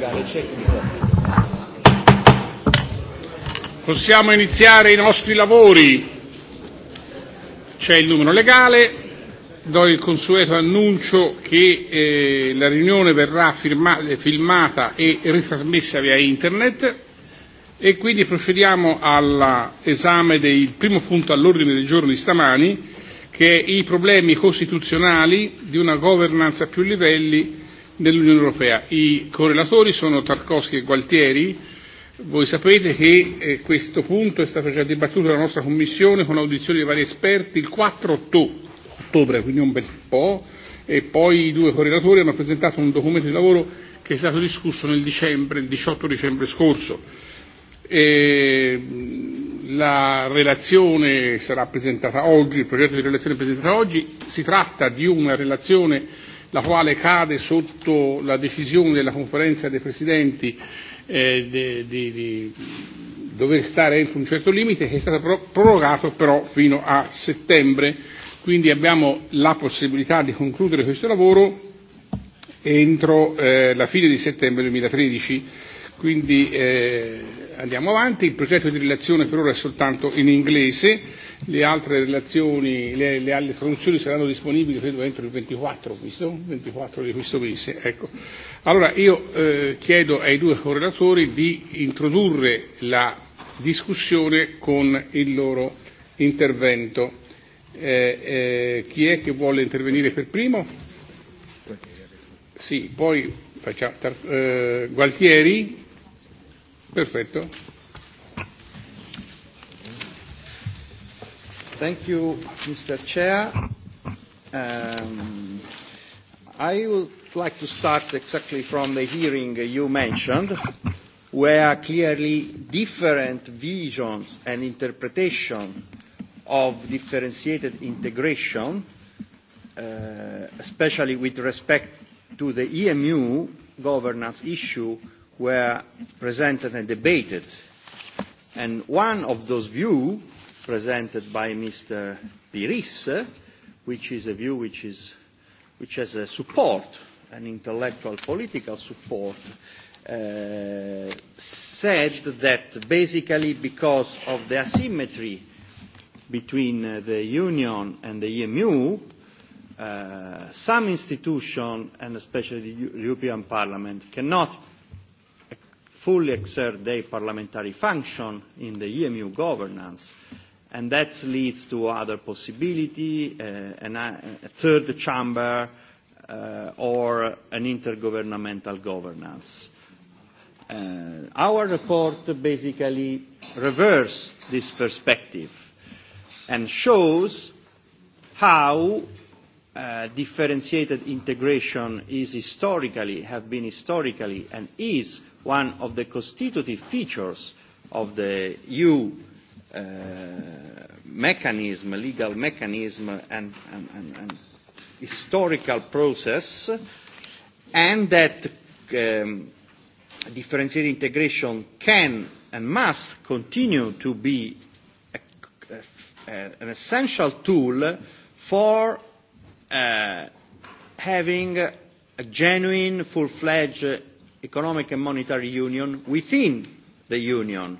spiegare tecnico. Possiamo iniziare i nostri lavori. C'è il numero legale. Do il consueto annuncio che eh, la riunione verrà firma- filmata e ritrasmessa via internet e quindi procediamo all'esame del primo punto all'ordine del giorno di stamani che è i problemi costituzionali di una governanza a più livelli dell'Unione Europea. I correlatori sono Tarkovsky e Gualtieri. Voi sapete che eh, questo punto è stato già dibattuto dalla nostra Commissione con audizioni di vari esperti il 4 ottobre, ottobre quindi un bel po', e poi i due correlatori hanno presentato un documento di lavoro che è stato discusso nel dicembre, il 18 dicembre scorso. E, mm, la relazione sarà presentata oggi, il progetto di relazione è presentato oggi, si tratta di una relazione la quale cade sotto la decisione della conferenza dei presidenti eh, di, di, di dover stare entro un certo limite che è stato pro- prorogato però fino a settembre, quindi abbiamo la possibilità di concludere questo lavoro entro eh, la fine di settembre 2013. Quindi eh, andiamo avanti, il progetto di relazione per ora è soltanto in inglese Le altre relazioni, le, le altre traduzioni saranno disponibili credo entro il 24, visto? 24 di questo mese. Ecco. Allora io eh, chiedo ai due correlatori di introdurre la discussione con il loro intervento. Eh, eh, chi è che vuole intervenire per primo? Sì, poi facciamo, tar- eh, Gualtieri. Perfetto. Thank you, Mr. Chair. Um, I would like to start exactly from the hearing you mentioned, where clearly different visions and interpretation of differentiated integration, uh, especially with respect to the EMU governance issue, were presented and debated. And one of those views presented by Mr. Piris, which is a view which, is, which has a support, an intellectual political support, uh, said that basically because of the asymmetry between uh, the Union and the EMU, uh, some institutions, and especially the European Parliament, cannot fully exert their parliamentary function in the EMU governance and that leads to other possibility, uh, an, uh, a third chamber, uh, or an intergovernmental governance. Uh, our report basically reverses this perspective and shows how uh, differentiated integration is historically, have been historically, and is one of the constitutive features of the EU uh, mechanism, legal mechanism and, and, and, and historical process and that um, differentiated integration can and must continue to be a, a, a, an essential tool for uh, having a genuine, full-fledged economic and monetary union within the union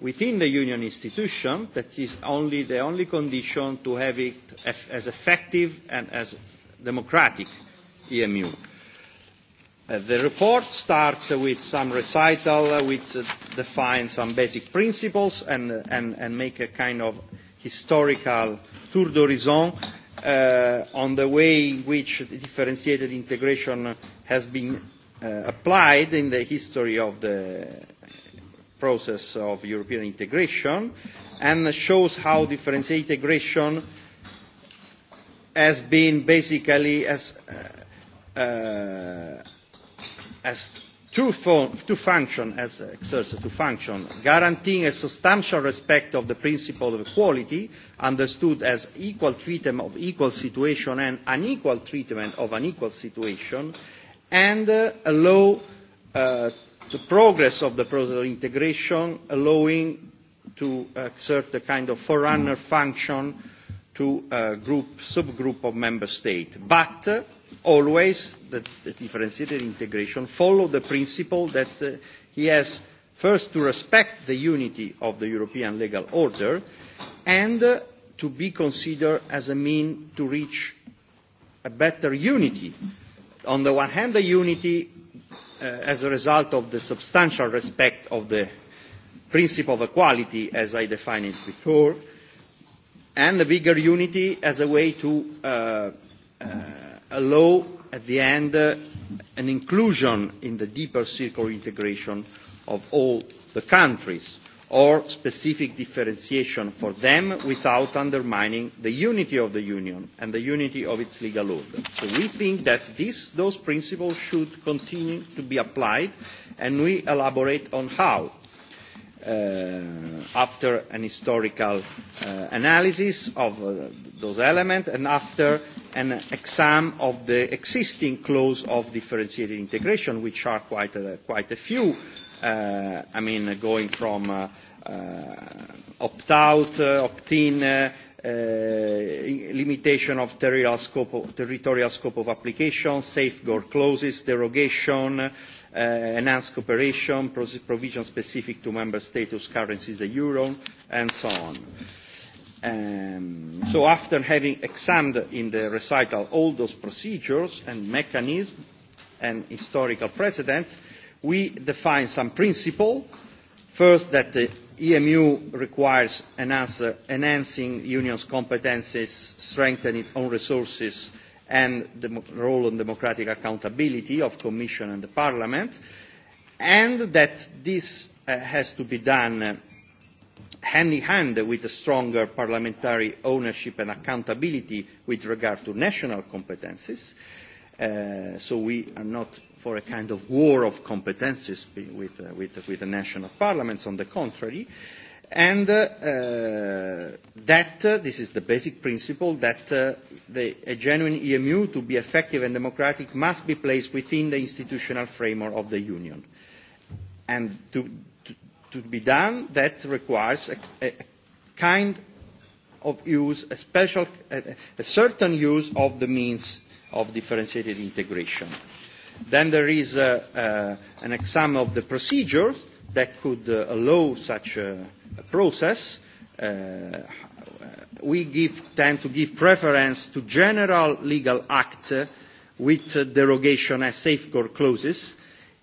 within the union institution, that is only the only condition to have it as effective and as democratic EMU. Uh, the report starts uh, with some recital uh, which uh, defines some basic principles and, uh, and, and make a kind of historical tour d'horizon uh, on the way in which differentiated integration has been uh, applied in the history of the process of European integration and shows how differentiated integration has been basically as, uh, uh, as two, fun two function as exercise to function, guaranteeing a substantial respect of the principle of equality, understood as equal treatment of equal situation and unequal treatment of unequal situation, and uh, a law uh, the progress of the process of integration allowing to exert a kind of forerunner function to a group, subgroup of member states. But uh, always the, the differentiated integration follow the principle that uh, he has first to respect the unity of the European legal order and uh, to be considered as a mean to reach a better unity. On the one hand, the unity uh, as a result of the substantial respect of the principle of equality as I defined it before, and a bigger unity as a way to uh, uh, allow at the end uh, an inclusion in the deeper circular integration of all the countries or specific differentiation for them without undermining the unity of the Union and the unity of its legal order. So we think that this, those principles should continue to be applied and we elaborate on how. Uh, after an historical uh, analysis of uh, those elements and after an exam of the existing clause of differentiated integration, which are quite a, quite a few, uh, uh, I mean, uh, going from uh, uh, opt-out, uh, opt-in, uh, uh, limitation of territorial scope of, territorial scope of application, safeguard clauses, derogation, uh, enhanced cooperation, provision specific to member status currencies, the euro, and so on. Um, so after having examined in the recital all those procedures and mechanisms and historical precedent, uh, we define some principle. First, that the EMU requires an answer, enhancing Union's competences, strengthening its own resources, and the role and democratic accountability of Commission and the Parliament, and that this uh, has to be done uh, hand in hand with a stronger parliamentary ownership and accountability with regard to national competences. Uh, so we are not for a kind of war of competences with, uh, with, with the national parliaments, on the contrary. And uh, uh, that, uh, this is the basic principle, that uh, the, a genuine EMU to be effective and democratic must be placed within the institutional framework of the Union. And to, to, to be done, that requires a, a kind of use, a, special, a, a certain use of the means of differentiated integration. Uh, Then there is uh, uh, an exam of the procedure that could uh, allow such a, a process. Uh, uh we give, tend to give preference to general legal act uh, with uh, derogation and safeguard clauses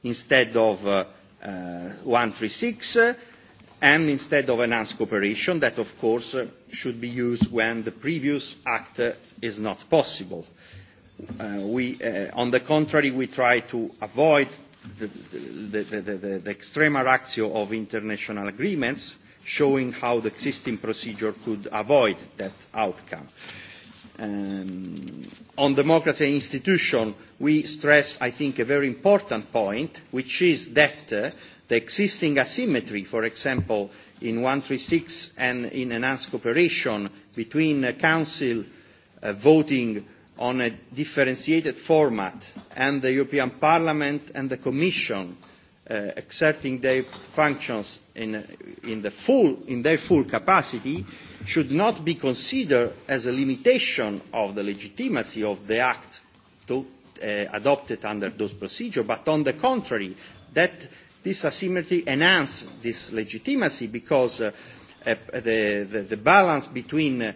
instead of uh, uh, 136 uh, and instead of enhanced cooperation that of course uh, should be used when the previous act uh, is not possible. Uh, uh, we, uh, on the contrary, we try to avoid the, the, the, the, the extrema ratio of international agreements, showing how the existing procedure could avoid that outcome. Um, on democracy and institution, we stress, I think, a very important point, which is that uh, the existing asymmetry, for example, in 136 and in enhanced cooperation between uh, Council uh, voting on a differentiated format and the European Parliament and the Commission uh, exerting their functions in, uh, in, the full, in their full capacity should not be considered as a limitation of the legitimacy of the act to, uh, adopted under those procedures, but on the contrary, that this asymmetry enhances this legitimacy because uh, uh, the, the, the balance between uh,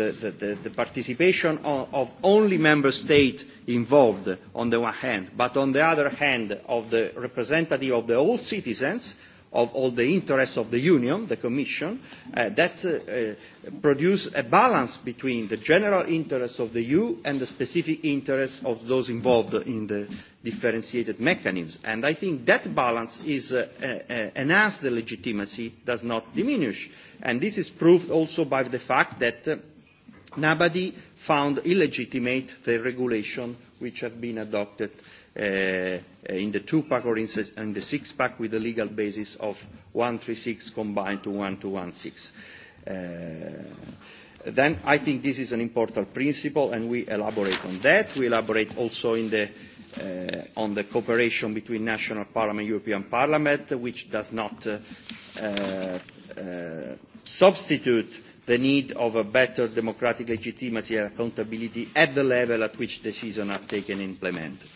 the, the, the, the participation of, of only member states involved on the one hand, but on the other hand of the representative of the all citizens, of all the interests of the Union, the Commission, uh, that uh, uh, produce a balance between the general interests of the EU and the specific interests of those involved in the differentiated mechanisms. And I think that balance is uh, uh, uh enhanced the legitimacy, does not diminish. And this is proved also by the fact that uh, Nabadi found illegitimate the regulation which have been adopted uh, in the two-pack or in, in the six-pack with the legal basis of 136 combined to 1216. Uh, then I think this is an important principle and we elaborate on that. We elaborate also in the, uh, on the cooperation between national parliament and European parliament which does not uh, uh, uh substitute uh, the need of a better democratic legitimacy and accountability at the level at which decisions are taken and implemented.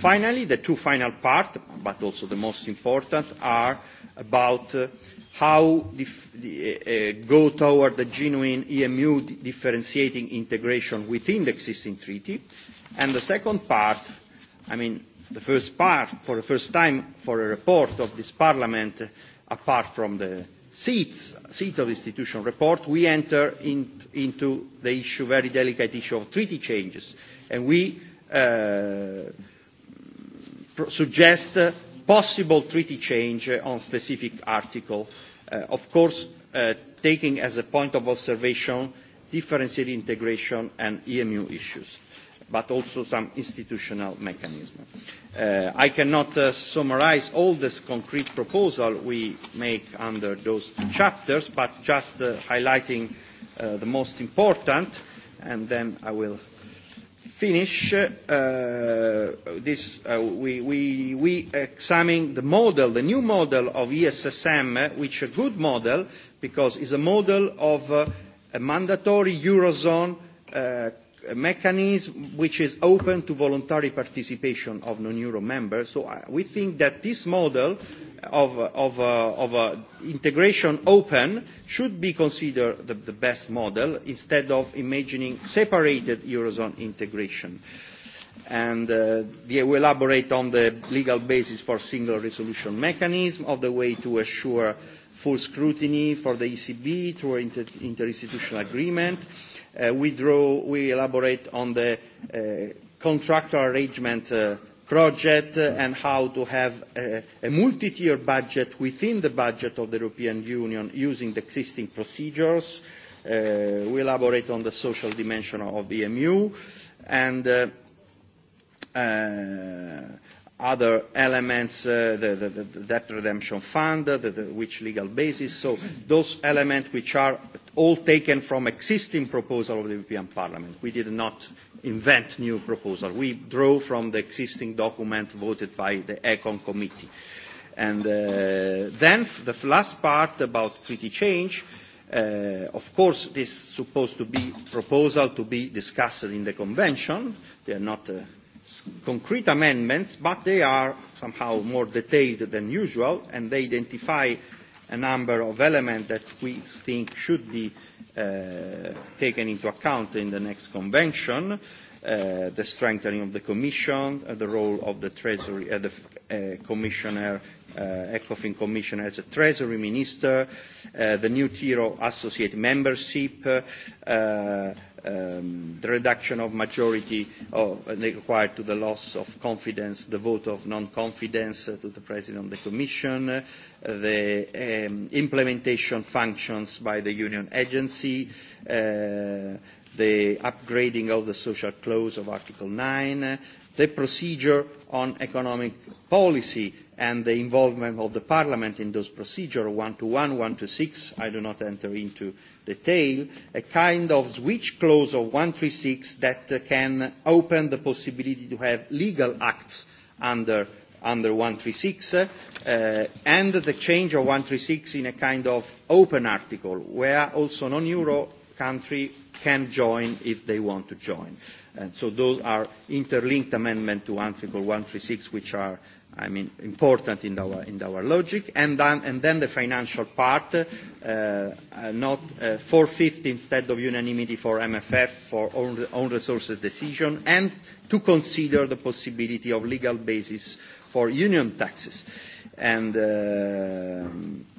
Finally, the two final parts, but also the most important, are about uh, how dif- the, uh, uh, go toward the genuine EMU differentiating integration within the existing treaty. And the second part, I mean, the first part, for the first time for a report of this Parliament, uh, apart from the seats, seat of institution report, we enter in, into the issue, very delicate issue of treaty changes, and we uh, suggest uh, possible treaty change uh, on specific article, uh, of course uh, taking as a point of observation differentiated integration and EMU issues but also some institutional mechanism. Uh, I cannot uh, summarize all this concrete proposal we make under those chapters, but just uh, highlighting uh, the most important, and then I will finish uh, this uh, we, we, we examine the model the new model of ESSM which is a good model because it's a model of uh, a mandatory eurozone uh, mechanism which is open to voluntary participation of non-euro members. So uh, we think that this model of, of, uh, of uh, integration open should be considered the, the best model instead of imagining separated eurozone integration. And uh, they will elaborate on the legal basis for single resolution mechanism, of the way to assure full scrutiny for the ECB through inter interinstitutional agreement. Uh, uh, we, draw, we elaborate on the uh, contractor arrangement uh, project uh, and how to have a, a multi-tier budget within the budget of the European Union using the existing procedures. Uh, we elaborate on the social dimension of the EMU and uh, uh, other elements, uh, the, the, the debt redemption fund, the, the, which legal basis. So those elements which are all taken from existing proposal of the European Parliament. We did not invent new proposal. We drew from the existing document voted by the ECON committee. And uh, then the last part about treaty change, uh, of course this is supposed to be proposal to be discussed in the convention. They are not uh, concrete amendments, but they are somehow more detailed than usual and they identify uh, a number of elements that we think should be uh, taken into account in the next convention. Uh, the strengthening of the Commission, uh, the role of the Treasury, uh, the uh, commissioner, uh, ECOFIN commissioner as a treasury minister, uh, the new tier of associate membership, uh, uh, um, the reduction of majority of, uh, required to the loss of confidence, the vote of non-confidence uh, to the President of the Commission, uh, the um, implementation functions by the Union agency, uh, the upgrading of the social clause of Article 9, uh, the procedure on economic policy and the involvement of the Parliament in those procedures, one to one, one to six, I do not enter into detail, a kind of switch clause of 136 that uh, can open the possibility to have legal acts under, under 136 uh, and the change of 136 in a kind of open article where also non-Euro country can join if they want to join. Uh, And so those are interlinked amendment to 136, which are, I mean, important in our, in our logic. And then, and then the financial part, uh, uh, not uh, 450 instead of unanimity for MFF, for own, own resources decision, and to consider the possibility of legal basis for union taxes. And... Uh,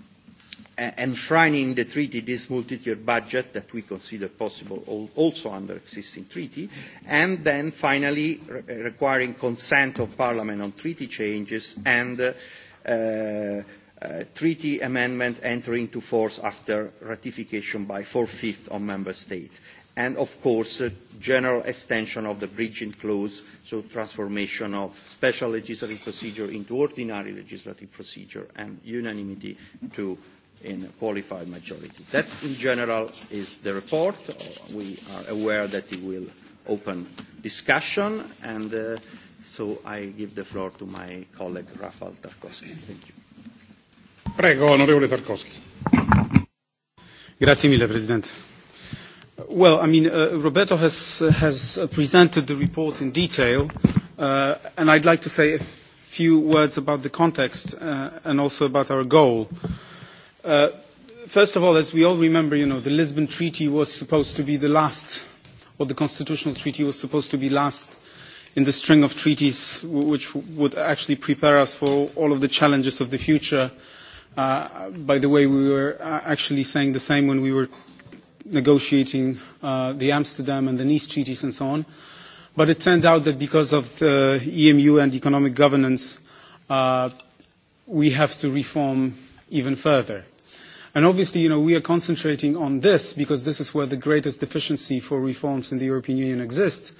enshrining the treaty this multi-year budget that we consider possible also under existing treaty, and then finally re requiring consent of Parliament on treaty changes and uh, uh, uh, treaty amendment entering into force after ratification by four-fifths of Member States. And of course, uh, general extension of the bridging clause, so transformation of special legislative procedure into ordinary legislative procedure and unanimity to uh, in a qualified majority. That, in general, is the report. We are aware that it will open discussion, and uh, so I give the floor to my colleague, Rafał Tarkowski. Thank you. Prego, onorevole Tarkowski. Grazie mille, Presidente. Well, I mean, uh, Roberto has, uh, has presented the report in detail, uh, and I'd like to say a few words about the context uh, and also about our goal. Uh, Uh, first of all, as we all remember, you know, the Lisbon Treaty was supposed to be the last, or the constitutional treaty was supposed to be last in the string of treaties which would actually prepare us for all of the challenges of the future. Uh, by the way, we were uh, actually saying the same when we were negotiating uh, the Amsterdam and the Nice treaties and so on. But it turned out that because of the EMU and economic governance, uh, we have to reform even further. And obviously, you know, we are concentrating on this because this is where the greatest deficiency for reforms in the European Union exists.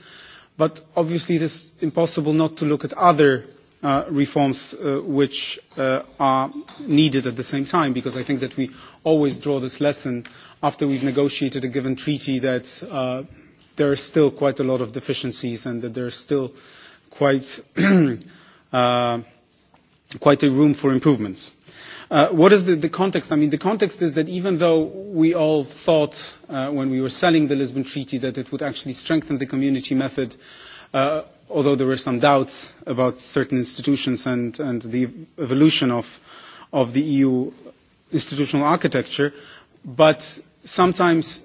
But obviously, it is impossible not to look at other uh, reforms uh, which uh, are needed at the same time, because I think that we always draw this lesson after we've negotiated a given treaty that uh, there are still quite a lot of deficiencies and that there are still quite, uh, quite a room for improvements. Uh, what is the, the context? I mean, the context is that even though we all thought uh, when we were selling the Lisbon Treaty that it would actually strengthen the community method, uh, although there were some doubts about certain institutions and, and the evolution of, of the EU institutional architecture, but sometimes,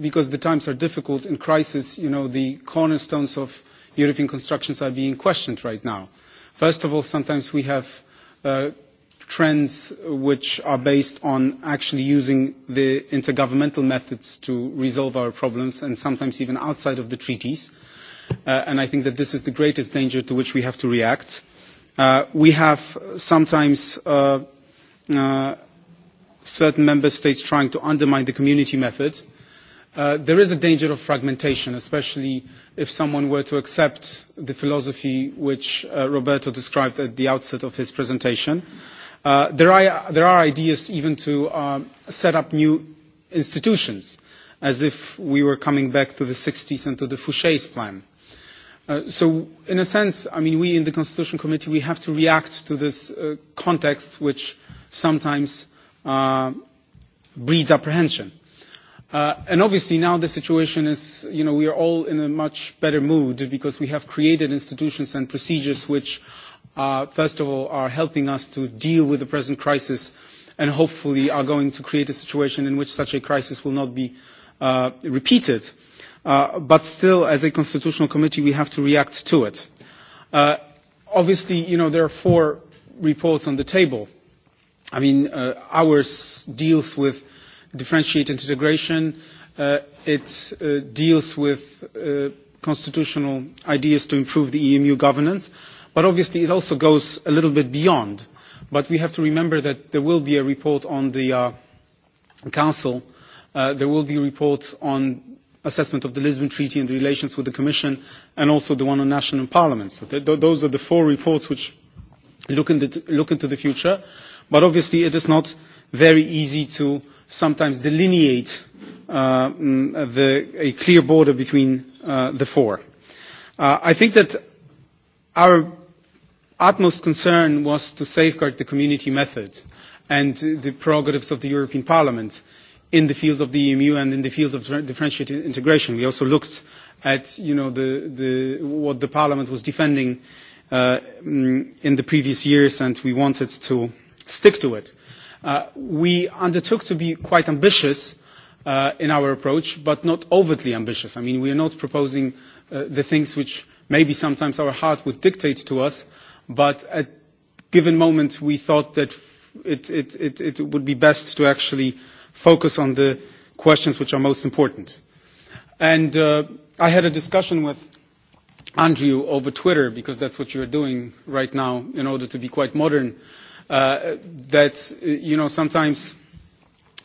because the times are difficult in crisis, you know, the cornerstones of European constructions are being questioned right now. First of all, sometimes we have uh, trends which are based on actually using the intergovernmental methods to resolve our problems and sometimes even outside of the treaties. Uh, and I think that this is the greatest danger to which we have to react. Uh, we have sometimes uh, uh, certain member states trying to undermine the community method. Uh, there is a danger of fragmentation, especially if someone were to accept the philosophy which uh, Roberto described at the outset of his presentation. Uh, Uh, there, are, there are ideas even to um, set up new institutions, as if we were coming back to the 60s and to the Fouché's plan. Uh, so, in a sense, I mean, we in the Constitution Committee, we have to react to this uh, context which sometimes uh, breeds apprehension. Uh, and obviously now the situation is, you know, we are all in a much better mood because we have created institutions and procedures which uh, uh, first of all, are helping us to deal with the present crisis and hopefully are going to create a situation in which such a crisis will not be uh, repeated. Uh, but still, as a constitutional committee, we have to react to it. Uh, obviously, you know, there are four reports on the table. I mean, uh, ours deals with differentiated integration. Uh, it uh, deals with uh, constitutional ideas to improve the EMU governance. Uh, But obviously it also goes a little bit beyond. But we have to remember that there will be a report on the uh, Council. Uh, there will be a report on assessment of the Lisbon Treaty and the relations with the Commission, and also the one on national parliaments. So th- th- those are the four reports which look, in the t- look into the future. But obviously it is not very easy to sometimes delineate uh, mm, the, a clear border between uh, the four. Uh, I think that our utmost concern was to safeguard the community method and the prerogatives of the European Parliament in the field of the EMU and in the field of differentiated integration. We also looked at you know, the, the, what the Parliament was defending uh, mm, in the previous years and we wanted to stick to it. Uh, we undertook to be quite ambitious uh, in our approach, but not overtly ambitious. I mean, we are not proposing uh, the things which maybe sometimes our heart would dictate to us, uh, but at given moment we thought that it, it, it, it would be best to actually focus on the questions which are most important. And uh, I had a discussion with Andrew over Twitter, because that's what you're doing right now in order to be quite modern, uh, that, you know, sometimes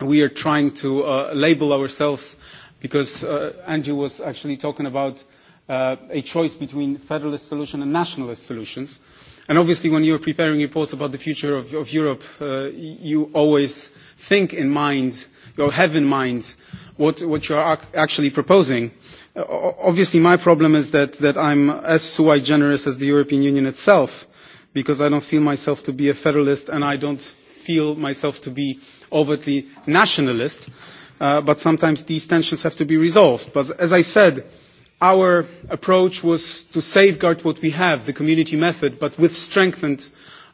we are trying to uh, label ourselves because uh, Andrew was actually talking about uh, a choice between federalist solution and nationalist solutions. Uh, And obviously, when you are preparing reports about the future of, of Europe, uh, you always think in mind, you have in mind what, what you are ac actually proposing. Uh, obviously, my problem is that, that I'm as sui generous as the European Union itself, because I don't feel myself to be a federalist and I don't feel myself to be overtly nationalist. Uh, but sometimes these tensions have to be resolved. But as I said, uh, Our approach was to safeguard what we have, the community method, but with strengthened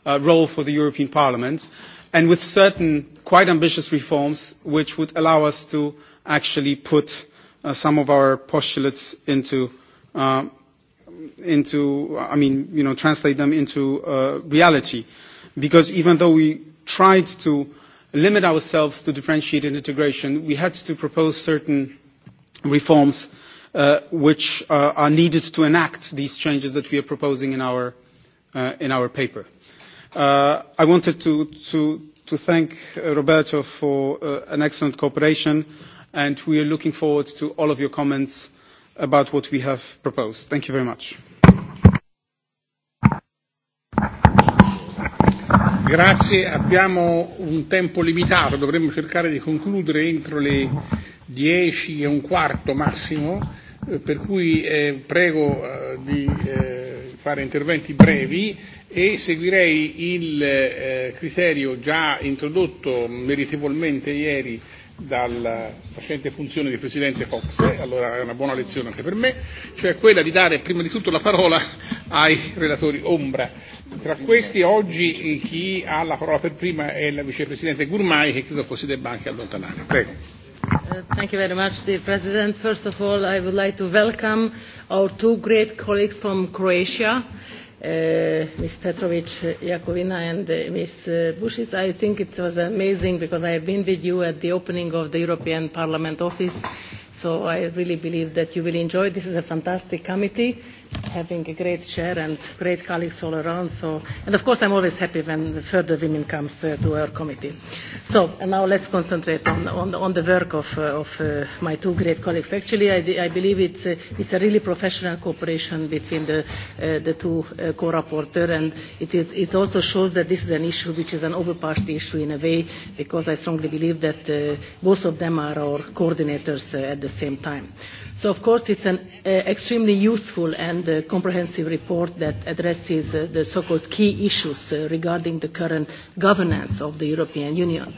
uh, role for the European Parliament and with certain quite ambitious reforms which would allow us to actually put uh, some of our postulates into uh, into, I mean, you know, translate them into uh, reality. Because even though we tried to limit ourselves to differentiated integration, we had to propose certain reforms uh, which uh, are needed to enact these changes that we are proposing in our, uh, in our paper. Uh, I wanted to, to, to thank uh, Roberto for uh, an excellent cooperation, and we are looking forward to all of your comments about what we have proposed. Thank you very much. Grazie, abbiamo un tempo limitato, dovremmo cercare di concludere entro le 10 e un quarto massimo, eh, per cui eh, prego eh, di eh, fare interventi brevi e seguirei il eh, criterio già introdotto meritevolmente ieri dalla facente funzione di Presidente Fox, allora è una buona lezione anche per me, cioè quella di dare prima di tutto la parola ai relatori ombra. Tra questi oggi chi ha la parola per prima è la Vicepresidente Gurmai che credo poi si debba anche allontanare. Prego. Uh, thank you very much, dear President. First of all, I would like to welcome our two great colleagues from Croatia, uh, Ms. Petrovic Jakovina and uh, Ms. Uh, Bušic. I think it was amazing because I have been with you at the opening of the European Parliament office, so I really believe that you will enjoy. This is a fantastic committee having a great chair and great colleagues all around. So, and of course, I'm always happy when further women comes uh, to our committee. So, and now let's concentrate on, on, on the work of, uh, of uh, my two great colleagues. Actually, I, I believe it's, uh, it's a really professional cooperation between the, uh, the two uh, co-rapporteurs, and it, is, it also shows that this is an issue which is an overparty issue in a way, because I strongly believe that uh, both of them are our coordinators uh, at the same time. So, of course, it's an uh, extremely useful and and a comprehensive report that addresses uh, the so-called key issues uh, regarding the current governance of the European Union.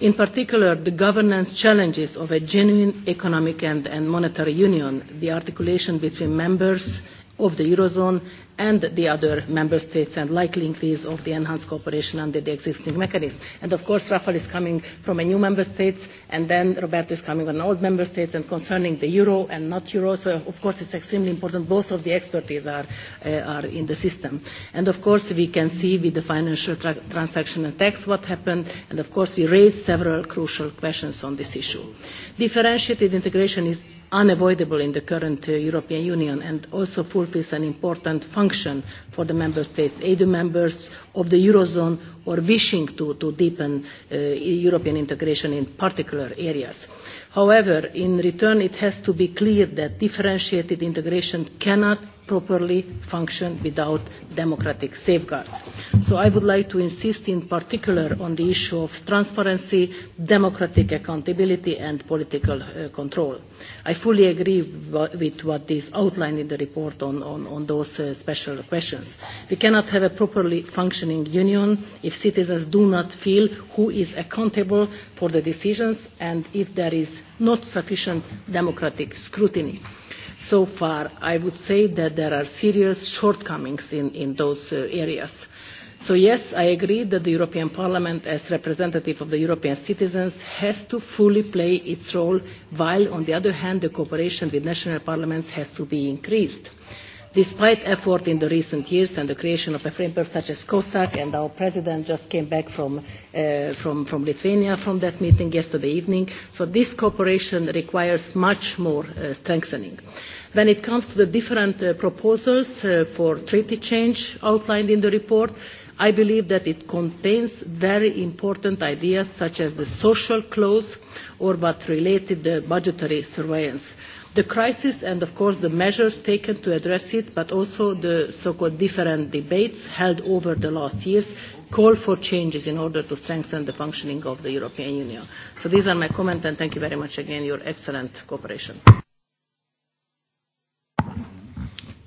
In particular, the governance challenges of a genuine economic and, and monetary union, the articulation between members, uh, of the Eurozone and the other member states and likely increase of the enhanced cooperation under the existing mechanism. And of course, Rafael is coming from a new member states, and then Roberto is coming from an old member states and concerning the euro and not euro. So of course, it's extremely important. Both of the expertise are, uh, are in the system. And of course, we can see with the financial tra- transaction and tax what happened. And of course, we raised several crucial questions on this issue. Differentiated integration is unavoidable in the current uh, European Union and also fulfills an important function for the member states, either members of the Eurozone or wishing to, to deepen uh, e-, European integration in particular areas. However, in return, it has to be clear that differentiated integration cannot properly function without democratic safeguards. So I would like to insist in particular on the issue of transparency, democratic accountability and political uh, control. I fully agree with what is outlined in the report on, on, on those uh, special questions. We cannot have a properly functioning union if citizens do not feel who is accountable for the decisions and if there is not sufficient democratic scrutiny. Uh, so far, I would say that there are serious shortcomings in, in those uh, areas. So yes, I agree that the European Parliament, as representative of the European citizens, has to fully play its role, while on the other hand, the cooperation with national parliaments has to be increased. Uh, Despite effort in the recent years and the creation of a framework such as COSAC, and our president just came back from, uh, from, from Lithuania from that meeting yesterday evening, so this cooperation requires much more uh, strengthening. When it comes to the different uh, proposals uh, for treaty change outlined in the report, I believe that it contains very important ideas such as the social clause or what related the uh, budgetary surveillance. Uh, the crisis and, of course, the measures taken to address it, but also the so-called different debates held over the last years call for changes in order to strengthen the functioning of the European Union. So these are my comments, and thank you very much again for your excellent cooperation.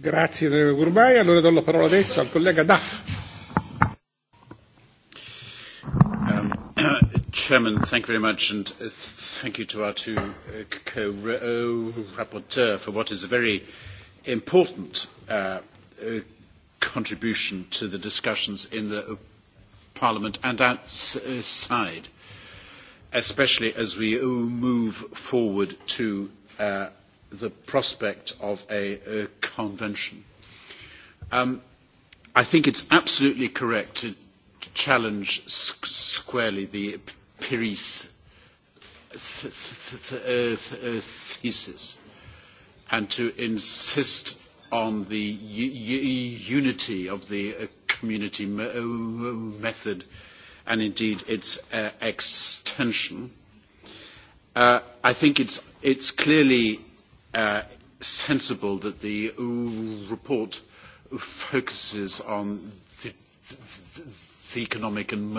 Grazie, onorevole Gurmai. Allora do la parola adesso al collega Duff. Chairman, thank you very much, and uh, thank you to our two uh, co-rapporteur uh, for what is a very important uh, uh, contribution to the discussions in the uh, Parliament and outside, especially as we uh, move forward to uh, the prospect of a, a convention. Um, I think it's absolutely correct to challenge squarely the Piri's uh, uh, thesis and to insist on the unity of the uh, community method and indeed its uh, extension. Uh, I think it's, it's clearly uh, sensible that the report focuses on the, the, its economic and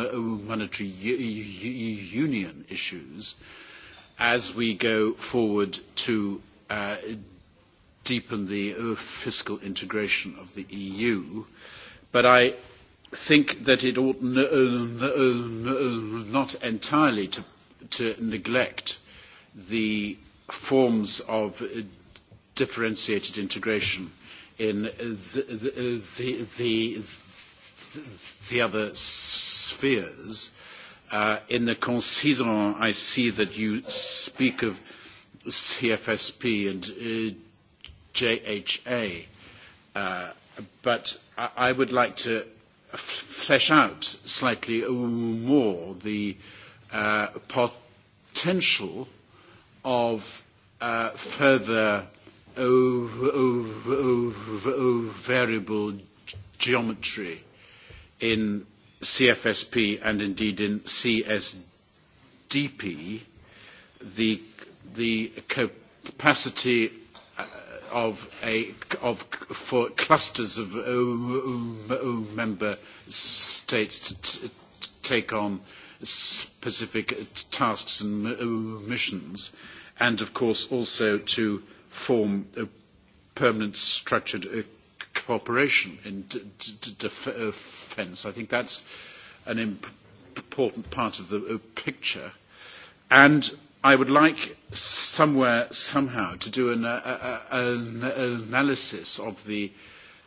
monetary union issues as we go forward to uh, deepen the uh, fiscal integration of the EU. But I think that it ought n- uh, n- uh, n- not entirely to, to neglect the forms of differentiated integration in the, the, the, the the other spheres. Uh, in the considerant, I see that you speak of CFSP and uh, JHA, uh, but I, I would like to flesh out slightly more the uh, potential of uh, further oh, oh, oh, variable geometry in CFSP and indeed in CSDP, the, the capacity uh, of a, of, for clusters of um, member states to t- take on specific tasks and uh, missions, and of course also to form a permanent structured cooperation in d- d- def- fence. I think that's an important part of the uh, picture. And I would like somewhere, somehow, to do an, uh, uh, uh an analysis of the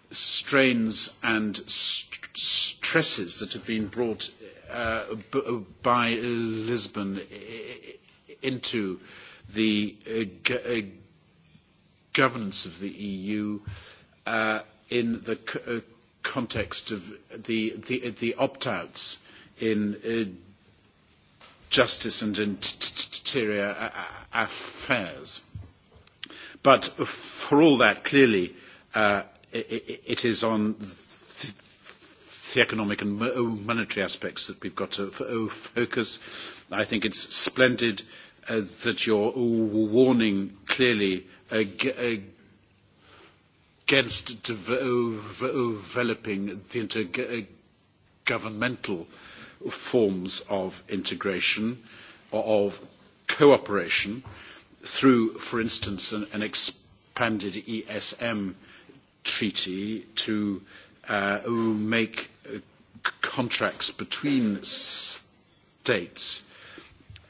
strains and st- stresses that have been brought uh, b- uh, by Lisbon into the uh, g- uh, governance of the EU uh, in the c- uh, context of the, the, the opt-outs in uh, justice and interior uh, uh, affairs. But for all that, clearly, uh, it, it is on th the economic and monetary aspects that we've got to uh, focus. I think it's splendid uh, that you're warning clearly uh, against developing the intergovernmental forms of integration, of cooperation, through, for instance, an, an expanded ESM treaty to uh, make uh, contracts between states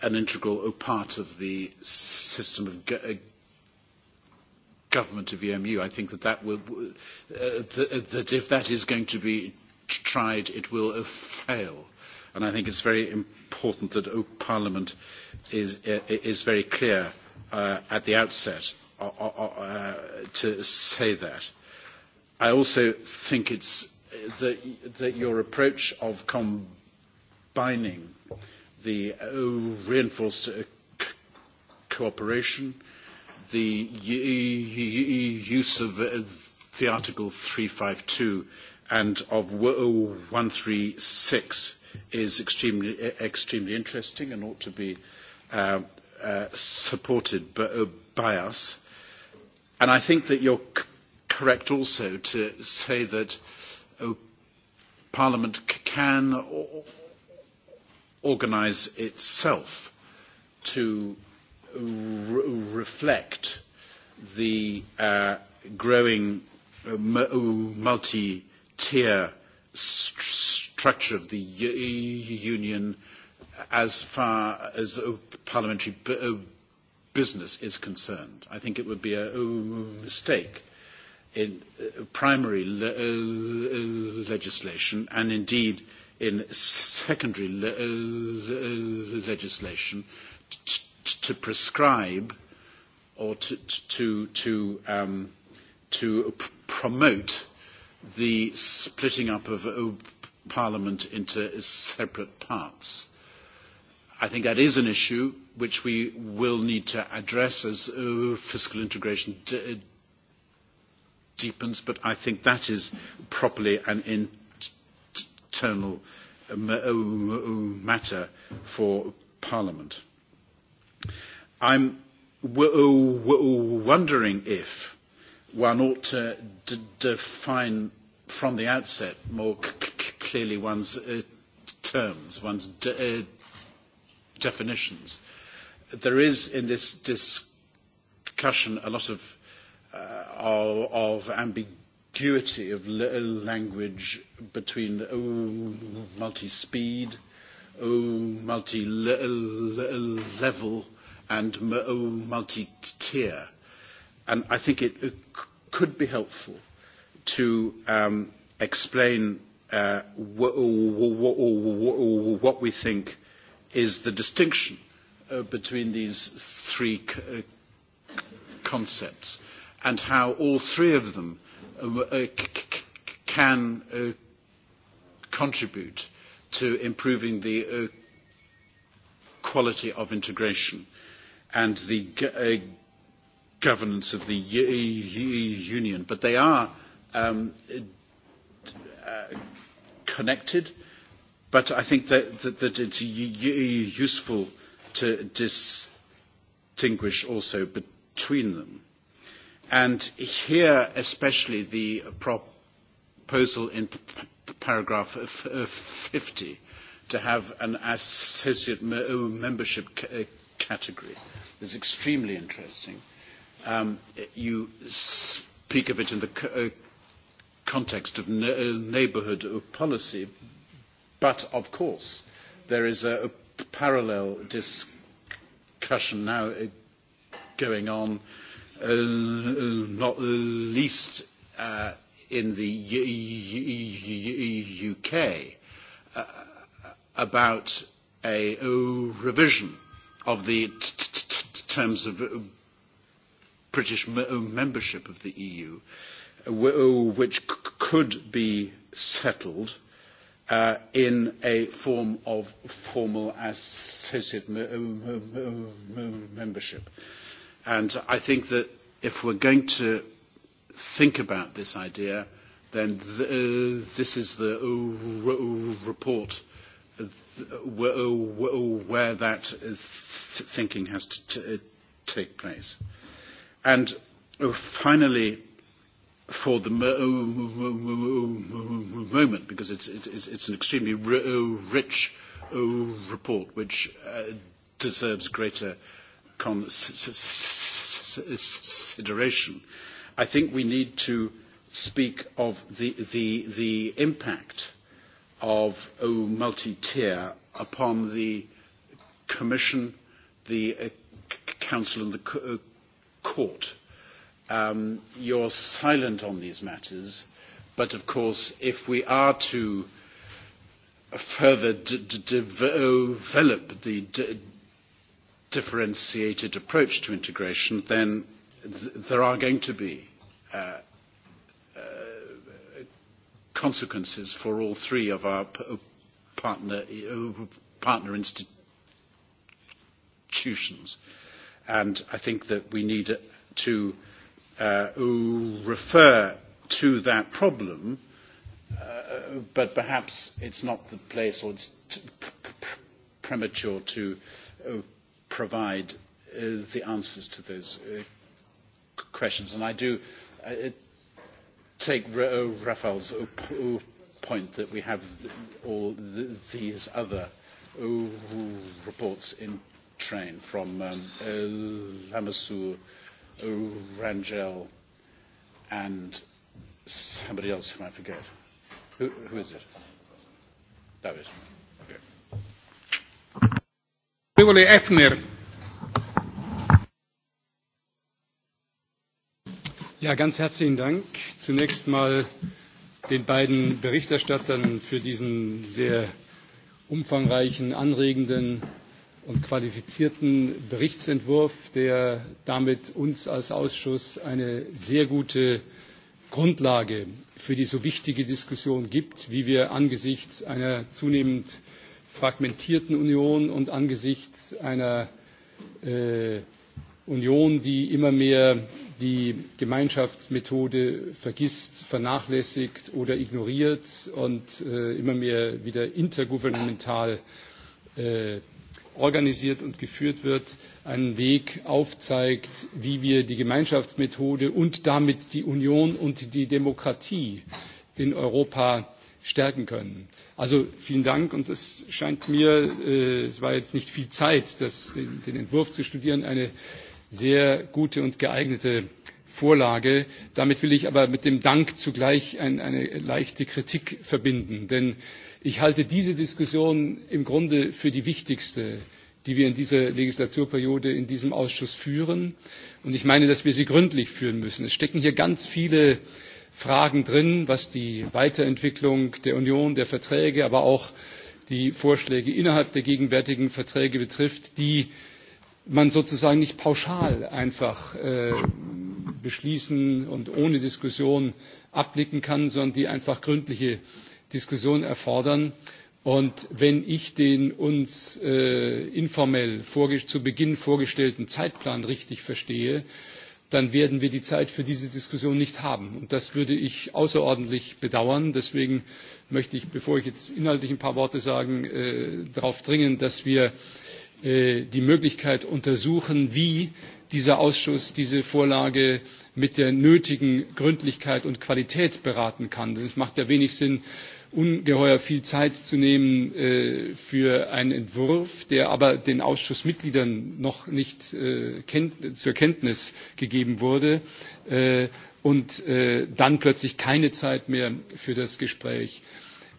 an integral part of the system of government of EMU, I think that, that, will, uh, th- uh, that if that is going to be tried, it will uh, fail. And I think it's very important that oh, Parliament is, uh, is very clear uh, at the outset uh, uh, to say that. I also think it's uh, that, that your approach of combining the uh, reinforced uh, c- cooperation uh, the use of uh, the Article 352 and of 136 is extremely, uh, extremely interesting and ought to be uh, uh, supported by, uh, by us. And I think that you're c- correct also to say that uh, Parliament c- can o- organise itself to re- reflect the uh, growing uh, uh multi-tier st- structure of the U- Union as far as uh, parliamentary b- uh, business is concerned. I think it would be a, a mistake in uh, primary le- uh, legislation and indeed in secondary le- uh, legislation t- to prescribe or to, to, to, um, to promote the splitting up of uh, Parliament into separate parts. I think that is an issue which we will need to address as uh, fiscal integration d- uh, deepens, but I think that is properly an in- internal uh, uh, matter for Parliament. I'm w- w- wondering if one ought to d- define from the outset more c- c- clearly one's uh, terms, one's de- uh, definitions. There is in this discussion a lot of, uh, of, of ambiguity of l- language between oh, multi-speed, oh, uh, multi-level, and multi-tier. And I think it, it could be helpful to um, explain uh, wh- wh- wh- what we think is the distinction uh, between these three c- uh, concepts and how all three of them uh, uh c- c- can uh, contribute to improving the uh, quality of integration and the uh, governance of the U- e, U- e Union, but they are um, uh, connected. But I think that, that, that it's e, useful to distinguish also between them. And here, especially the proposal in paragraph 50 to have an associate uh, membership uh, category. Uh, is extremely interesting. Um, you speak of it in the c- uh, context of n- uh, neighbourhood policy, but of course there is a, a parallel discussion now uh, going on, uh, not least uh, in the U- U- U- UK, uh, about a uh, revision of the t- t- terms of uh, British uh, membership of the EU, uh, which could be settled uh, in a form of formal associate membership. And I think that if we're going to think about this idea, then th- uh, this is the uh, report where that thinking has to uh, take place. And uh, finally, for the uh, moment, because it's, it's, it's an extremely rich report which deserves greater consideration, I think we need to speak of the, the, the impact of oh, multi-tier upon the Commission, the uh, Council and the uh, Court. Um, you're silent on these matters, but of course, if we are to further d- d- develop the d- differentiated approach to integration, then th- there are going to be uh, consequences for all three of our uh, partner, uh, partner institutions. And I think that we need to uh, refer to that problem, uh, but perhaps it's not the place or it's t- premature to uh, provide uh, the answers to those uh, questions. And I do uh, take Rafael's oh, oh, oh, point that we have all these other reports in train from um, uh, Lamassoure, Rangel, and somebody else whom I forget. Who, who is it? David. Okay. Efner Ja, ganz herzlichen Dank zunächst mal den beiden Berichterstattern für diesen sehr umfangreichen, anregenden und qualifizierten Berichtsentwurf, der damit uns als Ausschuss eine sehr gute Grundlage für die so wichtige Diskussion gibt, wie wir angesichts einer zunehmend fragmentierten Union und angesichts einer äh, Union, die immer mehr die gemeinschaftsmethode vergisst vernachlässigt oder ignoriert und äh, immer mehr wieder intergouvernemental äh, organisiert und geführt wird einen weg aufzeigt wie wir die gemeinschaftsmethode und damit die union und die demokratie in europa stärken können. also vielen dank und es scheint mir äh, es war jetzt nicht viel zeit das, den, den entwurf zu studieren eine sehr gute und geeignete vorlage. damit will ich aber mit dem dank zugleich ein, eine leichte kritik verbinden denn ich halte diese diskussion im grunde für die wichtigste die wir in dieser legislaturperiode in diesem ausschuss führen und ich meine dass wir sie gründlich führen müssen. es stecken hier ganz viele fragen drin was die weiterentwicklung der union der verträge aber auch die vorschläge innerhalb der gegenwärtigen verträge betrifft die man sozusagen nicht pauschal einfach äh, beschließen und ohne Diskussion abblicken kann, sondern die einfach gründliche Diskussion erfordern. Und wenn ich den uns äh, informell zu Beginn vorgestellten Zeitplan richtig verstehe, dann werden wir die Zeit für diese Diskussion nicht haben. Und das würde ich außerordentlich bedauern. Deswegen möchte ich, bevor ich jetzt inhaltlich ein paar Worte sage, äh, darauf dringen, dass wir Äh, die möglichkeit untersuchen wie dieser ausschuss diese vorlage mit der nötigen gründlichkeit und qualität beraten kann. denn es macht ja wenig sinn ungeheuer viel zeit zu nehmen äh, für einen entwurf der aber den ausschussmitgliedern noch nicht äh, zur kenntnis gegeben wurde und dann plötzlich keine zeit mehr für das gespräch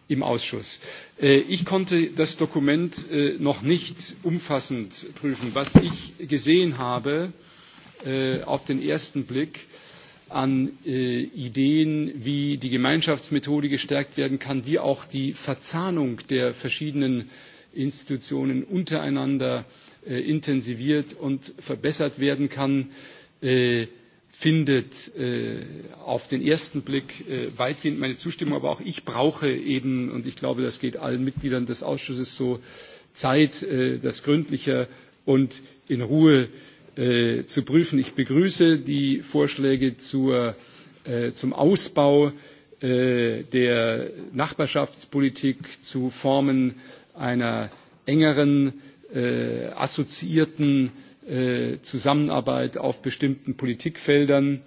im Ausschuss. Äh, ich konnte das Dokument äh, noch nicht umfassend prüfen. Was ich gesehen habe äh, auf den ersten Blick an Ideen, wie die Gemeinschaftsmethode gestärkt werden kann, wie auch die Verzahnung der verschiedenen Institutionen untereinander intensiviert und verbessert werden kann, findet äh, auf den ersten Blick äh, weitgehend meine Zustimmung. Aber auch ich brauche eben, und ich glaube, das geht allen Mitgliedern des Ausschusses so, Zeit, äh, das gründlicher und in Ruhe äh, zu prüfen. Ich begrüße die Vorschläge zur, äh, zum Ausbau äh, der Nachbarschaftspolitik zu Formen einer engeren, äh, assoziierten Äh, zusammenarbeit auf bestimmten politikfeldern.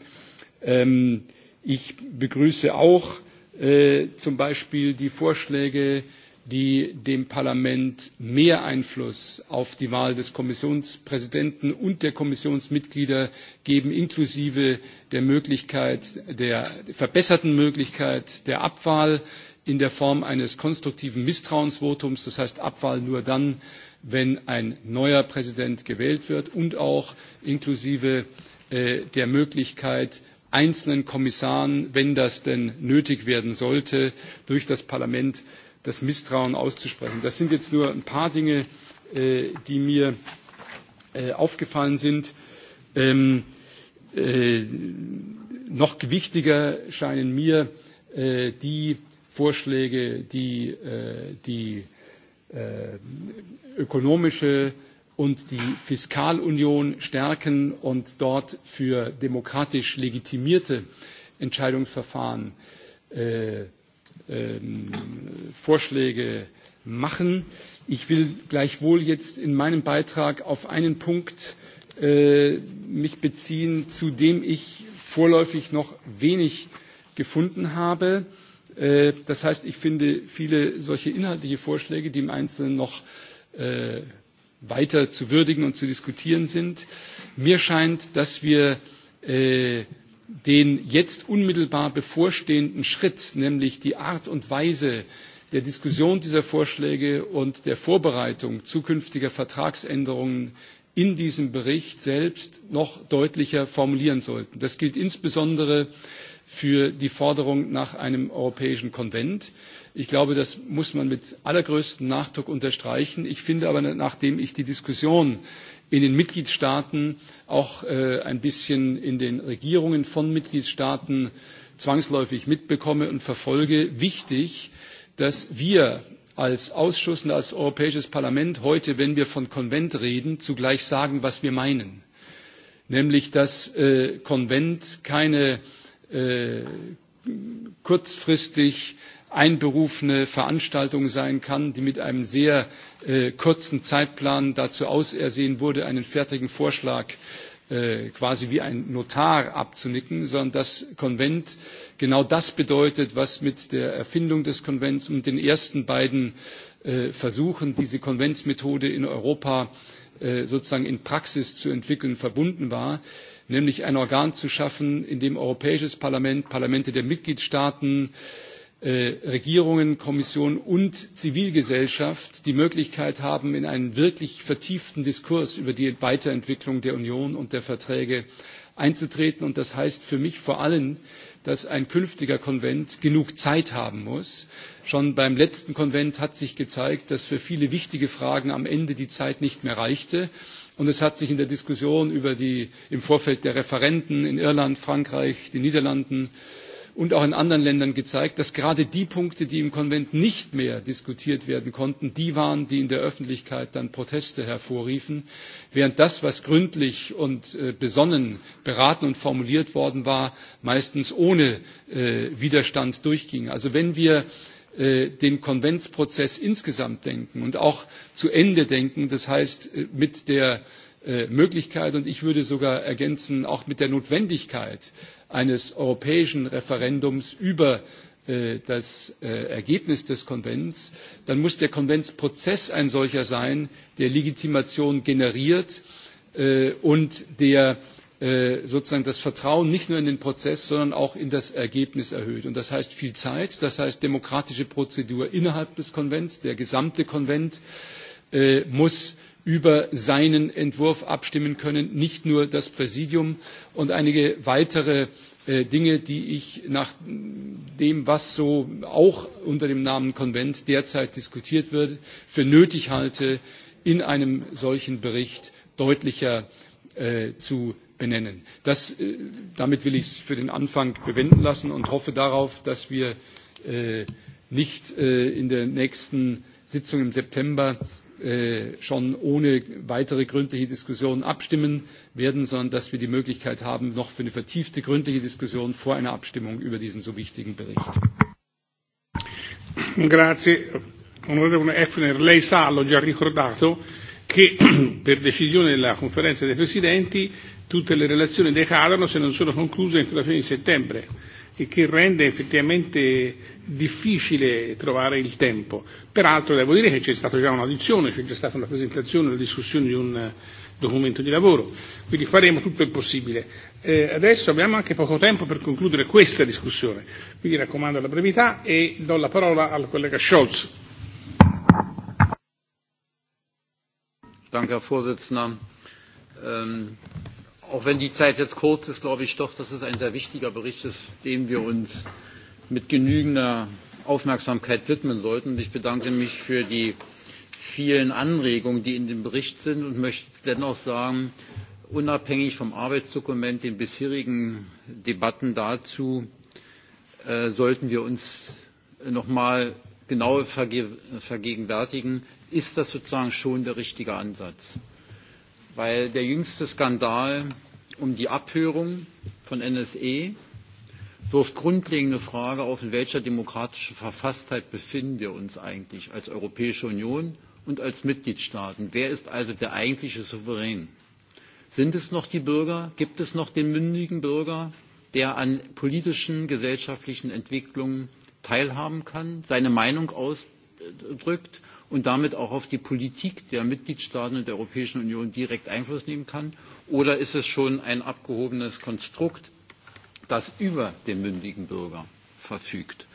Ähm, ich begrüße auch äh, zum beispiel die vorschläge die dem parlament mehr einfluss auf die wahl des kommissionspräsidenten und der kommissionsmitglieder geben inklusive der möglichkeit der verbesserten möglichkeit der abwahl in der form eines konstruktiven misstrauensvotums das heißt abwahl nur dann wenn ein neuer Präsident gewählt wird und auch inklusive äh, der Möglichkeit, einzelnen Kommissaren, wenn das denn nötig werden sollte, durch das Parlament das Misstrauen auszusprechen. Das sind jetzt nur ein paar Dinge, äh, die mir äh, aufgefallen sind. Ähm, äh, noch wichtiger scheinen mir äh, die Vorschläge, die äh, die Äh, ökonomische und die Fiskalunion stärken und dort für demokratisch legitimierte Entscheidungsverfahren äh, ähm, Vorschläge machen. Ich will gleichwohl jetzt in meinem Beitrag auf einen Punkt äh, mich beziehen, zu dem ich vorläufig noch wenig gefunden habe. Äh, Äh, das heißt, ich finde viele solche inhaltliche Vorschläge, die im Einzelnen noch äh, weiter zu würdigen und zu diskutieren sind. Mir scheint, dass wir äh, den jetzt unmittelbar bevorstehenden Schritt, nämlich die Art und Weise der Diskussion dieser Vorschläge und der Vorbereitung zukünftiger Vertragsänderungen in diesem Bericht selbst noch deutlicher formulieren sollten. Das gilt insbesondere für die Forderung nach einem europäischen Konvent. Ich glaube, das muss man mit allergrößtem Nachdruck unterstreichen. Ich finde aber, nachdem ich die Diskussion in den Mitgliedstaaten, auch äh, ein bisschen in den Regierungen von Mitgliedstaaten zwangsläufig mitbekomme und verfolge, wichtig, dass wir als Ausschuss und als Europäisches Parlament heute, wenn wir von Konvent reden, zugleich sagen, was wir meinen. Nämlich, dass äh, Konvent keine Äh, kurzfristig einberufene Veranstaltung sein kann, die mit einem sehr äh, kurzen Zeitplan dazu ausersehen wurde, einen fertigen Vorschlag äh, quasi wie ein Notar abzunicken, sondern das Konvent genau das bedeutet, was mit der Erfindung des Konvents und den ersten beiden äh, Versuchen, diese Konventsmethode in Europa äh, sozusagen in Praxis zu entwickeln, verbunden war. Äh, nämlich ein organ zu schaffen in dem europäisches parlament parlamente der mitgliedstaaten äh, regierungen kommission und zivilgesellschaft die möglichkeit haben in einen wirklich vertieften diskurs über die weiterentwicklung der union und der verträge einzutreten und das heißt für mich vor allem dass ein künftiger konvent genug zeit haben muss. schon beim letzten konvent hat sich gezeigt dass für viele wichtige fragen am ende die zeit nicht mehr reichte und es hat sich in der diskussion die, im vorfeld der referenden in irland frankreich den niederlanden und auch in anderen ländern gezeigt dass gerade die punkte die im konvent nicht mehr diskutiert werden konnten die waren die in der öffentlichkeit dann proteste hervorriefen während das was gründlich und äh, besonnen beraten und formuliert worden war meistens ohne äh, widerstand durchging. also wenn wir Äh, den Konventsprozess insgesamt denken und auch zu Ende denken, das heißt äh, mit der äh, Möglichkeit und ich würde sogar ergänzen, auch mit der Notwendigkeit eines europäischen Referendums über das Ergebnis des Konvents, dann muss der Konventsprozess ein solcher sein, der Legitimation generiert und der Äh, sozusagen das Vertrauen nicht nur in den Prozess, sondern auch in das Ergebnis erhöht. Und das heißt viel Zeit, das heißt demokratische Prozedur innerhalb des Konvents. Der gesamte Konvent äh, muss über seinen Entwurf abstimmen können, nicht nur das Präsidium und einige weitere äh, Dinge, die ich nach dem, was so auch unter dem Namen Konvent derzeit diskutiert wird, für nötig halte, in einem solchen Bericht deutlicher äh, zu benennen. Das, äh, damit will ich es für den Anfang bewenden lassen und hoffe darauf, dass wir äh, nicht äh, in der nächsten Sitzung im September äh, schon ohne weitere gründliche Diskussion abstimmen werden, sondern dass wir die Möglichkeit haben, noch für eine vertiefte gründliche Diskussion vor einer Abstimmung über diesen so wichtigen Bericht. Grazie. Onorevole Effner, lei sa, l'ho già ricordato, che per decisione della conferenza dei presidenti tutte le relazioni decadono se non sono concluse entro la fine di settembre e che rende effettivamente difficile trovare il tempo. Peraltro devo dire che c'è stata già un'audizione, c'è già stata una presentazione, una discussione di un eh, documento di lavoro, quindi faremo tutto il possibile. Eh, adesso abbiamo anche poco tempo per concludere questa discussione, quindi raccomando la brevità e do la parola al collega Scholz. Danke, Herr Vorsitzender. Ähm, auch wenn die Zeit jetzt kurz ist, glaube ich doch, dass es ein sehr wichtiger Bericht ist, dem wir uns mit genügender Aufmerksamkeit widmen sollten. Und ich bedanke mich für die vielen Anregungen, die in dem Bericht sind und möchte dennoch sagen, unabhängig vom Arbeitsdokument, den bisherigen Debatten dazu, äh, sollten wir uns nochmal genau verge vergegenwärtigen, ist das sozusagen schon der richtige Ansatz. Weil der jüngste Skandal um die Abhörung von NSE wirft grundlegende Frage auf, in welcher demokratischen Verfasstheit befinden wir uns eigentlich als Europäische Union und als Mitgliedstaaten? Wer ist also der eigentliche Souverän? Sind es noch die Bürger? Gibt es noch den mündigen Bürger, der an politischen, gesellschaftlichen Entwicklungen teilhaben kann, seine Meinung aus Äh, drückt und damit auch auf die politik der mitgliedstaaten und der europäischen union direkt einfluss nehmen kann oder ist es schon ein abgehobenes konstrukt das über den mündigen bürger verfügt?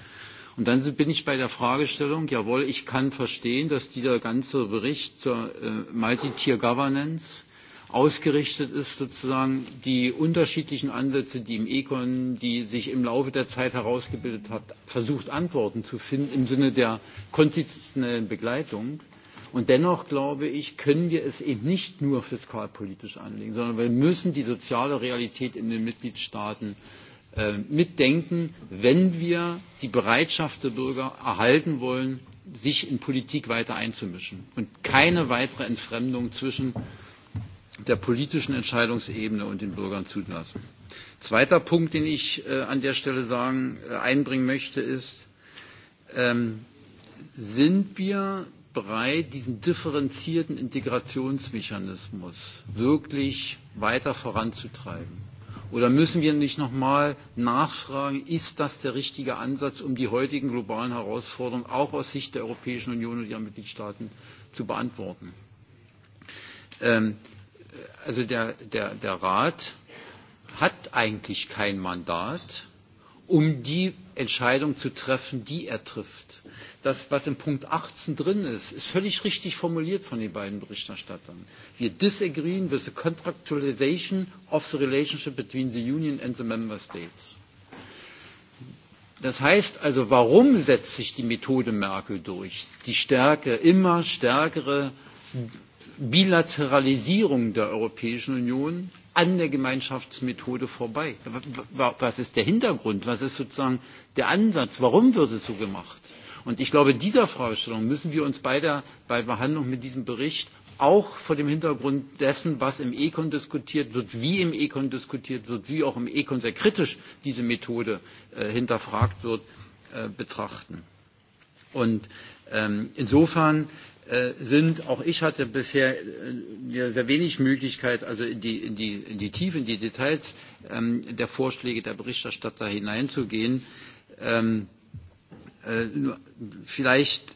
und dann bin ich bei der fragestellung jawohl ich kann verstehen dass dieser ganze bericht zur äh, multi tier governance ausgerichtet ist, sozusagen die unterschiedlichen Ansätze, die im Econ, die sich im Laufe der Zeit herausgebildet hat, versucht Antworten zu finden im Sinne der konstitutionellen Begleitung. Und dennoch, glaube ich, können wir es eben nicht nur fiskalpolitisch anlegen, sondern wir müssen die soziale Realität in den Mitgliedstaaten äh, mitdenken, wenn wir die Bereitschaft der Bürger erhalten wollen, sich in Politik weiter einzumischen und keine weitere Entfremdung zwischen der politischen Entscheidungsebene und den Bürgern zulassen. Zweiter Punkt, den ich äh, an der Stelle sagen, äh, einbringen möchte, ist, ähm, sind wir bereit, diesen differenzierten Integrationsmechanismus wirklich weiter voranzutreiben? Oder müssen wir nicht nochmal nachfragen, ist das der richtige Ansatz, um die heutigen globalen Herausforderungen auch aus Sicht der Europäischen Union und ihrer Mitgliedstaaten zu beantworten? Ähm, also der, der, der Rat hat eigentlich kein Mandat, um die Entscheidung zu treffen, die er trifft. Das, was in Punkt 18 drin ist, ist völlig richtig formuliert von den beiden Berichterstattern. Wir disagreeen with the contractualization of the relationship between the Union and the Member States. Das heißt also, warum setzt sich die Methode Merkel durch? Die Stärke, immer stärkere bilateralisierung der europäischen union an der gemeinschaftsmethode vorbei. was ist der hintergrund? was ist sozusagen der ansatz? warum wird es so gemacht? Und ich glaube, dieser Fragestellung müssen wir uns bei der bei Behandlung mit diesem Bericht auch vor dem Hintergrund dessen, was im Econ diskutiert wird, wie im Econ diskutiert wird, wie auch im Econ sehr kritisch diese Methode äh, hinterfragt wird, äh, betrachten. Und ähm, insofern Äh, sind. Auch ich hatte bisher äh, sehr wenig Möglichkeit, also in die, in die, in die Tiefe, in die Details ähm, der Vorschläge der Berichterstatter hineinzugehen. Ähm, äh, vielleicht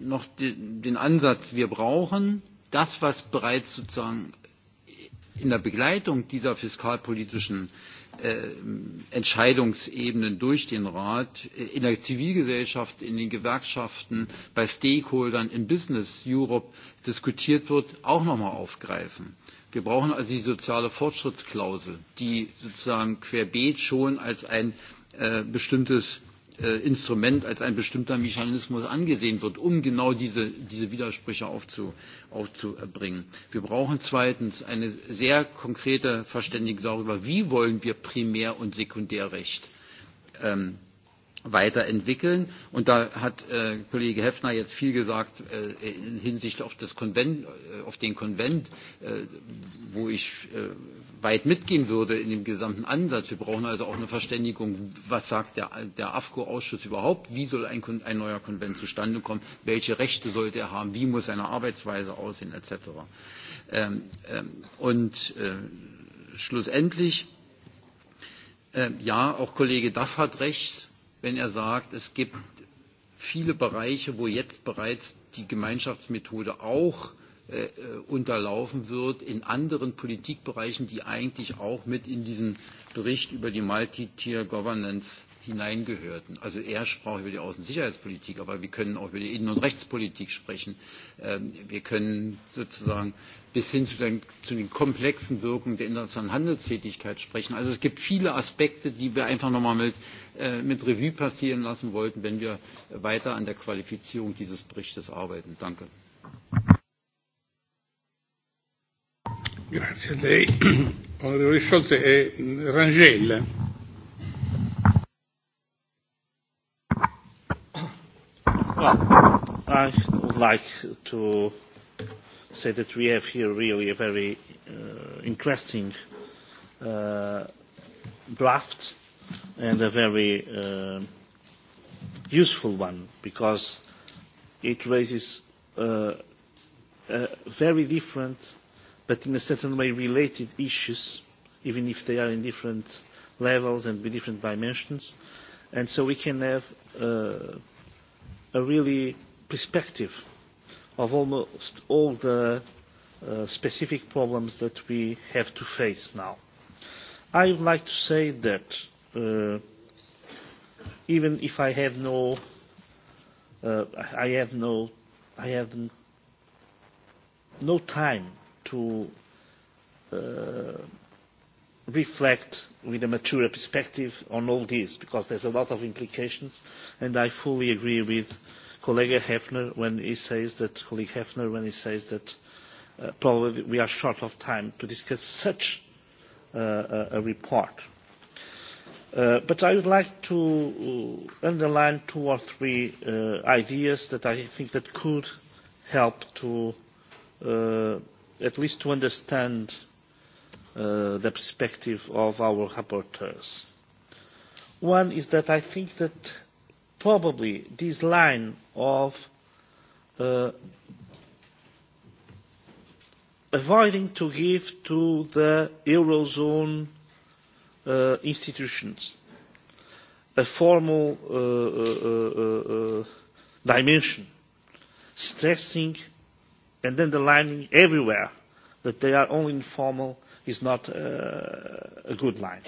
noch die, den Ansatz, wir brauchen das, was bereits sozusagen in der Begleitung dieser fiskalpolitischen äh, Äh, Entscheidungsebenen durch den Rat, äh, in der Zivilgesellschaft, in den Gewerkschaften, bei Stakeholdern in Business Europe diskutiert wird, auch nochmal aufgreifen. Wir brauchen also die soziale Fortschrittsklausel, die sozusagen querbeet schon als ein äh, bestimmtes Äh, Instrument, als ein bestimmter Mechanismus angesehen wird, um genau diese, diese Widersprüche aufzu, aufzubringen. Wir brauchen zweitens eine sehr konkrete Verständigung darüber, wie wollen wir Primär- und Sekundärrecht ähm, weiterentwickeln. Und da hat äh, Kollege Heffner jetzt viel gesagt äh, in Hinsicht auf, das Konvent, äh, auf den Konvent, äh, wo ich äh, weit mitgehen würde in dem gesamten Ansatz. Wir brauchen also auch eine Verständigung, was sagt der, der AFCO-Ausschuss überhaupt, wie soll ein, ein neuer Konvent zustande kommen, welche Rechte sollte er haben, wie muss seine Arbeitsweise aussehen, etc. Ähm, ähm, und äh, schlussendlich, äh, ja, auch Kollege Duff hat recht, wenn er sagt, es gibt viele Bereiche, wo jetzt bereits die Gemeinschaftsmethode auch äh, äh, unterlaufen wird, in anderen Politikbereichen, die eigentlich auch mit in diesen Bericht über die Multi-Tier-Governance hineingehörten. Also er sprach über die Außensicherheitspolitik, aber wir können auch über die Innen- und Rechtspolitik sprechen. Ähm, wir können sozusagen bis hin zu den, zu den komplexen Wirkungen der internationalen Handelstätigkeit sprechen. Also es gibt viele Aspekte, die wir einfach nochmal mit, äh, mit Revue passieren lassen wollten, wenn wir weiter an der Qualifizierung dieses Berichtes arbeiten. Danke. Grazie a lei. Onorevole Scholz e Rangel. Well, I would like to say that we have here really a very uh, interesting uh, draft and a very uh, useful one because it raises uh, uh, very different but in a certain way related issues even if they are in different levels and with different dimensions and so we can have uh, a really perspective of almost all the uh, specific problems that we have to face now. I would like to say that uh, even if I have no, uh, I have no, I have no time to uh, reflect with a mature perspective on all this because there's a lot of implications and I fully agree with colleague Hefner when he says that colleague Hefner when he says that uh, probably we are short of time to discuss such uh, a report. Uh, but I would like to uh, underline two or three uh, ideas that I think that could help to uh, at least to understand uh, uh, the perspective of our rapporteurs. One is that I think that probably this line of uh, avoiding to give to the Eurozone uh, institutions a formal uh, uh, uh, uh, dimension, stressing and underlining everywhere that they are only informal is not uh, a good line.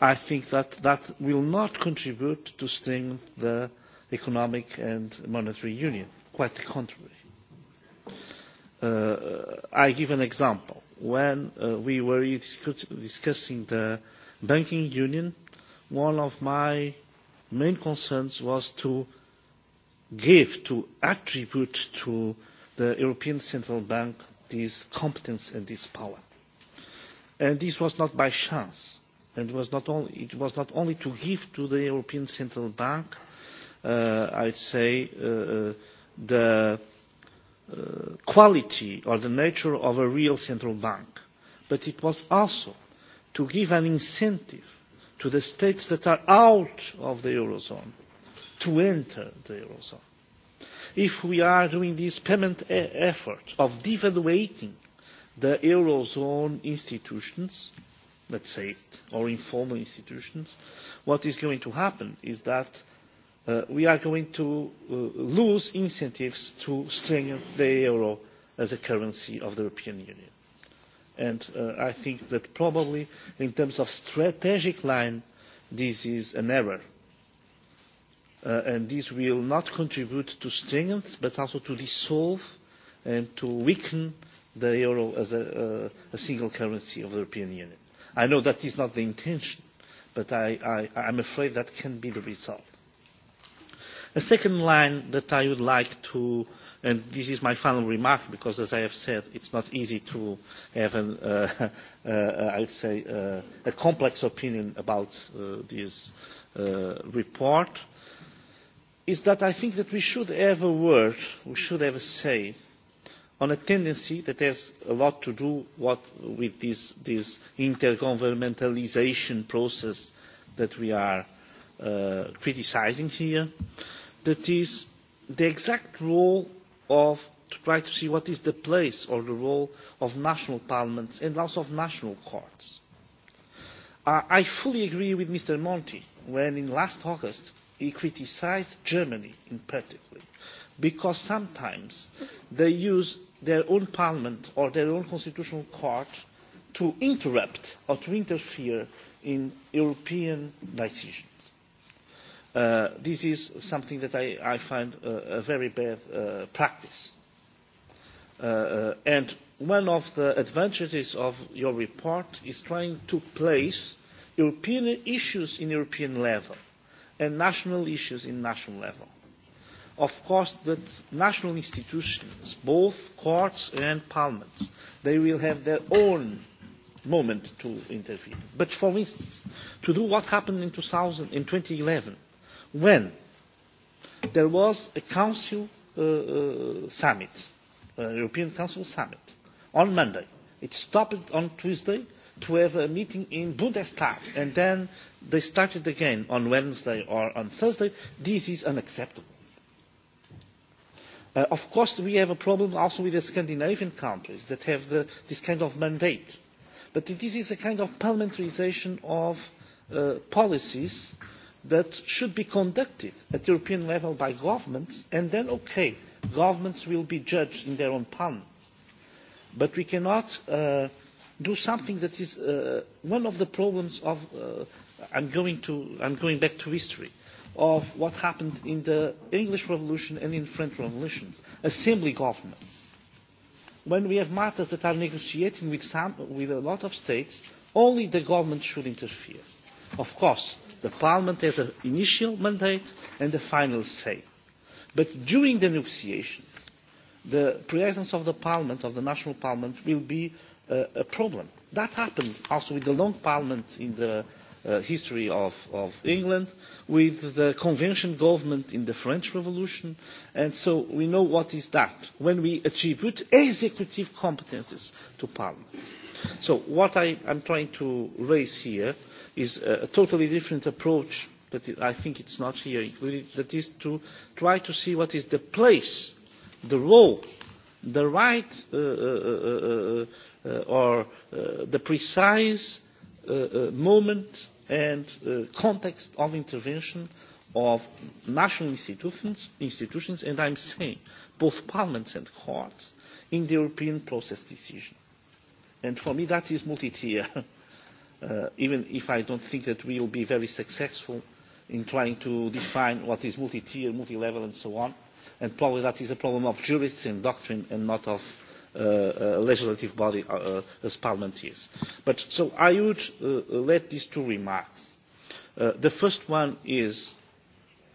I think that that will not contribute to strengthen the economic and monetary union. Quite the contrary. Uh, I give an example. When uh, we were discuss discussing the banking union, one of my main concerns was to give, to attribute to the European Central Bank this competence and this power. And this was not by chance. And was not only, it was not only to give to the European Central Bank, uh, I'd say, uh, uh, the uh, quality or the nature of a real central bank, but it was also to give an incentive to the states that are out of the Eurozone to enter the Eurozone if we are doing this permanent e-, effort of devaluating the Eurozone institutions, let's say, or informal institutions, what is going to happen is that uh, we are going to uh, lose incentives to strengthen the euro as a currency of the European Union. And uh, I think that probably in terms of strategic line, this is an error uh, and these will not contribute to strengthen but also to dissolve and to weaken the euro as a, uh, a single currency of the European Union. I know that is not the intention, but I, I, I'm afraid that can be the result. A second line that I would like to, and this is my final remark, because as I have said, it's not easy to have, an, uh, uh, I would say, uh, a complex opinion about uh, this uh, report. Uh, is that I think that we should have a word, we should have a say on a tendency that has a lot to do what, with this, this intergovernmentalization process that we are uh, criticizing here, that is the exact role of to try to see what is the place or the role of national parliaments and also of national courts. Uh, I fully agree with Mr. Monti when in last August he criticized Germany in particular, because sometimes they use their own parliament or their own constitutional court to interrupt or to interfere in European decisions. Uh, this is something that I, I find uh, a very bad uh, practice. Uh, uh, and one of the advantages of your report is trying to place European issues in European level. Uh, and national issues in national level. Of course, that national institutions, both courts and parliaments, they will have their own moment to intervene. But for instance, to do what happened in, 2000, in 2011, when there was a council uh, uh, summit, a European Council summit, on Monday. It stopped on Tuesday to have a meeting in Bundestag, and then they started again on Wednesday or on Thursday. This is unacceptable. Uh, of course, we have a problem also with the Scandinavian countries that have the, this kind of mandate. But this is a kind of parliamentarization of uh, policies that should be conducted at European level by governments, and then, okay, governments will be judged in their own parliaments. But we cannot uh, do something that is uh, one of the problems of, uh, I'm, going to, I'm going back to history, of what happened in the English Revolution and in French Revolution, assembly governments. When we have matters that are negotiating with, some, with a lot of states, only the government should interfere. Of course, the parliament has an initial mandate and a final say. But during the negotiations, the presence of the parliament, of the national parliament, will be uh, a problem. That happened also with the long parliament in the uh, history of, of England, with the convention government in the French Revolution, and so we know what is that when we attribute executive competences to parliaments. So what I am trying to raise here is a, a totally different approach, but I think it's not here included, that is to try to see what is the place, the role the right uh, uh, uh, uh, or uh, the precise uh, uh, moment and uh, context of intervention of national institutions, institutions and I'm saying both parliaments and courts in the European process decision. And for me that is multi-tier, uh, even if I don't think that we will be very successful in trying to define what is multi-tier, multi-level and so on and probably that is a problem of jurists and doctrine and not of uh, uh, legislative body uh, uh as Parliament is. But, so I would uh, uh, let these two remarks. Uh, the first one is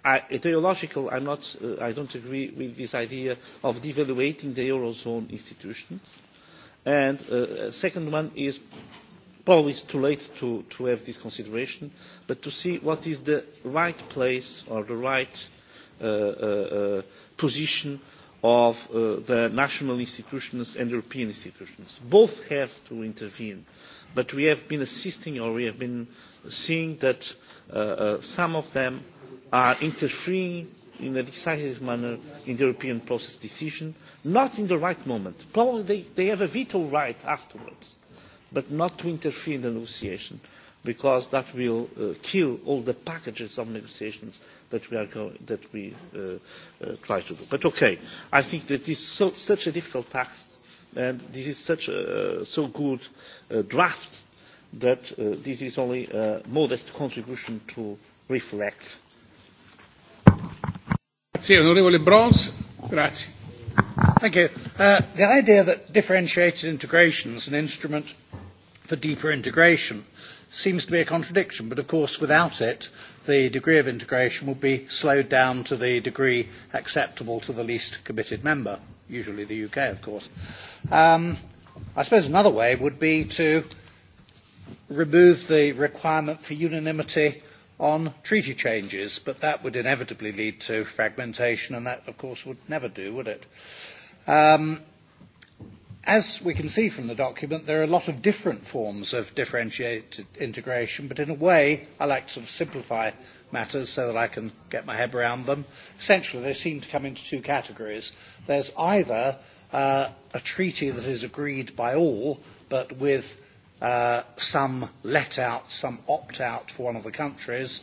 I, ideological. I'm not, uh, I don't agree with this idea of devaluating the Eurozone institutions. And uh, second one is probably it's too late to, to have this consideration, but to see what is the right place or the right uh, Uh, uh, uh, position of uh, the national institutions and European institutions. Both have to intervene, but we have been assisting or we have been seeing that uh, uh, some of them are interfering in a decisive manner in the European process decision, not in the right moment. Probably they, they have a veto right afterwards, but not to interfere in the negotiation. Uh, because that will uh, kill all the packages of negotiations that we, are go that we uh, uh, try to do. But okay, I think that this is so, such a difficult task and this is such a uh, so good uh, draft that uh, this is only a modest contribution to reflect. Grazie, onorevole Brons. Grazie. Thank you. Uh, the idea that differentiated integration is an instrument for deeper integration uh, seems to be a contradiction, but of course without it the degree of integration will be slowed down to the degree acceptable to the least committed member, usually the UK of course. Um, I suppose another way would be to remove the requirement for unanimity on treaty changes, but that would inevitably lead to fragmentation, and that, of course, would never do, would it? Um, As we can see from the document, there are a lot of different forms of differentiated integration, but in a way, I like to sort of simplify matters so that I can get my head around them. Essentially, they seem to come into two categories. There's either uh, a treaty that is agreed by all, but with uh, some let out, some opt out for one of the countries,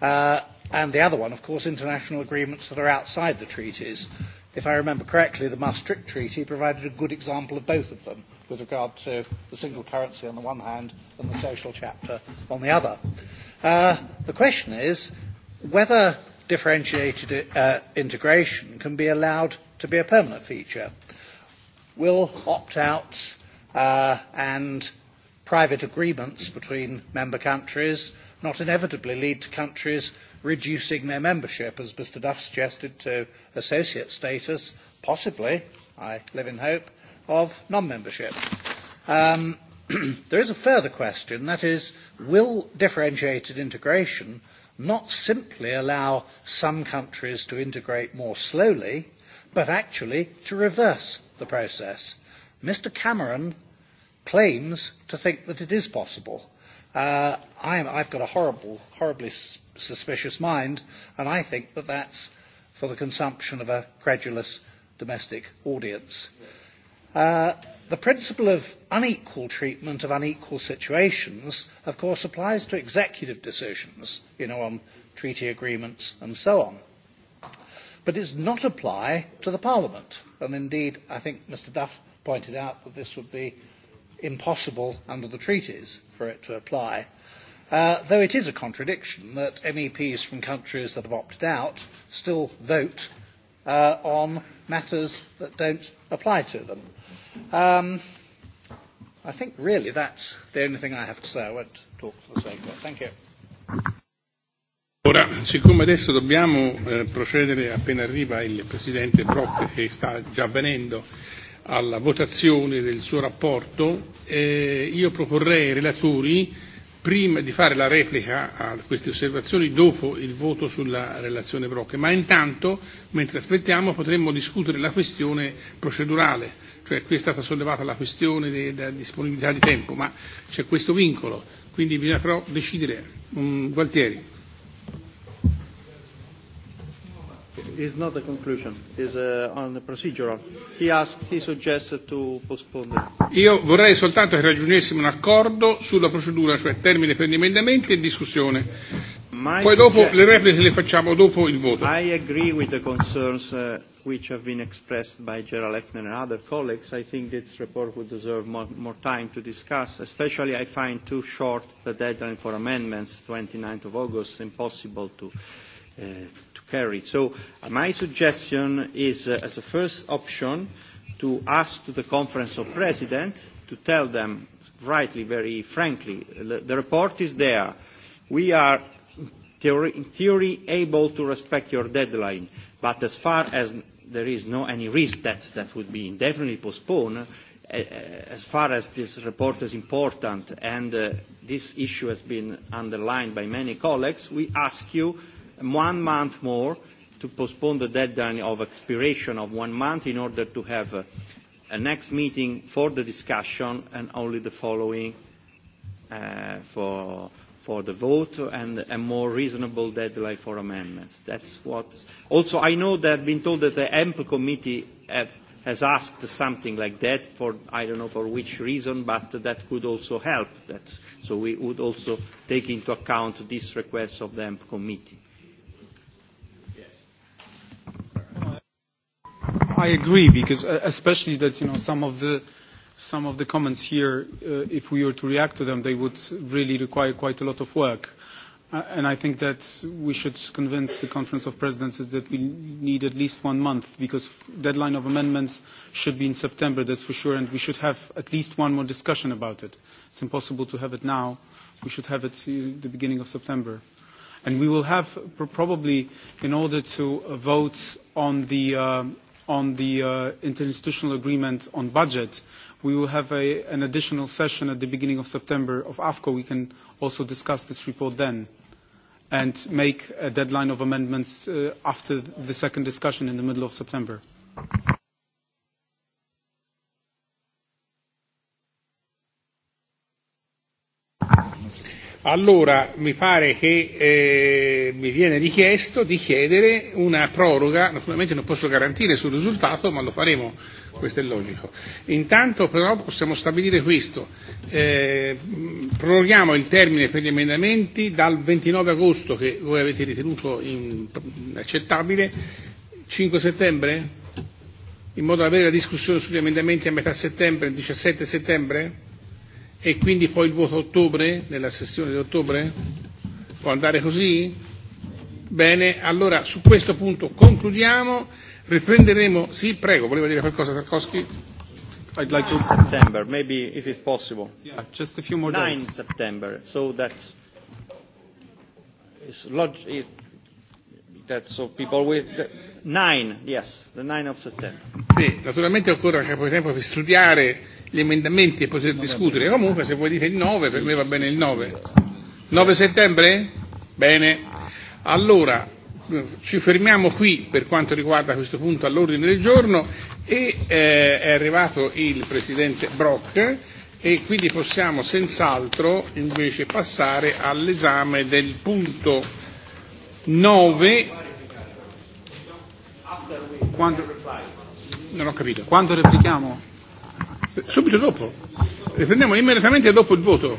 uh, and the other one, of course, international agreements that are outside the treaties. Uh, if I remember correctly, the Maastricht Treaty provided a good example of both of them with regard to the single currency on the one hand and the social chapter on the other. Uh, the question is whether differentiated uh, integration can be allowed to be a permanent feature. Will opt-outs uh, and private agreements between member countries not inevitably lead to countries reducing their membership, as Mr Duff suggested, to associate status, possibly, I live in hope, of non-membership. Um, there is a further question, that is, will differentiated integration not simply allow some countries to integrate more slowly, but actually to reverse the process? Mr Cameron claims to think that it is possible Uh, I'm, I've got a horrible, horribly s- suspicious mind, and I think that that's for the consumption of a credulous domestic audience. Uh, the principle of unequal treatment of unequal situations, of course, applies to executive decisions, you know, on treaty agreements and so on. But it does not apply to the Parliament. And indeed, I think Mr Duff pointed out that this would be uh, impossible under the treaties for it to apply. Uh, though it is a contradiction that MEPs from countries that have opted out still vote uh, on matters that don't apply to them. Um, I think really that's the only thing I have to say. I won't talk for the sake of it. Thank you. Ora, siccome adesso dobbiamo eh, procedere appena arriva il Presidente Brock che sta già avvenendo, alla votazione del suo rapporto, eh, io proporrei ai relatori prima di fare la replica a queste osservazioni dopo il voto sulla relazione Brock, ma intanto, mentre aspettiamo, potremmo discutere la questione procedurale, cioè qui è stata sollevata la questione della disponibilità di tempo, ma c'è questo vincolo, quindi bisogna però decidere. Mm, Gualtieri. is not a conclusion, is a, on a procedural. He asked, he suggested to postpone. Io vorrei soltanto che raggiungessimo un accordo sulla procedura, cioè termine per gli emendamenti e discussione. My Poi dopo le repliche le facciamo dopo il voto. I agree with the concerns uh, which have been expressed by Gerald Lefner and other colleagues. I think this report would deserve more, more time to discuss, especially I find too short the deadline for amendments, 29th of August, impossible to uh, carried. So uh, my suggestion is, uh, as a first option, to ask to the Conference of Presidents to tell them rightly, very frankly, uh, the report is there. We are theory, in theory able to respect your deadline, but as far as there is no any risk that that would be indefinitely postponed, uh, uh, as far as this report is important and uh, this issue has been underlined by many colleagues, we ask you one month more to postpone the deadline of expiration of one month in order to have a, a next meeting for the discussion and only the following uh, for, for the vote and a more reasonable deadline for amendments. That's what. Also, I know that I've been told that the ample committee have, has asked something like that for I don't know for which reason, but that could also help. That so we would also take into account this request of the ample committee. I agree because uh, especially that you know some of the some of the comments here, uh, if we were to react to them, they would really require quite a lot of work. Uh, and I think that we should convince the Conference of Presidents that we need at least one month because deadline of amendments should be in September, that's for sure, and we should have at least one more discussion about it. It's impossible to have it now. We should have it uh, the beginning of September. And we will have pr probably, in order to uh, vote on the, uh, on the uh, interinstitutional agreement on budget. We will have a, an additional session at the beginning of September of AFCO. We can also discuss this report then and make a deadline of amendments uh, after the second discussion in the middle of September. Allora mi pare che eh, mi viene richiesto di chiedere una proroga, naturalmente non posso garantire sul risultato, ma lo faremo, questo è logico. Intanto però possiamo stabilire questo, eh, proroghiamo il termine per gli emendamenti dal 29 agosto, che voi avete ritenuto in, accettabile, 5 settembre, in modo da avere la discussione sugli emendamenti a metà settembre, 17 settembre? e quindi poi il voto a ottobre, nella sessione di ottobre? Può andare così? Bene, allora su questo punto concludiamo, riprenderemo, sì, prego, voleva dire qualcosa Tarkovsky? I'd like to September, maybe if it's possible. Yeah, just a few more 9 days. 9 September, so that is log it, that so people with the, 9, yes, the 9 of September. Sì, naturalmente occorre anche poi tempo per studiare gli emendamenti e poter discutere. Comunque se voi dite il 9, per me va bene il 9. 9 settembre? Bene. Allora, ci fermiamo qui per quanto riguarda questo punto all'ordine del giorno e eh, è arrivato il Presidente Brock e quindi possiamo senz'altro invece passare all'esame del punto 9. Quando, non ho capito. Quando replichiamo? Subito dopo. Riprendiamo immediatamente dopo il voto.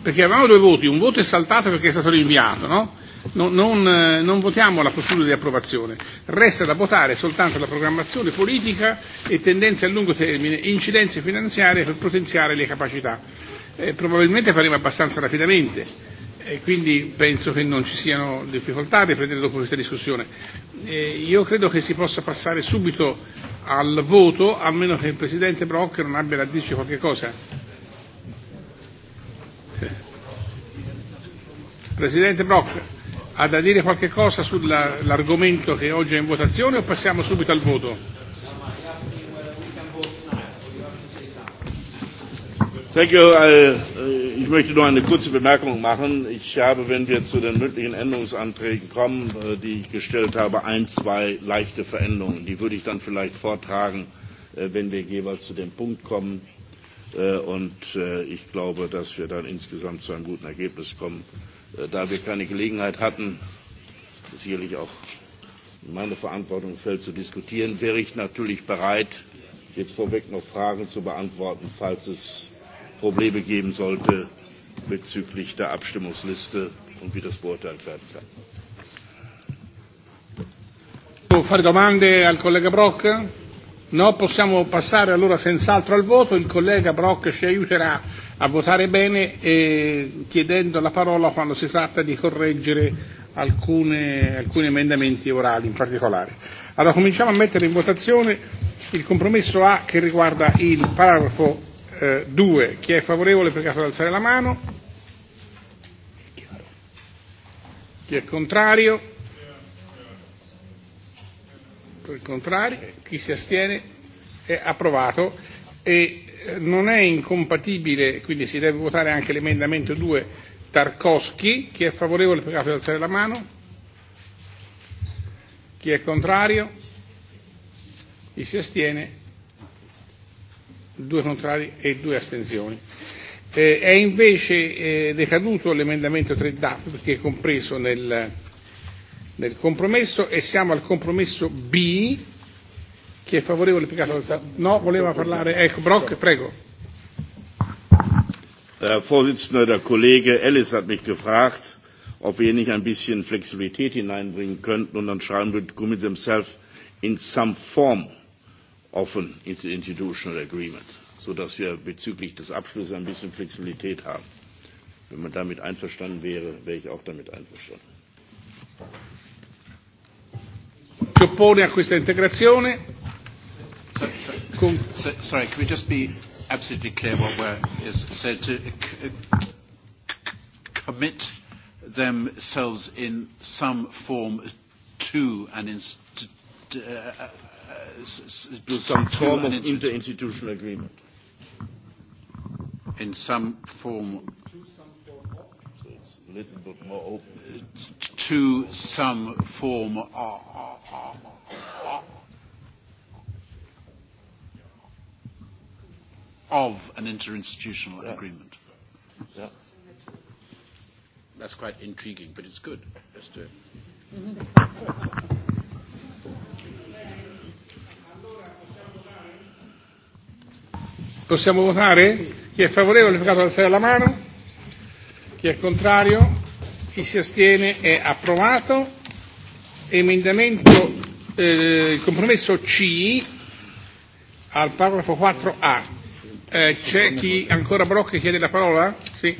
Perché avevamo due voti, un voto è saltato perché è stato rinviato, no? No, non, eh, non votiamo la procedura di approvazione, resta da votare soltanto la programmazione politica e tendenze a lungo termine, incidenze finanziarie per potenziare le capacità. Eh, probabilmente faremo abbastanza rapidamente, eh, quindi penso che non ci siano difficoltà a riprendere dopo questa discussione. Eh, io credo che si possa passare subito al voto, a meno che il Presidente Brock non abbia da dirci qualche cosa. Presidente Brock, ha da dire qualche cosa sull'argomento che oggi è in votazione o passiamo subito al voto? Thank you. I'll, uh, eh, eh, Ich möchte nur eine kurze Bemerkung machen. Ich habe, wenn wir zu den mündlichen Änderungsanträgen kommen, äh, die ich gestellt habe, ein, zwei leichte Veränderungen. Die würde ich dann vielleicht vortragen, äh, wenn wir jeweils zu dem Punkt kommen. Äh, und ich glaube, dass wir dann insgesamt zu einem guten Ergebnis kommen. Da wir keine Gelegenheit hatten, sicherlich auch meine Verantwortung fällt, zu diskutieren, wäre ich natürlich bereit, jetzt vorweg noch Fragen zu beantworten, falls es Probleme geben sollte bezüglich der Abstimmungsliste und wie das beurteilt werden kann. Devo fare domande al collega Brock? No, possiamo passare allora senz'altro al voto. Il collega Brock ci aiuterà a votare bene eh, chiedendo la parola quando si tratta di correggere alcune, alcuni emendamenti orali in particolare. Allora cominciamo a mettere in votazione il compromesso A che riguarda il paragrafo eh, 2. Chi è favorevole è pregato ad alzare la mano. Chi è contrario? Il contrario. Chi si astiene è approvato e eh, non è incompatibile, quindi si deve votare anche l'emendamento 2 Tarkovsky. Chi è favorevole è pregato ad alzare la mano. Chi è contrario? Chi si astiene due contrari e due astensioni. Eh, è invece eh, decaduto l'emendamento 3DAF perché è compreso nel, nel compromesso e siamo al compromesso B Chi è favorevole Piccato? No, voleva parlare. Ecco, Brock, prego. Herr Vorsitzender, der Kollege Ellis hat mich gefragt, ob wir hier nicht ein bisschen Flexibilität hineinbringen könnten und dann schreiben wir commit themselves in some form offen ins Institutional Agreement, sodass wir bezüglich des Abschlusses ein bisschen Flexibilität haben. Wenn man damit einverstanden wäre, wäre ich auch damit einverstanden. Si oppone a questa integrazione? So, so, con... so, sorry, can we just be absolutely clear what we're is said to c- commit themselves in some form to an inst- uh, to some form of interinstitutional agreement. In some form. To some form of, of an interinstitutional yeah. agreement. Yeah. That's quite intriguing, but it's good. Let's do it. Possiamo votare? Chi è favorevole è ad alzare la mano. Chi è contrario? Chi si astiene è approvato. Emendamento, eh, compromesso C al paragrafo 4A. Eh, c'è chi ancora Brock chiede la parola? Sì.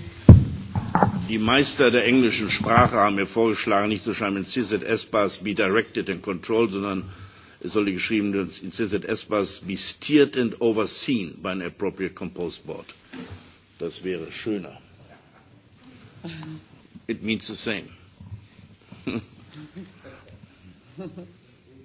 Die Meister der englischen Sprache haben mir vorgeschlagen, nicht zu schreiben CZS-Bars be directed and controlled, sondern it sollte geschrieben werden, in CZS war es be steered and overseen by an appropriate composed board. Das wäre schöner. It means the same.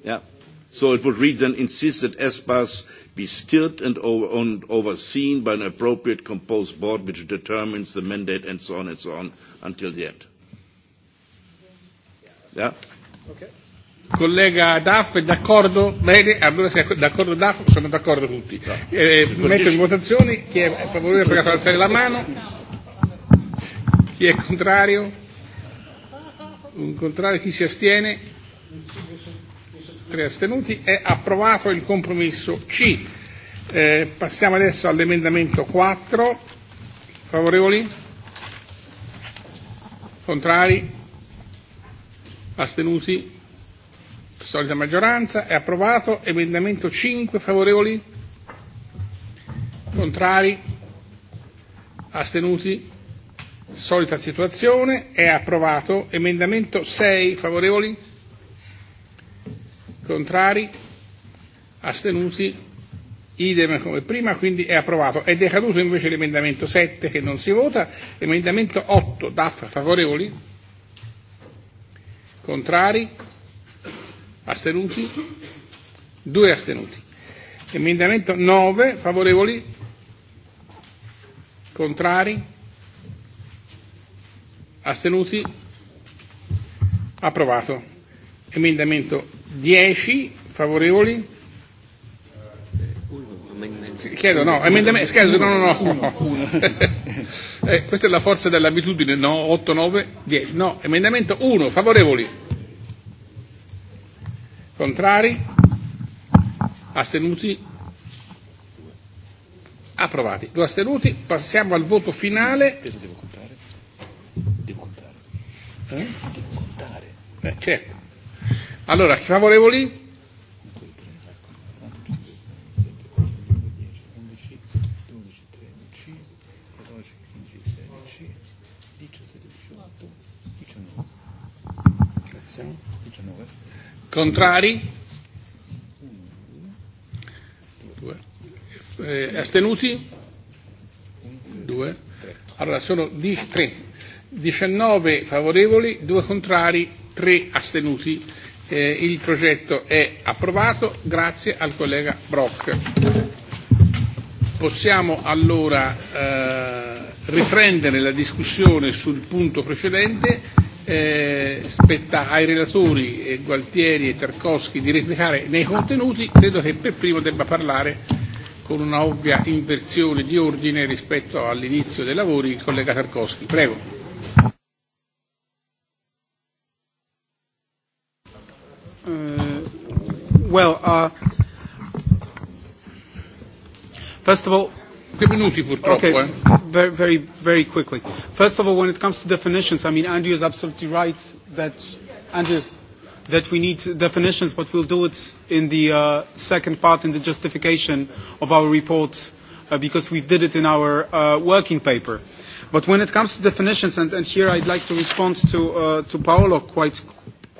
yeah. So it would read then, insist that ESPAS be steered and, over, and overseen by an appropriate composed board which determines the mandate and so on and so on until the end. Yeah? Okay. Collega Daff è d'accordo? Bene, allora se è d'accordo Daff sono d'accordo tutti. No. Eh, se metto in votazione chi è favorevole per alzare la mano, chi è contrario, un contrario, chi si astiene, tre astenuti, è approvato il compromesso C. Eh, passiamo adesso all'emendamento 4. Favorevoli? Contrari? Astenuti? solita maggioranza, è approvato. Emendamento 5, favorevoli? Contrari? Astenuti? Solita situazione, è approvato. Emendamento 6, favorevoli? Contrari? Astenuti? idem come prima, quindi è approvato. È decaduto invece l'emendamento 7 che non si vota, emendamento 8 DAF favorevoli, contrari, Astenuti? Due astenuti. Emendamento 9, favorevoli? Contrari? Astenuti? Approvato. Emendamento 10, favorevoli? Chiedo, no, emendamento, scherzo, no, no, no. eh, questa è la forza dell'abitudine, no, 8, 9, 10. No, emendamento 1, favorevoli? Contrari? Astenuti? Approvati. Due astenuti. Passiamo al voto finale. Devo, devo contare. Devo contare. Eh? Devo contare. Eh, certo. Allora, favorevoli? Contrari? Eh, astenuti? Due. Allora sono di, tre. 19 favorevoli, 2 contrari, 3 astenuti. Eh, il progetto è approvato grazie al collega Brock. Possiamo allora eh, riprendere la discussione sul punto precedente eh, spetta ai relatori eh, Gualtieri e Tarkovsky di replicare nei contenuti, credo che per primo debba parlare con una ovvia inversione di ordine rispetto all'inizio dei lavori il collega Tarkovsky. Prego. Uh, well, uh, first of all, minuti purtroppo. Okay. Eh. Very, very, very quickly. First of all, when it comes to definitions, I mean, Andrew is absolutely right that, Andrew, that we need definitions, but we'll do it in the uh, second part in the justification of our report uh, because we did it in our uh, working paper. But when it comes to definitions, and, and here I'd like to respond to, uh, to Paolo quite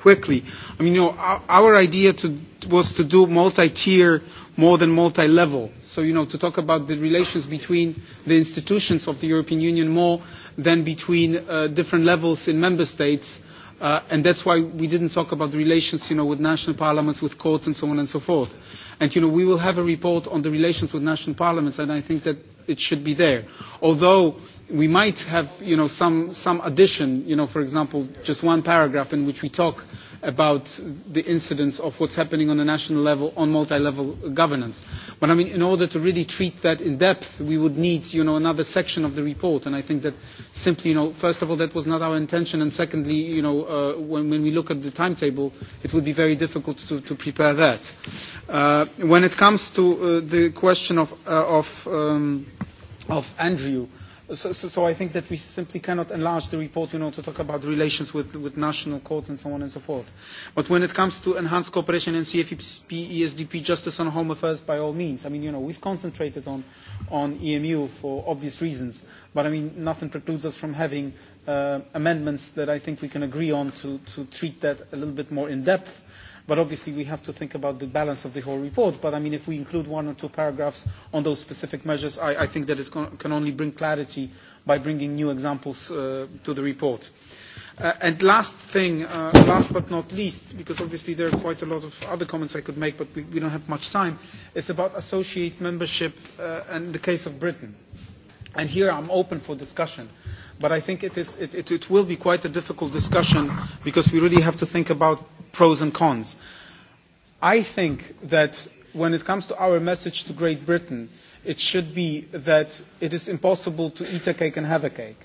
quickly. I mean, you know, our, our idea to, was to do multi-tier more than multi-level. So, you know, to talk about the relations between the institutions of the European Union more than between uh, different levels in member states. Uh, and that's why we didn't talk about the relations, you know, with national parliaments, with courts, and so on and so forth. And, you know, we will have a report on the relations with national parliaments, and I think that it should be there. Although, we might have you know, some, some addition, you know, for example, just one paragraph in which we talk about the incidence of what's happening on a national level on multi-level governance. But I mean, in order to really treat that in depth, we would need, you know, another section of the report. And I think that simply, you know, first of all, that was not our intention. And secondly, you know, uh, when, when we look at the timetable, it would be very difficult to, to prepare that. Uh, when it comes to uh, the question of, uh, of, um, of Andrew, uh, so, so, so I think that we simply cannot enlarge the report, you know, to talk about relations with, with national courts and so on and so forth. But when it comes to enhanced cooperation in CFP, ESDP, justice and home affairs, by all means. I mean, you know, we've concentrated on, on EMU for obvious reasons. But I mean, nothing precludes us from having uh, amendments that I think we can agree on to, to treat that a little bit more in depth But obviously we have to think about the balance of the whole report. But I mean, if we include one or two paragraphs on those specific measures, I, I think that it can only bring clarity by bringing new examples uh, to the report. Uh, and last thing, uh, last but not least, because obviously there are quite a lot of other comments I could make, but we, we don't have much time, it's about associate membership uh, and the case of Britain. And here I'm open for discussion. Uh, But I think it, is, it, it, it will be quite a difficult discussion because we really have to think about pros and cons. I think that when it comes to our message to Great Britain, it should be that it is impossible to eat a cake and have a cake.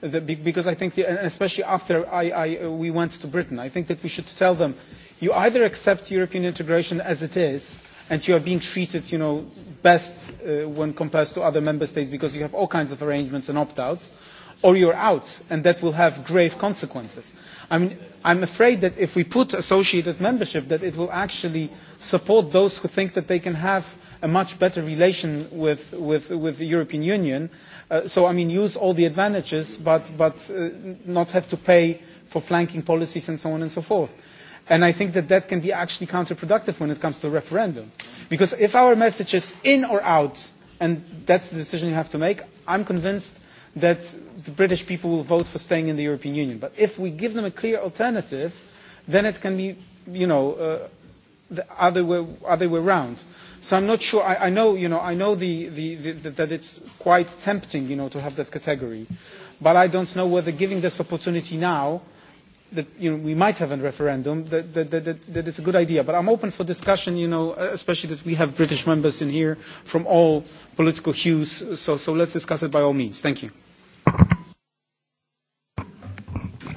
The, because I think, the, and especially after I, I, we went to Britain, I think that we should tell them, you either accept European integration as it is, and you are being treated, you know, best uh, when compared to other member states because you have all kinds of arrangements and opt-outs, uh, or you're out, and that will have grave consequences. I mean, I'm afraid that if we put associated membership, that it will actually support those who think that they can have a much better relation with, with, with the European Union. Uh, so, I mean, use all the advantages, but, but uh, not have to pay for flanking policies and so on and so forth. And I think that that can be actually counterproductive when it comes to a referendum. Because if our message is in or out, and that's the decision you have to make, I'm convinced that the British people will vote for staying in the European Union. But if we give them a clear alternative, then it can be, you know, uh, the other way, other way around. So I'm not sure. I, I know, you know, I know the, the, the, that it's quite tempting, you know, to have that category, but I don't know whether giving this opportunity now, that you know, we might have a referendum, that, that, that, that, that it's a good idea. But I'm open for discussion, you know, especially that we have British members in here from all political hues. So, so let's discuss it by all means. Thank you.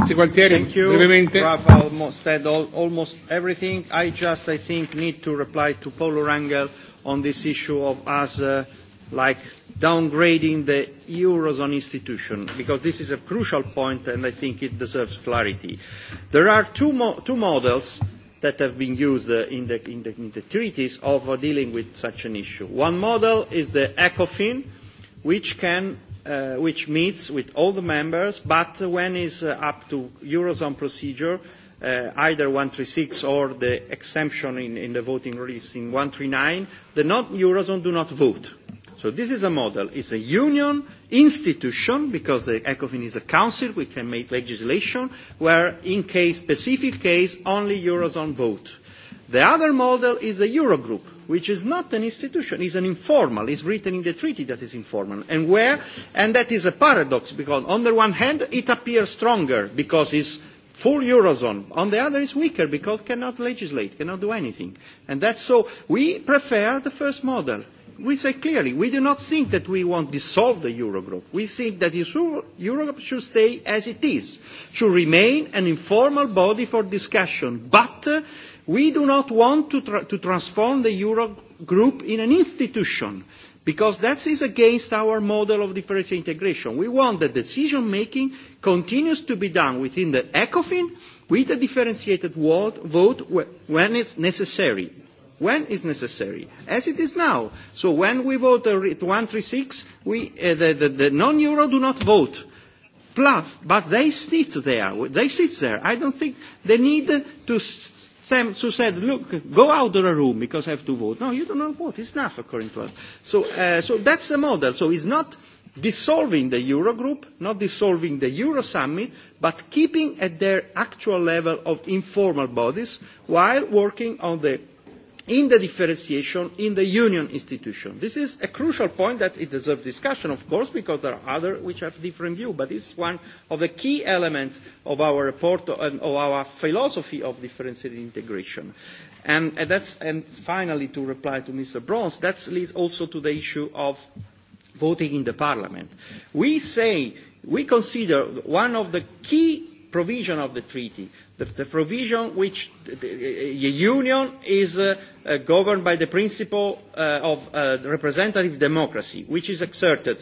Grazie Gualtieri, Thank you. brevemente. Ralph almost said all, almost everything. I just, I think, need to reply to Paulo Rangel on this issue of us uh, like downgrading the Eurozone institution, because this is a crucial point and I think it deserves clarity. There are two, mo two models that have been used uh, in, the, in, the, in the treaties of uh, dealing with such an issue. One model is the ECOFIN, which can uh, which meets with all the members, but when it's uh, up to Eurozone procedure, uh, either 136 or the exemption in, in the voting list in 139, the non-Eurozone do not vote. So this is a model. It's a union institution, because the ECOFIN is a council, we can make legislation, where in case, specific case, only Eurozone vote. The other model is the Eurogroup, which is not an institution, is an informal, is written in the treaty that is informal. And where, and that is a paradox, because on the one hand, it appears stronger because it's full eurozone. On the other, it's weaker because it cannot legislate, cannot do anything. And that's so, we prefer the first model. We say clearly, we do not think that we want to dissolve the Eurogroup. We think that the Eurogroup should stay as it is, should remain an informal body for discussion, but uh, We do not want to, tra- to transform the Eurogroup in an institution because that is against our model of differential integration. We want that decision making continues to be done within the ECOFIN with a differentiated vote when it's necessary. When is necessary, as it is now. So when we vote at 136, we, uh, the, the, the non-euro do not vote. Plus, but they sit there. They sit there. I don't think they need to Sam who said, look, go out of the room because I have to vote. No, you don't know what. It's enough, according to us. So, uh, so that's the model. So it's not dissolving the Eurogroup, not dissolving the Euro Summit, but keeping at their actual level of informal bodies while working on the in the differentiation in the union institution. This is a crucial point that it deserves discussion, of course, because there are others which have different views, but it's one of the key elements of our report and of our philosophy of differentiated integration. And, and, that's, and finally, to reply to Mr. Bronze, that leads also to the issue of voting in the parliament. We say, we consider one of the key provision of the treaty, the, the provision which the, the, the union is uh, uh, governed by the principle uh, of uh, representative democracy, which is exerted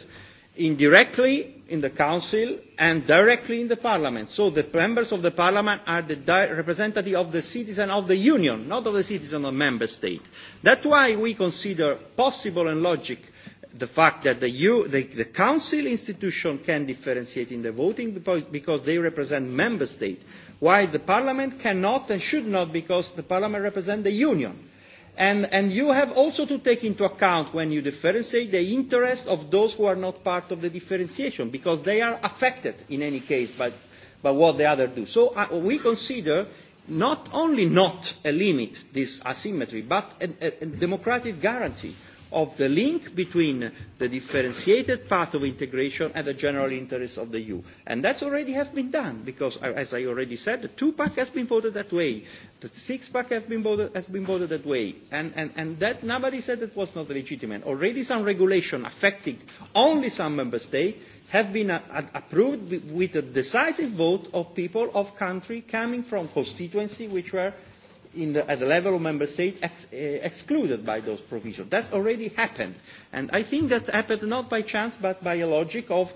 indirectly in the council and directly in the parliament. So the members of the parliament are the di- representative of the citizen of the union, not of the citizen of member state. That's why we consider possible and logical the fact that the, EU, the, the council institution can differentiate in the voting because, because they represent member states, while the parliament cannot and should not because the parliament represents the union. And, and you have also to take into account when you differentiate the interests of those who are not part of the differentiation because they are affected in any case by, by what the other do. So uh, we consider not only not a limit, this asymmetry, but a, a, a democratic guarantee of the link between the differentiated path of integration and the general interests of the EU. And that's already has been done, because, uh, as I already said, the two-pack has been voted that way, the six-pack has been voted, has been voted that way, and, and, and that nobody said it was not legitimate. Already some regulation affecting only some member states have been a, uh, a, approved with a decisive vote of people of country coming from constituency which were in the, at the level of member state ex, uh, excluded by those provisions. That's already happened. And I think that happened not by chance but by a logic of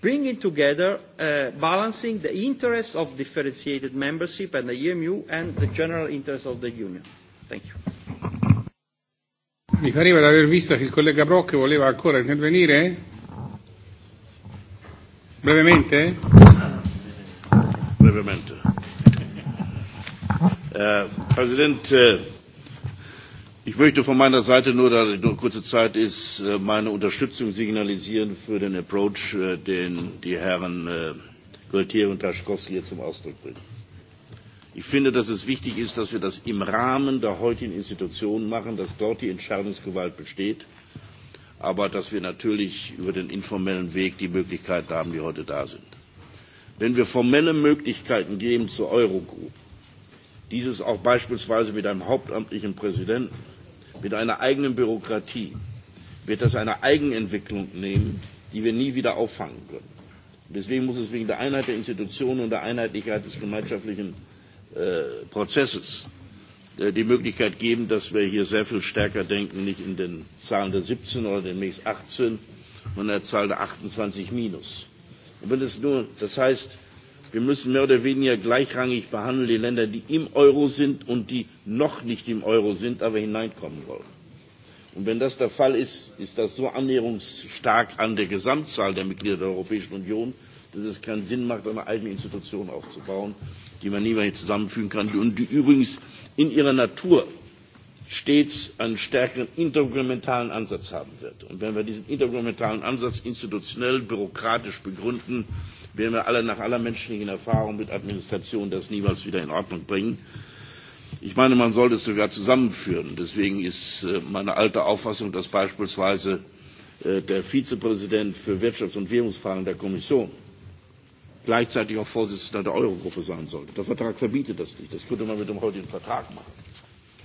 bringing together, uh, balancing the interests of differentiated membership and the EMU and the general interests of the Union. Thank you. Mi pareva di aver visto che il collega Brock voleva ancora intervenire. Brevemente? Brevemente Herr Präsident, äh, ich möchte von meiner Seite nur, da nur kurze Zeit ist, äh, meine Unterstützung signalisieren für den Approach, äh, den die Herren Gualtieri und Taschkowski hier zum Ausdruck bringen. Ich finde, dass es wichtig ist, dass wir das im Rahmen der heutigen Institutionen machen, dass dort die Entscheidungsgewalt besteht, aber dass wir natürlich über den informellen Weg die Möglichkeiten haben, die heute da sind. Wenn wir formelle Möglichkeiten geben zur Eurogroup, Dieses auch beispielsweise mit einem hauptamtlichen Präsidenten, mit einer eigenen Bürokratie, wird das eine Eigenentwicklung nehmen, die wir nie wieder auffangen können. Deswegen muss es wegen der Einheit der Institutionen und der Einheitlichkeit des gemeinschaftlichen äh, Prozesses äh, die Möglichkeit geben, dass wir hier sehr viel stärker denken, nicht in den Zahlen der 17 oder demnächst 18, sondern in der Zahl der 28 minus. Und wenn es nur, das heißt, Wir müssen mehr oder weniger gleichrangig behandeln die Länder, die im Euro sind und die noch nicht im Euro sind, aber hineinkommen wollen. Und wenn das der Fall ist, ist das so annäherungsstark an der Gesamtzahl der Mitglieder der Europäischen Union, dass es keinen Sinn macht, eine eigene Institution aufzubauen, die man niemals zusammenfügen kann und die übrigens in ihrer Natur stets einen stärkeren intergouvernementalen Ansatz haben wird. Und wenn wir diesen intergouvernementalen Ansatz institutionell, bürokratisch begründen, werden wir alle nach aller menschlichen Erfahrung mit Administration das niemals wieder in Ordnung bringen. Ich meine, man sollte es sogar zusammenführen. Deswegen ist äh, meine alte Auffassung, dass beispielsweise äh, der Vizepräsident für Wirtschafts- und Währungsfragen der Kommission gleichzeitig auch Vorsitzender der Eurogruppe sein sollte. Der Vertrag verbietet das nicht. Das könnte man mit dem heutigen Vertrag machen.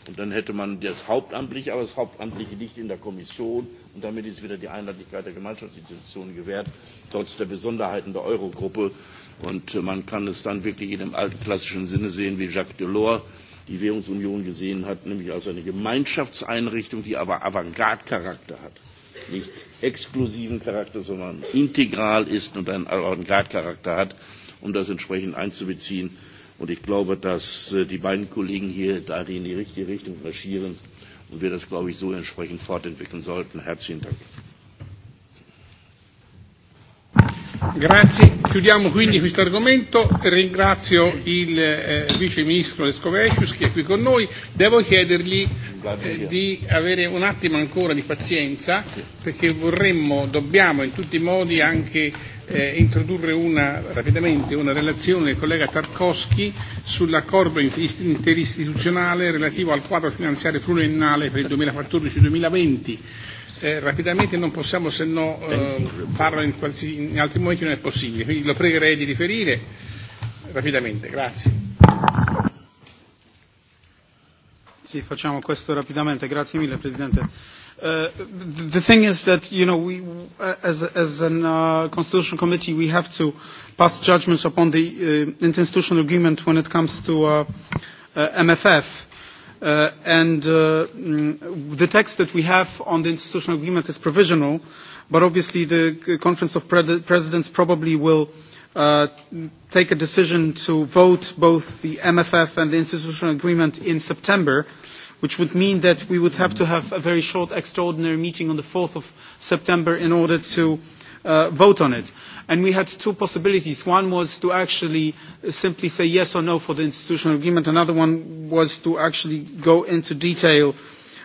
Und dann hätte man das hauptamtliche, aber das hauptamtliche liegt in der Kommission und damit ist wieder die Einheitlichkeit der Gemeinschaftsinstitutionen gewährt, trotz der Besonderheiten der Eurogruppe. Und äh, man kann es dann wirklich in dem alten klassischen Sinne sehen, wie Jacques Delors die Währungsunion gesehen hat, nämlich als eine Gemeinschaftseinrichtung, die aber Avantgarde-Charakter hat. Nicht exklusiven Charakter, sondern integral ist und einen Avantgarde-Charakter hat, um das entsprechend einzubeziehen Und ich glaube, dass äh, die beiden Kollegen hier darin in die richtige Richtung marschieren und wir das, glaube ich, so entsprechend fortentwickeln sollten. Herzlichen Dank. Grazie, chiudiamo quindi questo argomento. Ringrazio il eh, Vice Ministro Lescovecius che è qui con noi. Devo chiedergli eh, di avere un attimo ancora di pazienza perché vorremmo, dobbiamo in tutti i modi anche eh, introdurre una, rapidamente una relazione del collega Tarkovsky sull'accordo interistituzionale relativo al quadro finanziario pluriennale per il 2014-2020. Eh, rapidamente non possiamo se no eh, farlo in, qualsi, in altri momenti non è possibile, quindi lo pregherei di riferire rapidamente. Grazie. Sì, facciamo questo rapidamente. Grazie mille Presidente. Uh, the thing is that you know we, uh, as as an uh, constitutional committee, we have to pass judgments upon the uh, interinstitutional agreement when it comes to uh, uh, MFF. Uh, and uh, mm, the text that we have on the institutional agreement is provisional, but obviously the Conference of Pre Presidents probably will uh, take a decision to vote both the MFF and the institutional agreement in September. Uh, which would mean that we would have to have a very short extraordinary meeting on the 4th of September in order to uh, vote on it. And we had two possibilities. One was to actually simply say yes or no for the institutional agreement. Another one was to actually go into detail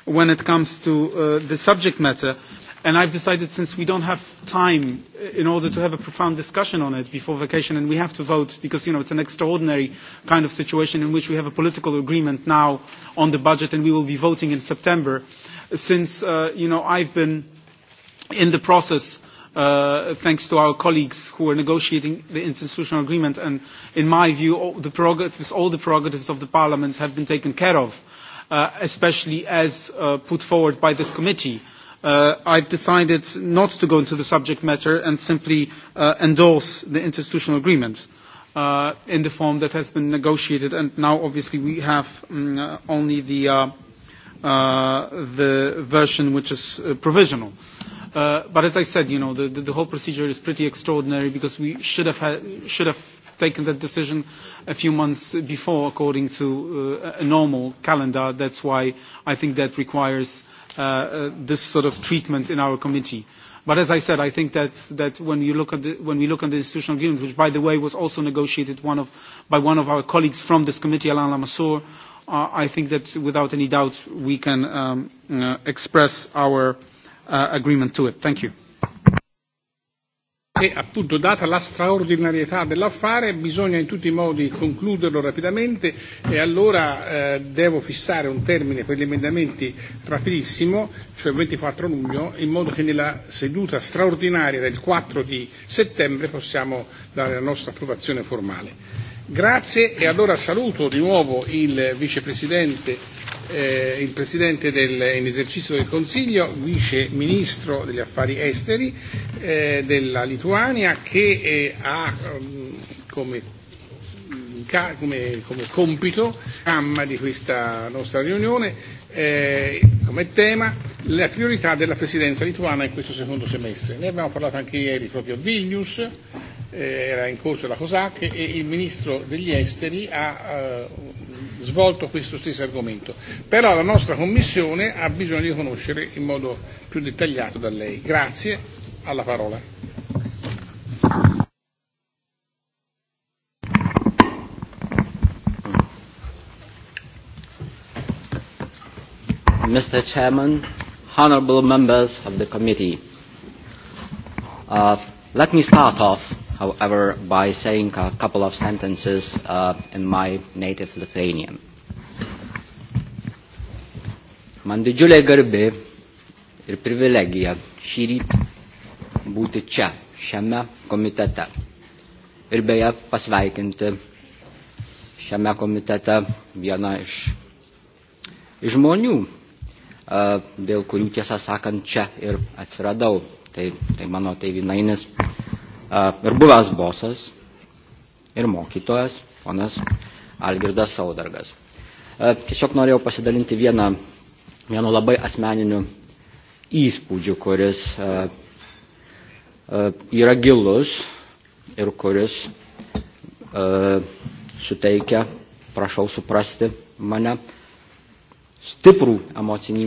when it comes to uh, the subject matter. Uh, And I've decided since we don't have time uh, in order to have a profound discussion on it before vacation and we have to vote because, you know, it's an extraordinary kind of situation in which we have a political agreement now on the budget and we will be voting in September. Since, uh, you know, I've been in the process uh, thanks to our colleagues who are negotiating the institutional agreement. And in my view, all the prerogatives, all the prerogatives of the Parliament have been taken care of, uh, especially as uh, put forward by this committee. Uh, uh, I've decided not to go into the subject matter and simply uh, endorse the interinstitutional agreement uh, in the form that has been negotiated. And now, obviously, we have um, uh, only the, uh, uh, the version which is uh, provisional. Uh, but as I said, you know, the, the, the whole procedure is pretty extraordinary because we should have, ha- should have taken that decision a few months before according to uh, a normal calendar. That's why I think that requires uh, uh, this sort of treatment in our committee. But as I said, I think that's, that when, you look at the, when we look at the institutional agreement, which by the way was also negotiated one of, by one of our colleagues from this committee, Alain Lamassoure, uh, I think that without any doubt we can um, uh, express our uh, agreement to it. Thank you e appunto data la straordinarietà dell'affare bisogna in tutti i modi concluderlo rapidamente e allora eh, devo fissare un termine per gli emendamenti rapidissimo, cioè 24 luglio, in modo che nella seduta straordinaria del 4 di settembre possiamo dare la nostra approvazione formale. Grazie e allora saluto di nuovo il vicepresidente, eh, il presidente del, in esercizio del Consiglio, vice ministro degli affari esteri eh, della Lituania che eh, ha um, come, ca, come, come compito di questa nostra riunione eh, come tema la priorità della presidenza lituana in questo secondo semestre. Ne abbiamo parlato anche ieri proprio a Vilnius, eh, era in corso la COSAC e il ministro degli esteri ha eh, svolto questo stesso argomento. Però la nostra commissione ha bisogno di conoscere in modo più dettagliato da lei. Grazie, alla parola. Mr. Chairman, honorable members of the committee. Uh, let me start off, however, by saying a couple of sentences uh, in my native Lithuanian. Man didžiulė garbė ir privilegija šį rytą būti čia, šiame komitete. Ir beje, pasveikinti šiame komitete vieną iš žmonių, dėl kurių tiesą sakant čia ir atsiradau. Tai, tai mano tėvinainis ir buvęs bosas, ir mokytojas, ponas Algirdas Saudargas. Tiesiog norėjau pasidalinti vieną, vienu labai asmeniniu įspūdžiu, kuris yra gilus ir kuris suteikia, prašau suprasti mane, stiprų emocinį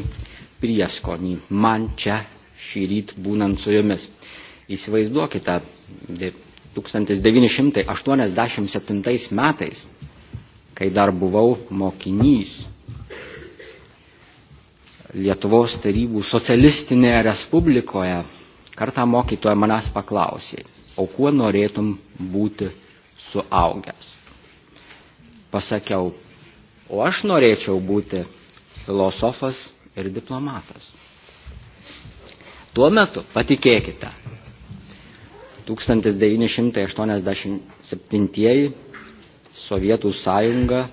prieskonį man čia šį ryt būnant su jumis. Įsivaizduokite, 1987 metais, kai dar buvau mokinys, Lietuvos tarybų socialistinėje respublikoje kartą mokytoja manęs paklausė, o kuo norėtum būti suaugęs? Pasakiau, o aš norėčiau būti filosofas ir diplomatas. Tuo metu, patikėkite, 1987 Sovietų sąjunga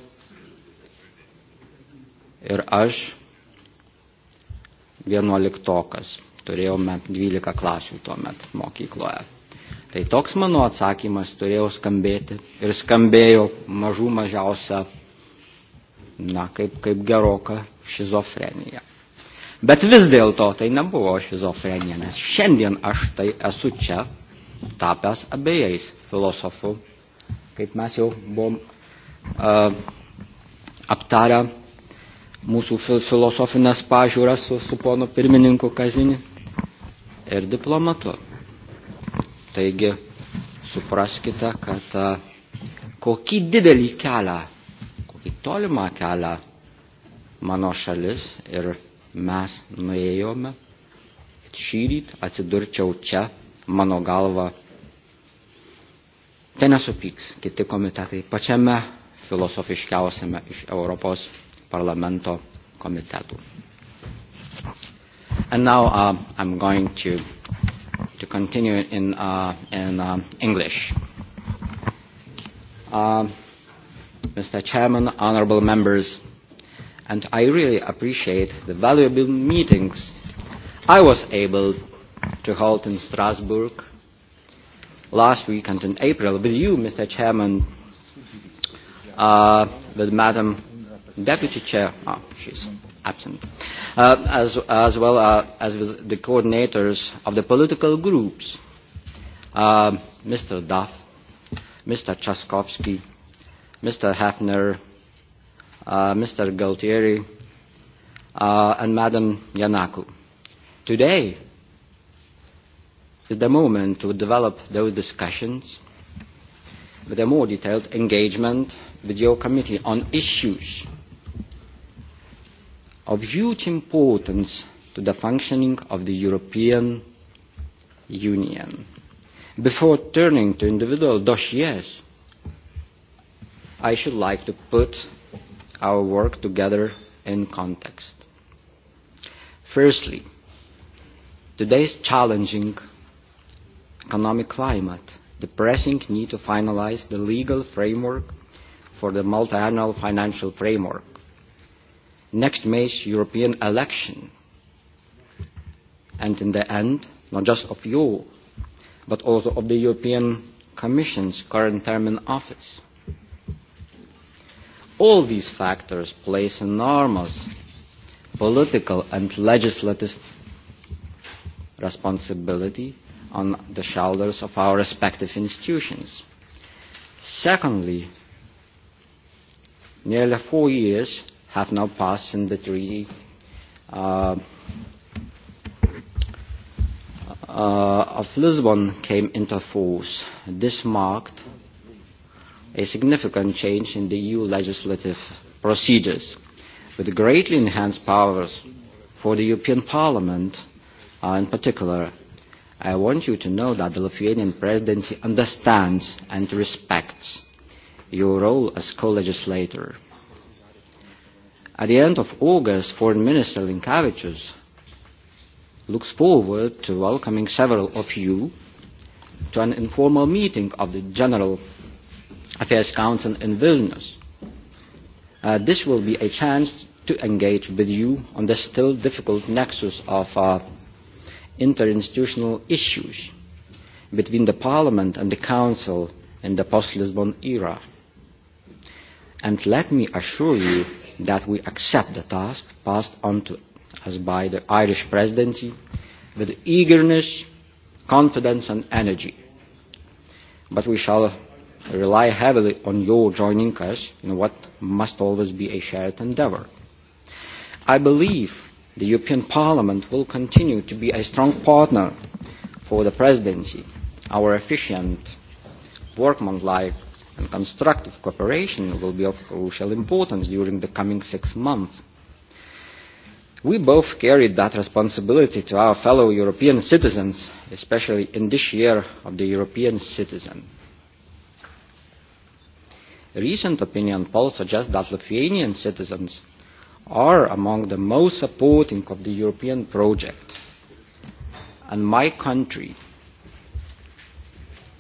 ir aš vienuoliktokas. Turėjome 12 klasių tuo metu mokykloje. Tai toks mano atsakymas turėjo skambėti ir skambėjo mažų mažiausia na, kaip, kaip geroka šizofrenija. Bet vis dėlto tai nebuvo šizofrenija, nes šiandien aš tai esu čia tapęs abiejais filosofų, kaip mes jau buvom uh, aptarę mūsų filosofinės pažiūras su, su ponu pirmininku Kazini ir diplomatu. Taigi supraskite, kad uh, kokį didelį kelią į tolimą kelią mano šalis ir mes nuėjome. Šį rytą atsidurčiau čia, mano galva, tai nesupyks kiti komitetai pačiame filosofiškiausiame iš Europos parlamento komitetų. And now uh, I'm going to, to continue in, uh, in uh, English. Uh, Mr. Chairman, honorable members, and I really appreciate the valuable meetings I was able to hold in Strasbourg last week and in April with you, Mr. Chairman, uh, with Madam Deputy Chair, oh, she's absent, uh, as, as well uh, as with the coordinators of the political groups, uh, Mr. Duff, Mr. Chaskowski, Mr. Hafner, uh, Mr. Galtieri, uh, and Madam Yanaku. Today is the moment to develop those discussions with a more detailed engagement with your committee on issues of huge importance to the functioning of the European Union. Before turning to individual dossiers, I should like to put our work together in context. Firstly, today's challenging economic climate, the pressing need to finalize the legal framework for the multiannual financial framework, next May's European election, and in the end, not just of you, but also of the European Commission's current term in office All these factors place enormous political and legislative responsibility on the shoulders of our respective institutions. Secondly, nearly four years have now passed since the treaty uh, uh, of Lisbon came into force. This marked a significant change in the EU legislative procedures, with greatly enhanced powers for the European Parliament uh, in particular. I want you to know that the Lithuanian presidency understands and respects your role as co-legislator. At the end of August, Foreign Minister Linkavichus looks forward to welcoming several of you to an informal meeting of the General Affairs Council in Vilnius. Uh, this will be a chance to engage with you on the still difficult nexus of uh, interinstitutional issues between the Parliament and the Council in the post-Lisbon era. And let me assure you that we accept the task passed on to us by the Irish presidency with eagerness, confidence and energy. But we shall rely heavily on your joining us in what must always be a shared endeavour. I believe the European Parliament will continue to be a strong partner for the Presidency. Our efficient workmanlike and constructive cooperation will be of crucial importance during the coming six months. We both carried that responsibility to our fellow European citizens, especially in this year of the European citizen recent opinion polls suggest that Lithuanian citizens are among the most supporting of the European project. And my country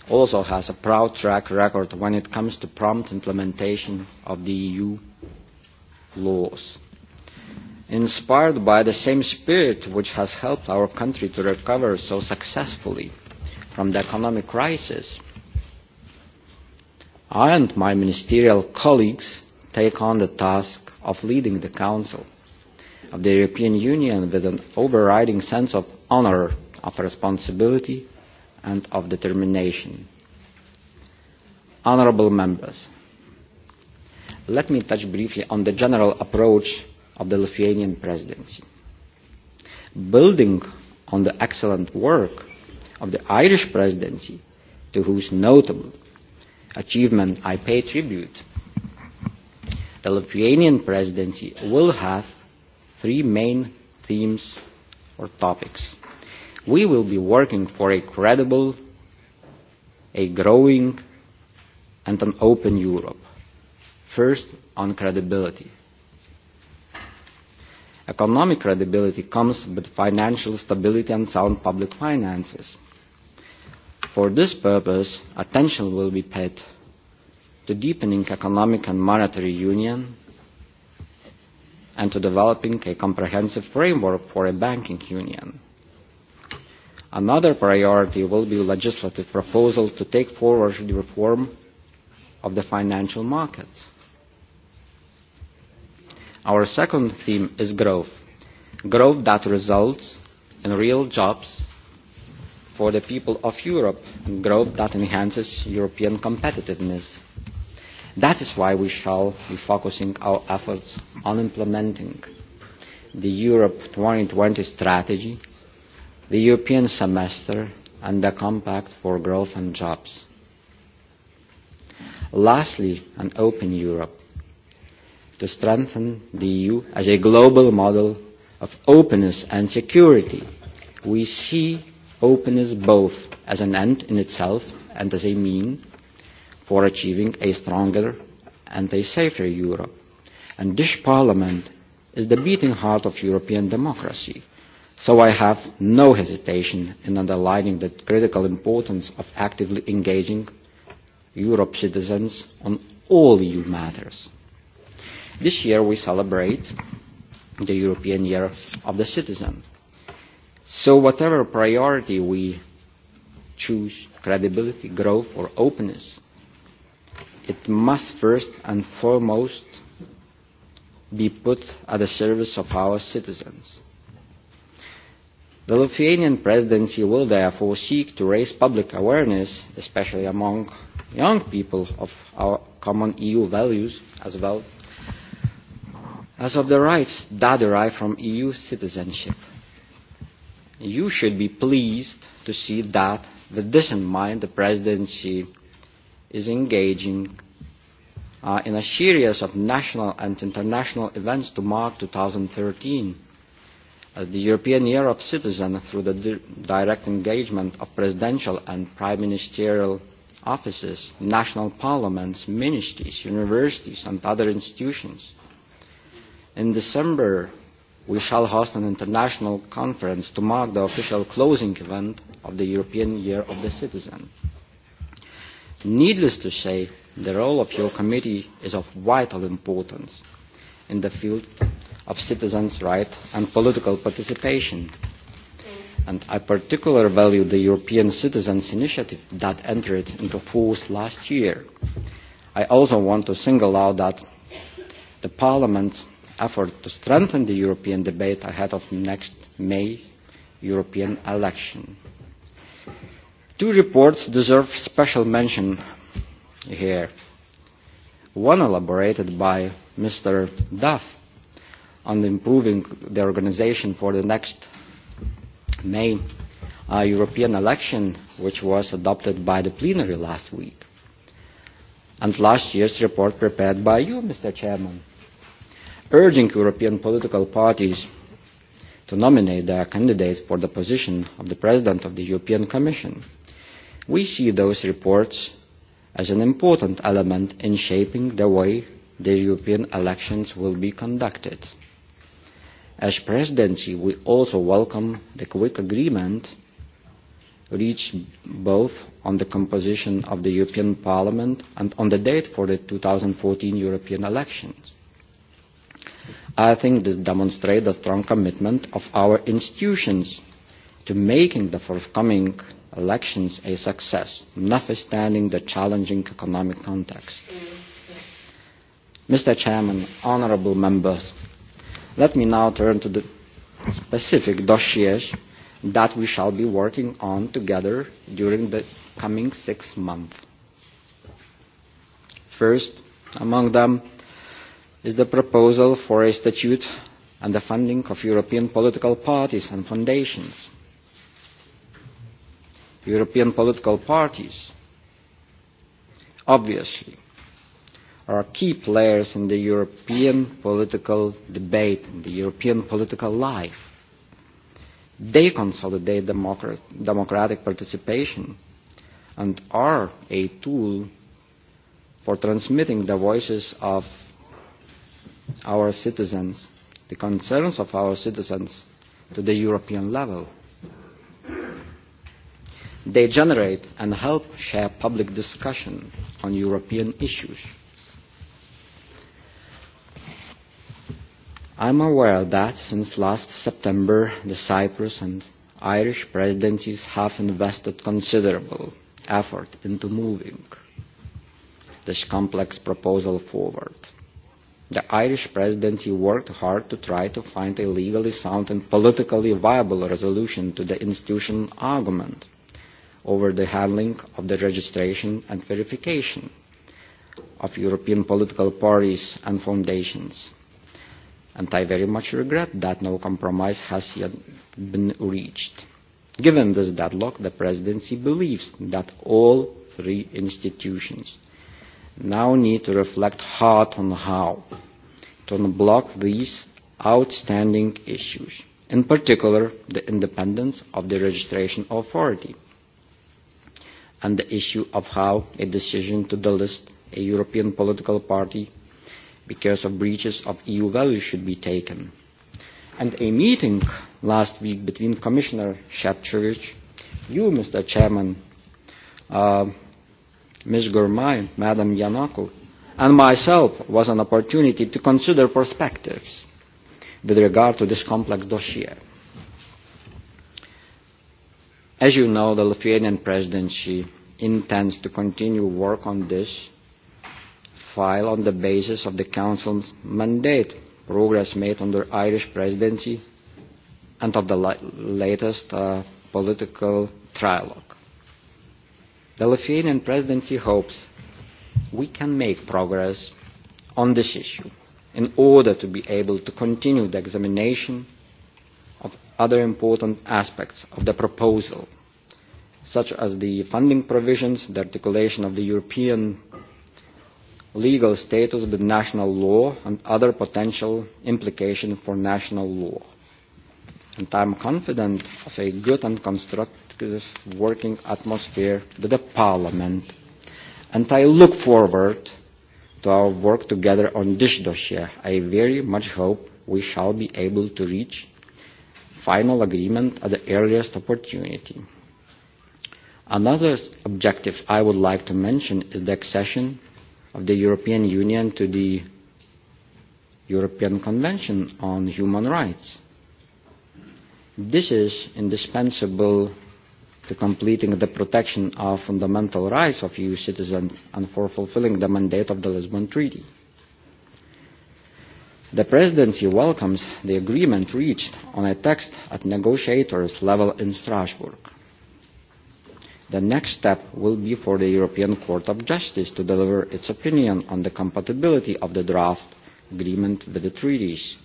also has a proud track record when it comes to prompt implementation of the EU laws. Inspired by the same spirit which has helped our country to recover so successfully from the economic crisis, I and my ministerial colleagues take on the task of leading the Council of the European Union with an overriding sense of honour, of responsibility and of determination. Honourable Members, let me touch briefly on the general approach of the Lithuanian Presidency. Building on the excellent work of the Irish Presidency, to whose notable achievement, I pay tribute. The Lithuanian presidency will have three main themes or topics. We will be working for a credible, a growing, and an open Europe. First, on credibility. Economic credibility comes with financial stability and sound public finances For this purpose, attention will be paid to deepening economic and monetary union and to developing a comprehensive framework for a banking union. Another priority will be legislative proposal to take forward the reform of the financial markets. Our second theme is growth. Growth that results in real jobs for the people of Europe, growth that enhances European competitiveness. That is why we shall be focusing our efforts on implementing the Europe 2020 strategy, the European semester, and the Compact for Growth and Jobs. Lastly, an open Europe to strengthen the EU as a global model of openness and security. We see openness both as an end in itself and as a mean for achieving a stronger and a safer Europe. And this Parliament is the beating heart of European democracy, so I have no hesitation in underlining the critical importance of actively engaging Europe's citizens on all EU matters. This year we celebrate the European Year of the Citizen, So whatever priority we choose, credibility, growth or openness, it must first and foremost be put at the service of our citizens. The Lithuanian presidency will therefore seek to raise public awareness, especially among young people, of our common EU values as well as of the rights that derive from EU citizenship you should be pleased to see that, with this in mind, the presidency is engaging uh, in a series of national and international events to mark 2013 as uh, the European Year of Citizen through the di direct engagement of presidential and prime ministerial offices, national parliaments, ministries, universities and other institutions. In December we shall host an international conference to mark the official closing event of the European Year of the Citizen. Needless to say, the role of your committee is of vital importance in the field of citizens' rights and political participation. And I particularly value the European Citizens Initiative that entered into force last year. I also want to single out that the Parliament's effort to strengthen the European debate ahead of next May European election. Two reports deserve special mention here. One elaborated by Mr. Duff on improving the organization for the next May uh, European election, which was adopted by the plenary last week. And last year's report prepared by you, Mr. Chairman, urging European political parties to nominate their candidates for the position of the President of the European Commission. We see those reports as an important element in shaping the way the European elections will be conducted. As presidency, we also welcome the quick agreement reached both on the composition of the European Parliament and on the date for the 2014 European elections. I think this demonstrates the strong commitment of our institutions to making the forthcoming elections a success, notwithstanding the challenging economic context. Mr. Chairman, honourable members, let me now turn to the specific dossiers that we shall be working on together during the coming six months. First, among them, is the proposal for a statute and the funding of European political parties and foundations. European political parties, obviously, are key players in the European political debate, in the European political life. They consolidate democrat democratic participation and are a tool for transmitting the voices of our citizens, the concerns of our citizens to the European level. They generate and help share public discussion on European issues. I'm aware that since last September, the Cyprus and Irish presidencies have invested considerable effort into moving this complex proposal forward. The Irish presidency worked hard to try to find a legally sound and politically viable resolution to the institutional argument over the handling of the registration and verification of European political parties and foundations. And I very much regret that no compromise has yet been reached. Given this deadlock, the presidency believes that all three institutions now need to reflect hard on how to unblock these outstanding issues, in particular the independence of the registration authority and the issue of how a decision to delist a European political party because of breaches of EU values should be taken. And a meeting last week between Commissioner Shevchevich, you, Mr. Chairman, uh, Ms. Gourmay, Madam Yanako, and myself was an opportunity to consider perspectives with regard to this complex dossier. As you know, the Lithuanian presidency intends to continue work on this file on the basis of the Council's mandate, progress made under Irish presidency, and of the latest uh, political trilogue. The Lithuanian presidency hopes we can make progress on this issue in order to be able to continue the examination of other important aspects of the proposal, such as the funding provisions, the articulation of the European legal status with national law, and other potential implications for national law. And I'm confident of a good and construct constructive working atmosphere with the Parliament, and I look forward to our work together on this dossier. I very much hope we shall be able to reach final agreement at the earliest opportunity. Another objective I would like to mention is the accession of the European Union to the European Convention on Human Rights. This is indispensable to completing the protection of fundamental rights of EU citizens and for fulfilling the mandate of the Lisbon Treaty. The Presidency welcomes the agreement reached on a text at negotiators level in Strasbourg. The next step will be for the European Court of Justice to deliver its opinion on the compatibility of the draft agreement with the treaties.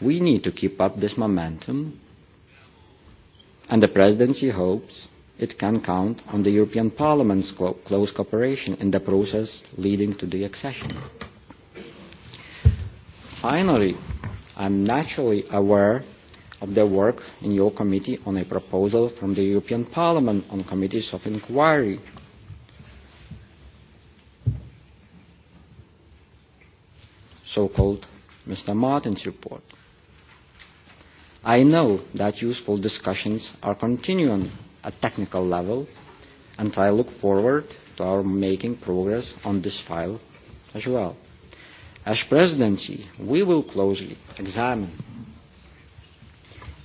We need to keep up this momentum and the presidency hopes it can count on the European Parliament's co close cooperation in the process leading to the accession. Finally, I'm naturally aware of the work in your committee on a proposal from the European Parliament on committees of inquiry. So-called Mr. Martin's report. I know that useful discussions are continuing at technical level, and I look forward to our making progress on this file as well. As presidency, we will closely examine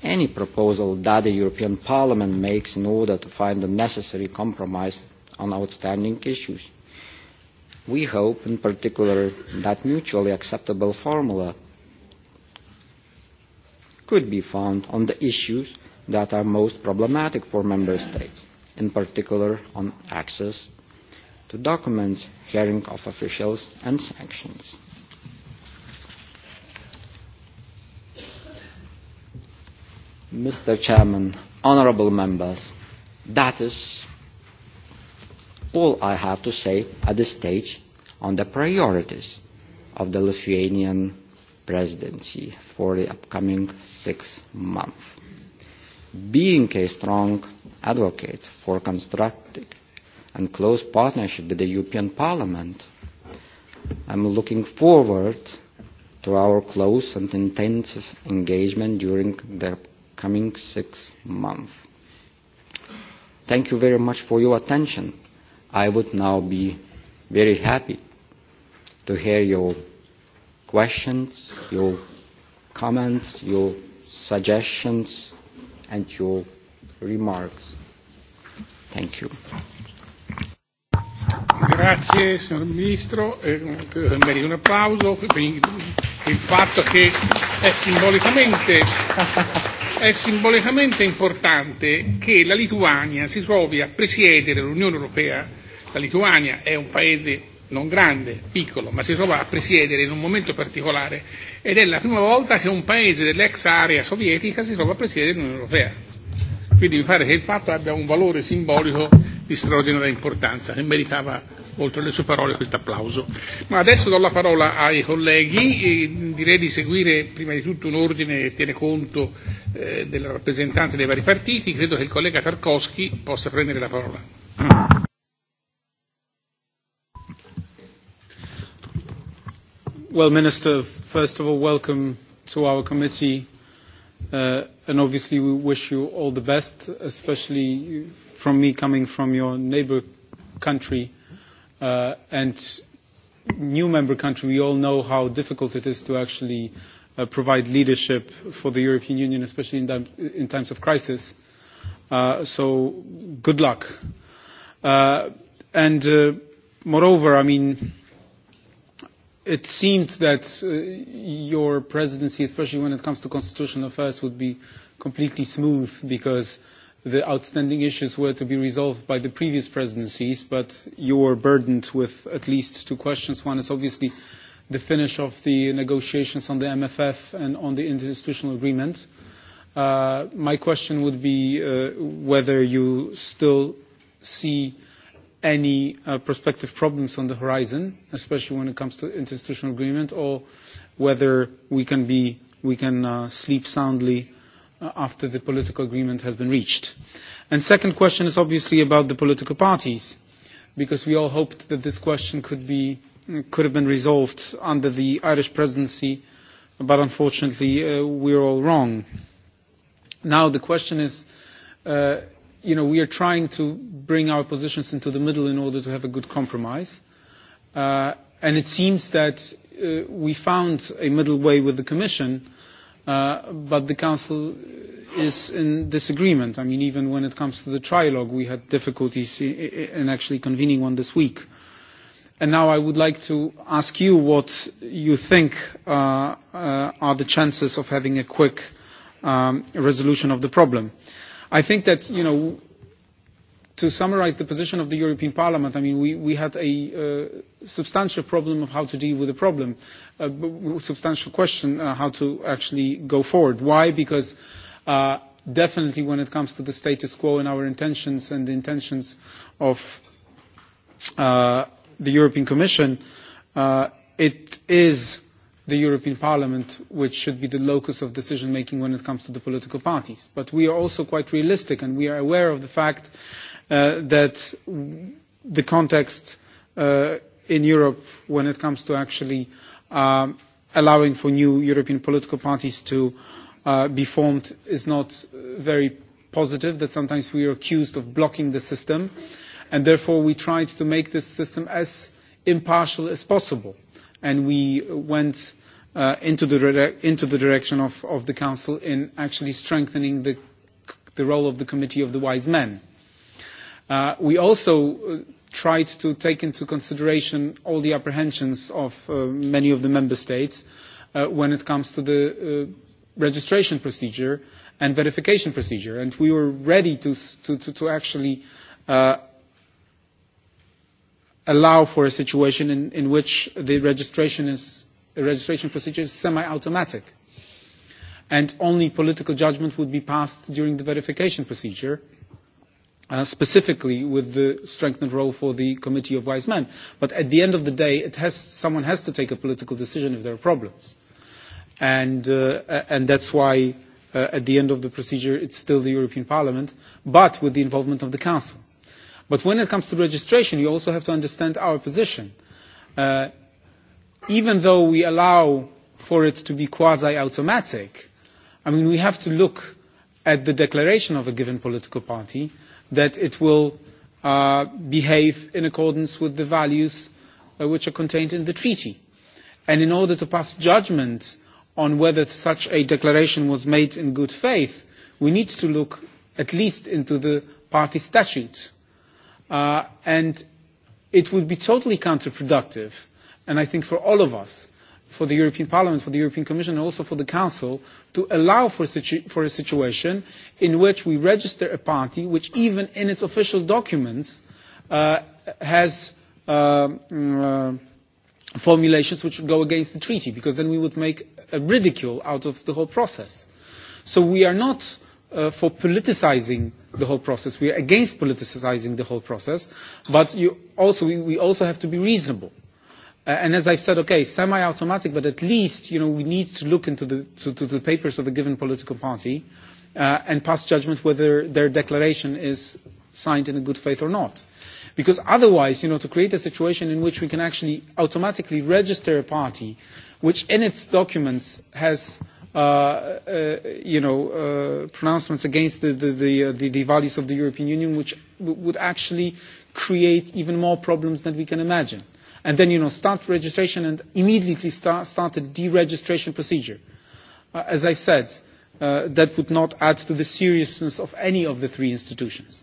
any proposal that the European Parliament makes in order to find the necessary compromise on outstanding issues. We hope, in particular, that mutually acceptable formula could be found on the issues that are most problematic for member states, in particular on access to documents, hearing of officials and sanctions. Mr. Chairman, honorable members, that is all I have to say at this stage on the priorities of the Lithuanian presidency for the upcoming six months. Being a strong advocate for constructive and close partnership with the European Parliament, I'm looking forward to our close and intensive engagement during the coming six months. Thank you very much for your attention. I would now be very happy to hear your questions, your comments, your suggestions, and your remarks. Thank you. Grazie signor Ministro, eh, merito un applauso per il fatto che è simbolicamente, è simbolicamente importante che la Lituania si trovi a presiedere l'Unione Europea. La Lituania è un paese non grande, piccolo, ma si trova a presiedere in un momento particolare ed è la prima volta che un paese dell'ex area sovietica si trova a presiedere l'Unione Europea. Quindi mi pare che il fatto abbia un valore simbolico di straordinaria importanza che meritava, oltre alle sue parole, questo applauso. Ma adesso do la parola ai colleghi e direi di seguire prima di tutto un ordine che tiene conto eh, della rappresentanza dei vari partiti. Credo che il collega Tarkovsky possa prendere la parola. Well, Minister, first of all, welcome to our committee. Uh, and obviously, we wish you all the best, especially from me coming from your neighbor country. Uh, and new member country, we all know how difficult it is to actually uh, provide leadership for the European Union, especially in, that, in times of crisis. Uh, so, good luck. Uh, and uh, moreover, I mean, it seemed that uh, your presidency, especially when it comes to constitutional affairs, would be completely smooth because the outstanding issues were to be resolved by the previous presidencies, but you were burdened with at least two questions. One is obviously the finish of the negotiations on the MFF and on the interinstitutional agreement. Uh, my question would be uh, whether you still see uh, any uh, prospective problems on the horizon, especially when it comes to institutional agreement, or whether we can, be, we can uh, sleep soundly uh, after the political agreement has been reached. And second question is obviously about the political parties, because we all hoped that this question could, be, could have been resolved under the Irish presidency, but unfortunately uh, we're all wrong. Now the question is, uh, you know, we are trying to bring our positions into the middle in order to have a good compromise. Uh, and it seems that uh, we found a middle way with the Commission, uh, but the Council is in disagreement. I mean, even when it comes to the trilogue, we had difficulties in actually convening one this week. And now I would like to ask you what you think uh, uh, are the chances of having a quick um, resolution of the problem. Uh, I think that, you know, to summarize the position of the European Parliament, I mean, we, we had a uh, substantial problem of how to deal with the problem, a uh, substantial question uh, how to actually go forward. Why? Because uh, definitely when it comes to the status quo and our intentions and the intentions of uh, the European Commission, uh, it is the European Parliament, which should be the locus of decision making when it comes to the political parties. But we are also quite realistic and we are aware of the fact uh, that the context uh, in Europe when it comes to actually um, allowing for new European political parties to uh, be formed is not very positive, that sometimes we are accused of blocking the system, and therefore we tried to make this system as impartial as possible. Uh, and we went uh, into, the dire- into the direction of, of the Council in actually strengthening the, the role of the Committee of the Wise Men. Uh, we also uh, tried to take into consideration all the apprehensions of uh, many of the member states uh, when it comes to the uh, registration procedure and verification procedure. And we were ready to, to, to, to actually uh, allow for a situation in, in which the registration, is, the registration procedure is semi-automatic and only political judgment would be passed during the verification procedure, uh, specifically with the strengthened role for the Committee of Wise Men. But at the end of the day, it has, someone has to take a political decision if there are problems. And, uh, and that's why uh, at the end of the procedure, it's still the European Parliament, but with the involvement of the Council But when it comes to registration, you also have to understand our position. Uh, even though we allow for it to be quasi-automatic, I mean, we have to look at the declaration of a given political party that it will uh, behave in accordance with the values uh, which are contained in the treaty. And in order to pass judgment on whether such a declaration was made in good faith, we need to look at least into the party statutes Uh, and it would be totally counterproductive, and I think for all of us, for the European Parliament, for the European Commission, and also for the Council, to allow for, situ- for a situation in which we register a party which, even in its official documents, uh, has uh, uh, formulations which would go against the treaty, because then we would make a ridicule out of the whole process. So we are not uh, for politicizing the whole process. We are against politicizing the whole process, but you also, we, we also have to be reasonable. Uh, and as I've said, okay, semi-automatic, but at least you know we need to look into the to, to the papers of a given political party uh, and pass judgment whether their declaration is signed in a good faith or not. Because otherwise, you know, to create a situation in which we can actually automatically register a party, which in its documents has uh, uh, uh, you know, uh, pronouncements against the, the, the, uh, the, the values of the European Union, which w- would actually create even more problems than we can imagine. And then, you know, start registration and immediately start, start a deregistration procedure. Uh, as I said, uh, that would not add to the seriousness of any of the three institutions.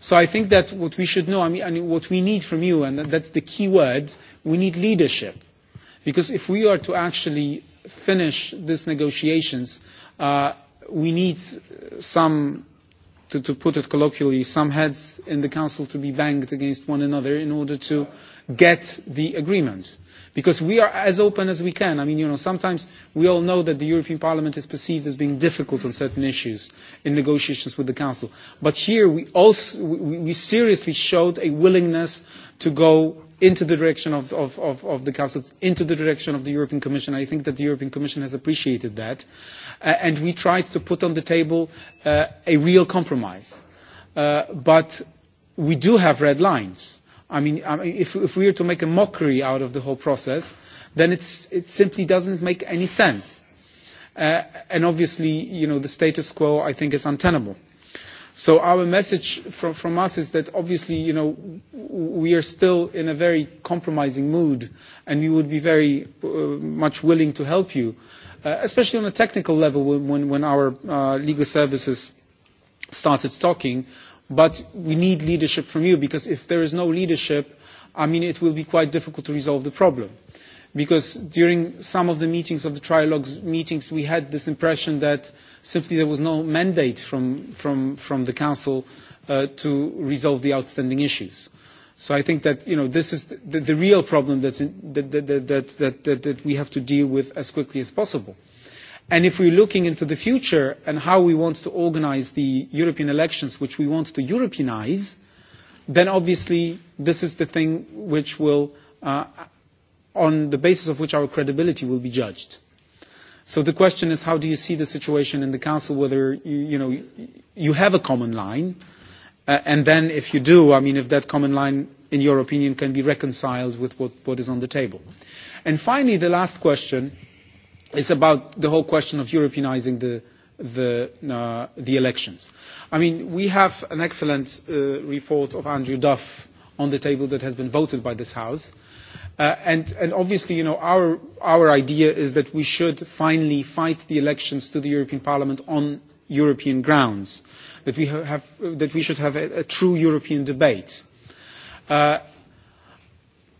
So I think that what we should know, I mean, I mean what we need from you, and that's the key word, we need leadership. Because if we are to actually finish these negotiations, uh, we need some, to, to put it colloquially, some heads in the Council to be banged against one another in order to get the agreement. Because we are as open as we can. I mean, you know, sometimes we all know that the European Parliament is perceived as being difficult on certain issues in negotiations with the Council. But here we also, we, we seriously showed a willingness to go into the direction of, of, of, of the Council, into the direction of the European Commission. I think that the European Commission has appreciated that. Uh, and we tried to put on the table uh, a real compromise. Uh, but we do have red lines. I mean, I mean if, if we are to make a mockery out of the whole process, then it's, it simply doesn't make any sense. Uh, and obviously, you know, the status quo, I think, is untenable. Uh, So our message from, from us is that obviously, you know, we are still in a very compromising mood, and we would be very uh, much willing to help you, uh, especially on a technical level when, when, when our uh, legal services started talking. But we need leadership from you because if there is no leadership, I mean, it will be quite difficult to resolve the problem. Uh, because during some of the meetings of the trilogues meetings we had this impression that simply there was no mandate from, from, from the council uh, to resolve the outstanding issues. So I think that you know, this is the, the real problem that's in, that, that, that, that, that, that we have to deal with as quickly as possible. And if we're looking into the future and how we want to organize the European elections, which we want to Europeanize, then obviously this is the thing which will uh, on the basis of which our credibility will be judged. So the question is, how do you see the situation in the Council, whether you, you, know, you have a common line, uh, and then if you do, I mean, if that common line, in your opinion, can be reconciled with what, what is on the table. And finally, the last question is about the whole question of Europeanizing the, the, uh, the elections. I mean, we have an excellent uh, report of Andrew Duff on the table that has been voted by this House, uh, Uh, and, and obviously, you know, our, our idea is that we should finally fight the elections to the European Parliament on European grounds, that we, have, that we should have a, a true European debate. Uh,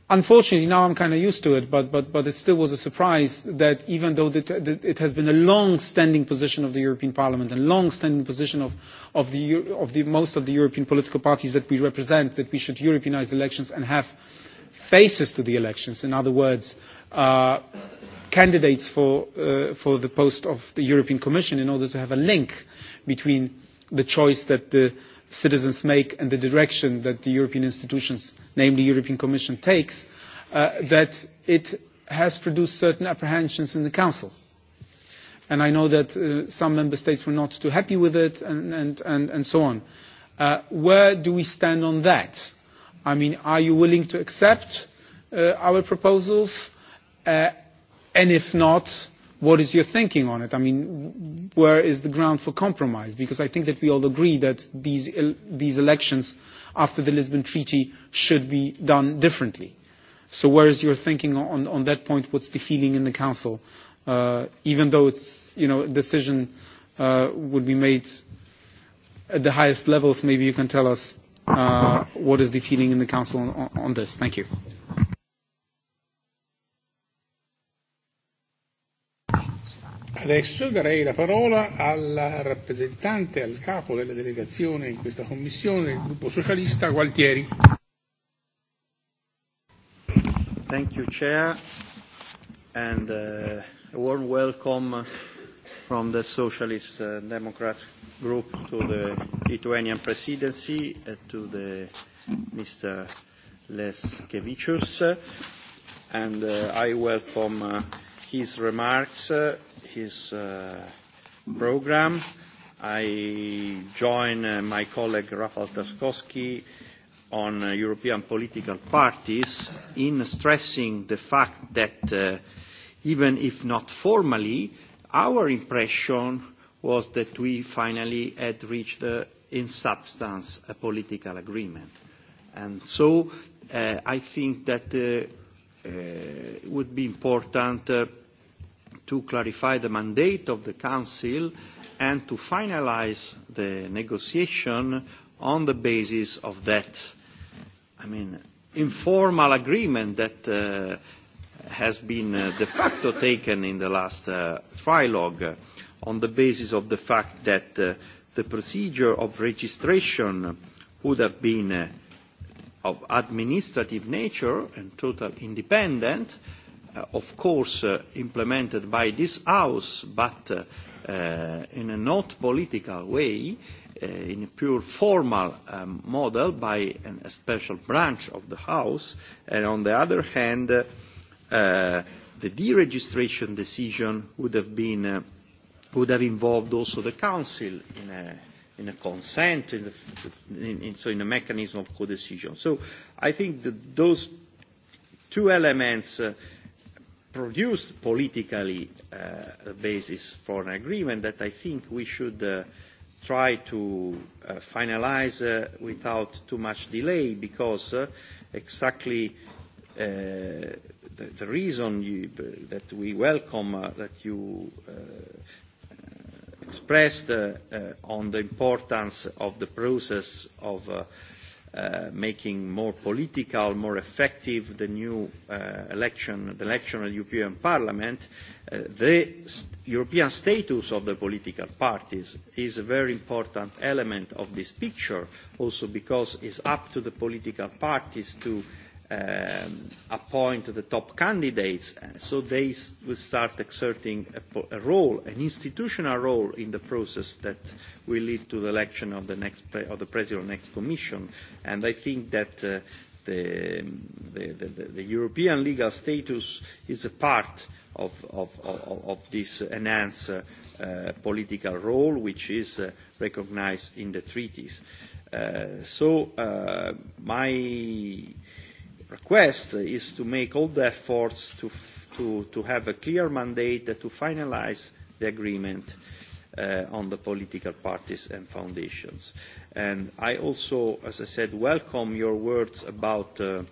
unfortunately, now I'm kind of used to it, but, but, but it still was a surprise that even though the, the, it has been a long-standing position of the European Parliament and long-standing position of, of, the, of the, most of the European political parties that we represent, that we should Europeanize elections and have uh, faces to the elections. In other words, uh, candidates for, uh, for the post of the European Commission in order to have a link between the choice that the citizens make and the direction that the European institutions, namely European Commission, takes, uh, that it has produced certain apprehensions in the Council. And I know that uh, some member states were not too happy with it and, and, and, and so on. Uh, where do we stand on that? I mean, are you willing to accept uh, our proposals? Uh, and if not, what is your thinking on it? I mean, where is the ground for compromise? Because I think that we all agree that these, el these elections after the Lisbon Treaty should be done differently. So where is your thinking on, on that point? What's the feeling in the Council? Uh, even though it's, you know, a decision uh, would be made at the highest levels, maybe you can tell us uh, what is the feeling in the Council on, on this? Thank you. Adesso darei la parola al rappresentante, al capo della delegazione in questa commissione del gruppo socialista, Gualtieri. Thank you, Chair, and uh, a warm welcome from the Socialist uh, Democrat group to the Lithuanian presidency, uh, to the Mr. Leskevicius, and uh, I welcome uh, his remarks, uh, his uh, program. I join uh, my colleague Rafał Tarkowski on uh, European political parties in stressing the fact that uh, even if not formally, uh, our impression was that we finally had reached, uh, in substance, a political agreement. And so uh, I think that uh, uh, it would be important uh, to clarify the mandate of the Council and to finalize the negotiation on the basis of that, I mean, informal agreement that uh, has been uh, de facto taken in the last uh, trilogue uh, on the basis of the fact that uh, the procedure of registration would have been uh, of administrative nature and total independent, uh, of course uh, implemented by this House, but uh, uh, in a not political way, uh, in a pure formal um, model by an, a special branch of the House, and on the other hand, uh, uh, the deregistration decision would have been uh, would have involved also the council in a in a consent in the, in, in, so in a mechanism of co-decision so i think that those two elements uh, produced politically uh, a basis for an agreement that i think we should uh, try to uh, finalize uh, without too much delay because uh, exactly uh, the, the reason you, that we welcome uh, that you uh, expressed uh, uh, on the importance of the process of uh, uh, making more political, more effective the new uh, election, the election of the European Parliament, uh, the st- European status of the political parties is a very important element of this picture, also because it's up to the political parties to uh, um, appoint the top candidates, uh, so they will start exerting a, a role, an institutional role in the process that will lead to the election of the, next pre- of the president of the next commission. And I think that uh, the, the, the, the European legal status is a part of, of, of, of this enhanced uh, uh, political role, which is uh, recognized in the treaties. Uh, so uh, my uh, request is to make all the efforts to, to, to have a clear mandate to finalize the agreement uh, on the political parties and foundations. And I also, as I said, welcome your words about uh,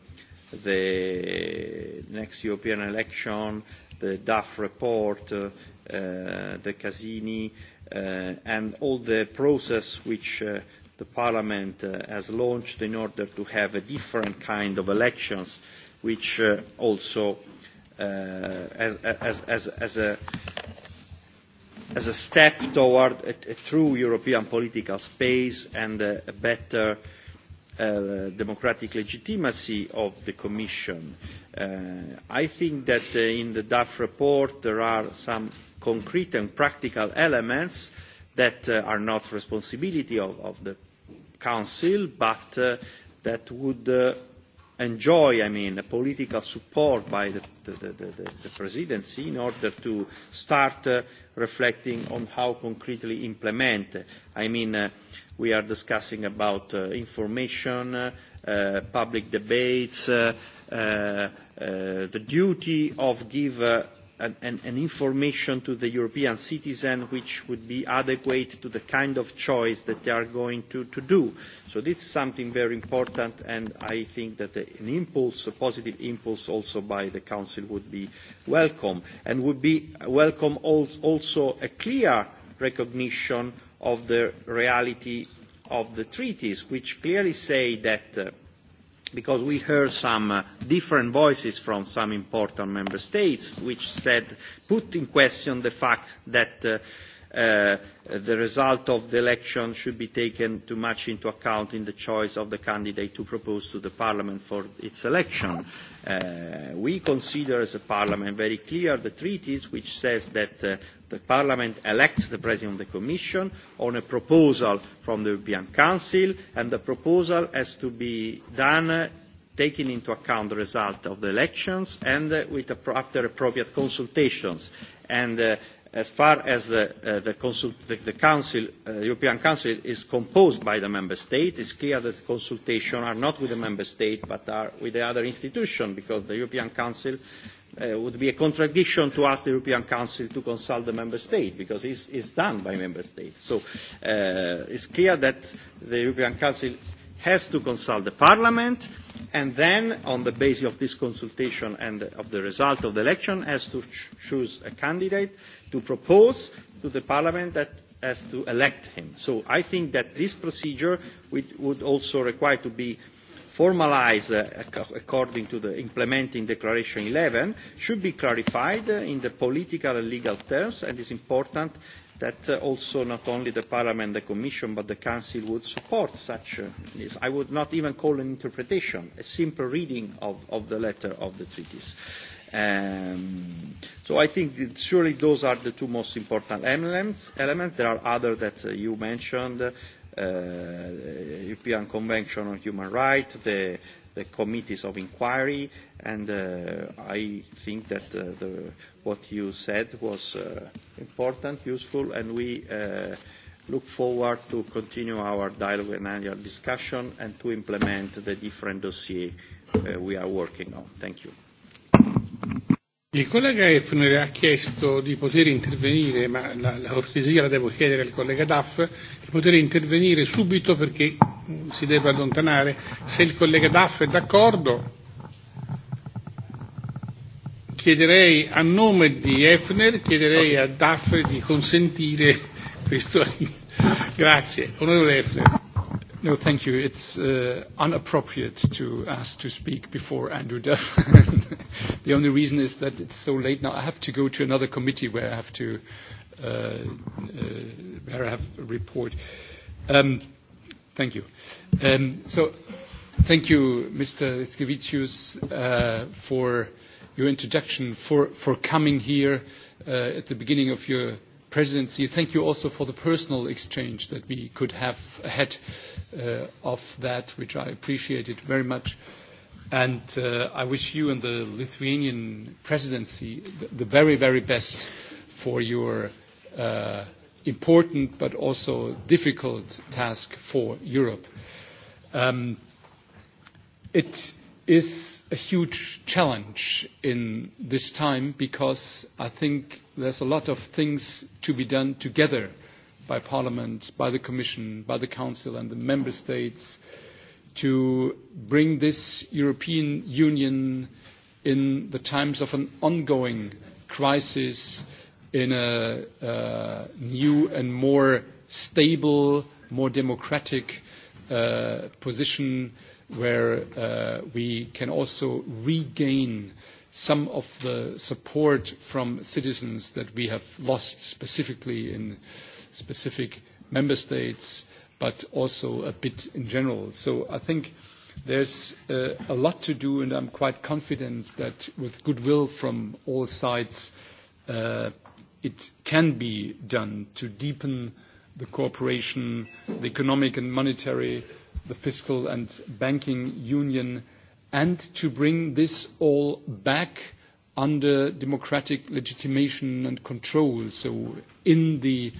the next European election, the DAF report, uh, uh, the Casini, uh, and all the process which uh, the Parliament uh, has launched in order to have a different kind of elections, which uh, also uh, as, as, as, as, a, as a step toward a, a true European political space and a, a better uh, democratic legitimacy of the Commission. Uh, I think that uh, in the DAF report there are some concrete and practical elements that uh, are not responsibility of, of the Council, but uh, that would uh, enjoy, I mean, political support by the, the, the, the, the presidency in order to start uh, reflecting on how concretely implement. I mean, uh, we are discussing about uh, information, uh, uh, public debates, uh, uh, uh, the duty of give uh, an, an, an information to the European citizen which would be adequate to the kind of choice that they are going to, to do. So this is something very important and I think that an impulse, a positive impulse also by the Council would be welcome and would be welcome also a clear recognition of the reality of the treaties which clearly say that uh, because we heard some uh, different voices from some important member states which said, put in question the fact that uh, uh, the result of the election should be taken too much into account in the choice of the candidate to propose to the Parliament for its election. Uh, we consider as a Parliament very clear the treaties which says that uh, the Parliament elects the President of the Commission on a proposal from the European Council and the proposal has to be done uh, taking into account the result of the elections and uh, with a, after appropriate consultations. And uh, as far as the, uh, the, consult, the, the council, uh, European Council is composed by the member state, it's clear that consultations are not with the member state but are with the other institution because the European Council uh, would be a contradiction to ask the European Council to consult the member state because it's, it's done by member states. So uh, it's clear that the European Council has to consult the Parliament, and then, on the basis of this consultation and of the result of the election, has to ch- choose a candidate to propose to the Parliament that has to elect him. So I think that this procedure would also require to be formalized uh, according to the implementing declaration 11 should be clarified uh, in the political and legal terms and is important that uh, also not only the Parliament, the Commission, but the Council would support such. Uh, this. I would not even call an interpretation, a simple reading of, of the letter of the treaties. Um, so I think that surely those are the two most important elements. elements. There are others that uh, you mentioned. Uh, European Convention on Human Rights, the the committees of inquiry, and uh, I think that uh, the, what you said was uh, important, useful, and we uh, look forward to continue our dialogue and annual discussion and to implement the different dossiers uh, we are working on. Thank you. Il collega Effner ha chiesto di poter intervenire, ma la, la cortesia la devo chiedere al collega Duff, di poter intervenire subito perché mm, si deve allontanare. Se il collega Duff è d'accordo, chiederei a nome di Effner, chiederei a Duff di consentire questo. Grazie. Onorevole Effner. No, thank you. It's uh, inappropriate to ask to speak before Andrew Duff. the only reason is that it's so late now. I have to go to another committee where I have to uh, uh, where I have a report. Um, thank you. Um, so, thank you, Mr. Itzkevičius, uh, for your introduction, for for coming here uh, at the beginning of your presidency. Thank you also for the personal exchange that we could have had uh, of that, which I appreciated very much. And uh, I wish you and the Lithuanian presidency the, the very, very best for your uh, important but also difficult task for Europe. Um, it is a huge challenge in this time because I think there's a lot of things to be done together uh, by Parliament, by the Commission, by the Council and the Member States to bring this European Union in the times of an ongoing crisis in a uh, new and more stable, more democratic uh, position where uh, we can also regain some of the support from citizens that we have lost specifically in uh, specific member states, but also a bit in general. So I think there's uh, a lot to do, and I'm quite confident that with goodwill from all sides, uh, it can be done to deepen the cooperation, the economic and monetary, the fiscal and banking union, and to bring this all back under democratic legitimation and control. So in the uh,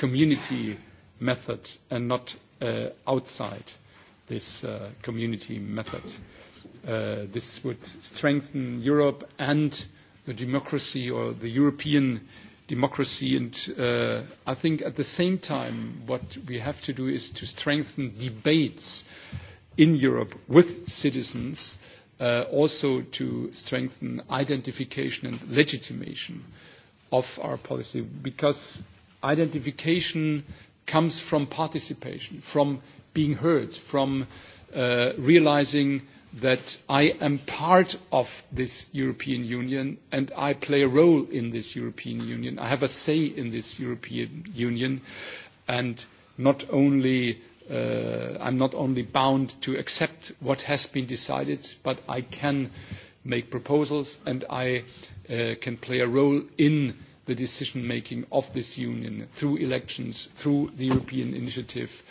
community method and not uh, outside this uh, community method. Uh, this would strengthen Europe and the democracy or the European democracy. And uh, I think at the same time, what we have to do is to strengthen debates in Europe with citizens, uh, also to strengthen identification and legitimation of our policy, because identification comes from participation, from being heard, from uh, realizing that I am part of this European Union and I play a role in this European Union. I have a say in this European Union and not only uh, I'm not only bound to accept what has been decided, but I can make proposals and I uh, can play a role in uh, the decision making of this union through elections, through the European initiative,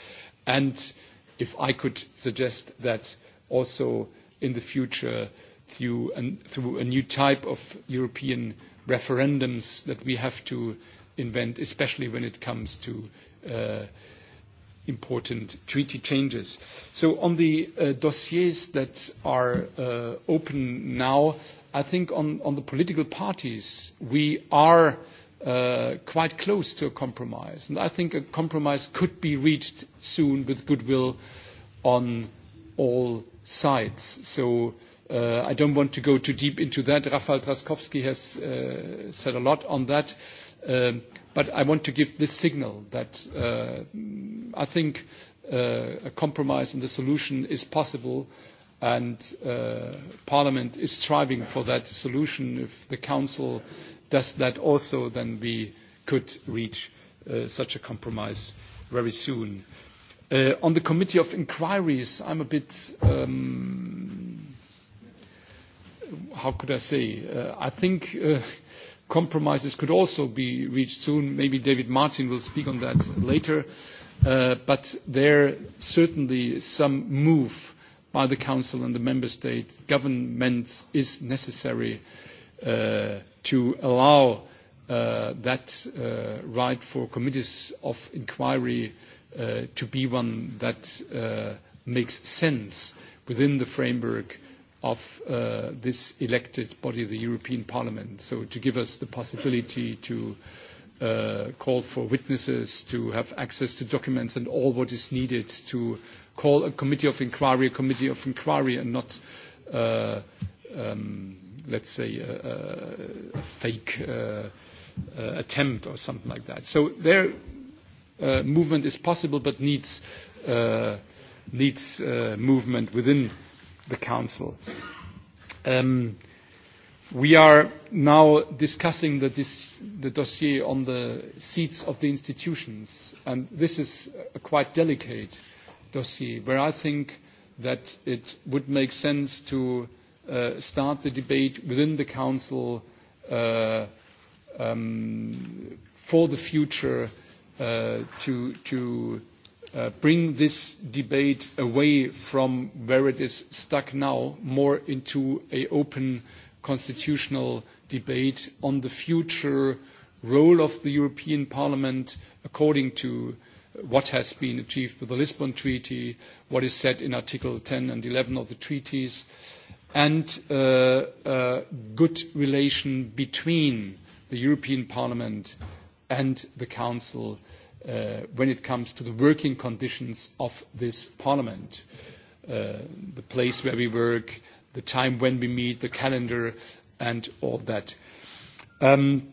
and if I could suggest that also in the future through, an, through a new type of European referendums that we have to invent, especially when it comes to uh, important treaty changes. So on the uh, dossiers that are uh, open now, I think on, on the political parties, we are uh, quite close to a compromise. And I think a compromise could be reached soon with goodwill on all sides. So uh, I don't want to go too deep into that. Rafal Traskowski has uh, said a lot on that. Um, uh, But I want to give this signal that uh, I think uh, a compromise and the solution is possible and uh, Parliament is striving for that solution. If the Council does that also, then we could reach uh, such a compromise very soon. Uh, on the Committee of Inquiries, I'm a bit, um, how could I say, uh, I think uh, compromises could also be reached soon. Maybe David Martin will speak on that later. Uh, but there certainly some move by the Council and the Member State governments is necessary uh, to allow uh, that uh, right for committees of inquiry uh, to be one that uh, makes sense within the framework uh, of uh, this elected body, the European Parliament. So to give us the possibility to uh, call for witnesses, to have access to documents and all what is needed, to call a committee of inquiry, a committee of inquiry, and not, uh, um, let's say, a, a, a fake uh, uh, attempt or something like that. So there, uh, movement is possible, but needs uh, needs uh, movement within. Uh, the Council. Um, we are now discussing the, dis the dossier on the seats of the institutions, and this is a quite delicate dossier where I think that it would make sense to uh, start the debate within the Council uh, um, for the future uh, to, to uh, uh, bring this debate away from where it is stuck now, more into an open constitutional debate on the future role of the European Parliament according to what has been achieved with the Lisbon Treaty, what is said in Article 10 and 11 of the treaties, and uh, uh, good relation between the European Parliament and the Council uh, uh, when it comes to the working conditions of this parliament, uh, the place where we work, the time when we meet, the calendar, and all that. Um,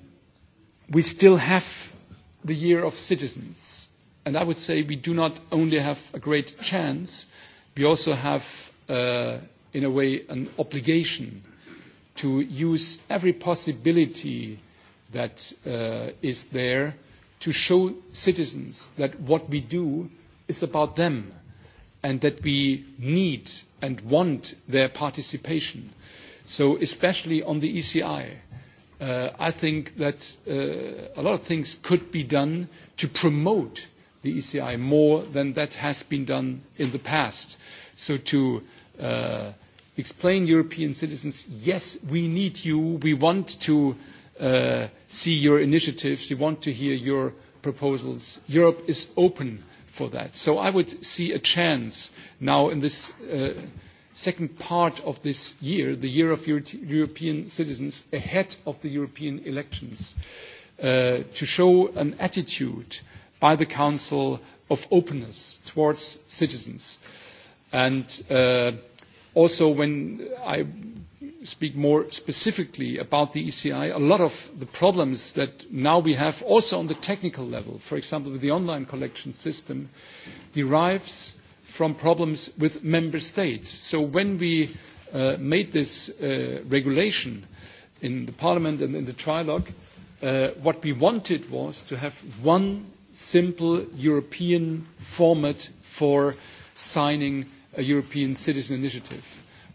we still have the year of citizens, and I would say we do not only have a great chance, we also have, uh, in a way, an obligation to use every possibility that uh, is there to show citizens that what we do is about them and that we need and want their participation. So especially on the ECI, uh, I think that uh, a lot of things could be done to promote the ECI more than that has been done in the past. So to uh, explain European citizens, yes, we need you, we want to uh, uh, see your initiatives. We want to hear your proposals. Europe is open for that. So I would see a chance now in this uh, second part of this year, the year of Euro European citizens, ahead of the European elections, uh, to show an attitude by the Council of openness towards citizens. And uh, also when I speak more specifically about the ECI, a lot of the problems that now we have also on the technical level, for example, with the online collection system, derives from problems with member states. So when we uh, made this uh, regulation in the parliament and in the trilogue, uh, what we wanted was to have one simple European format for signing a European citizen initiative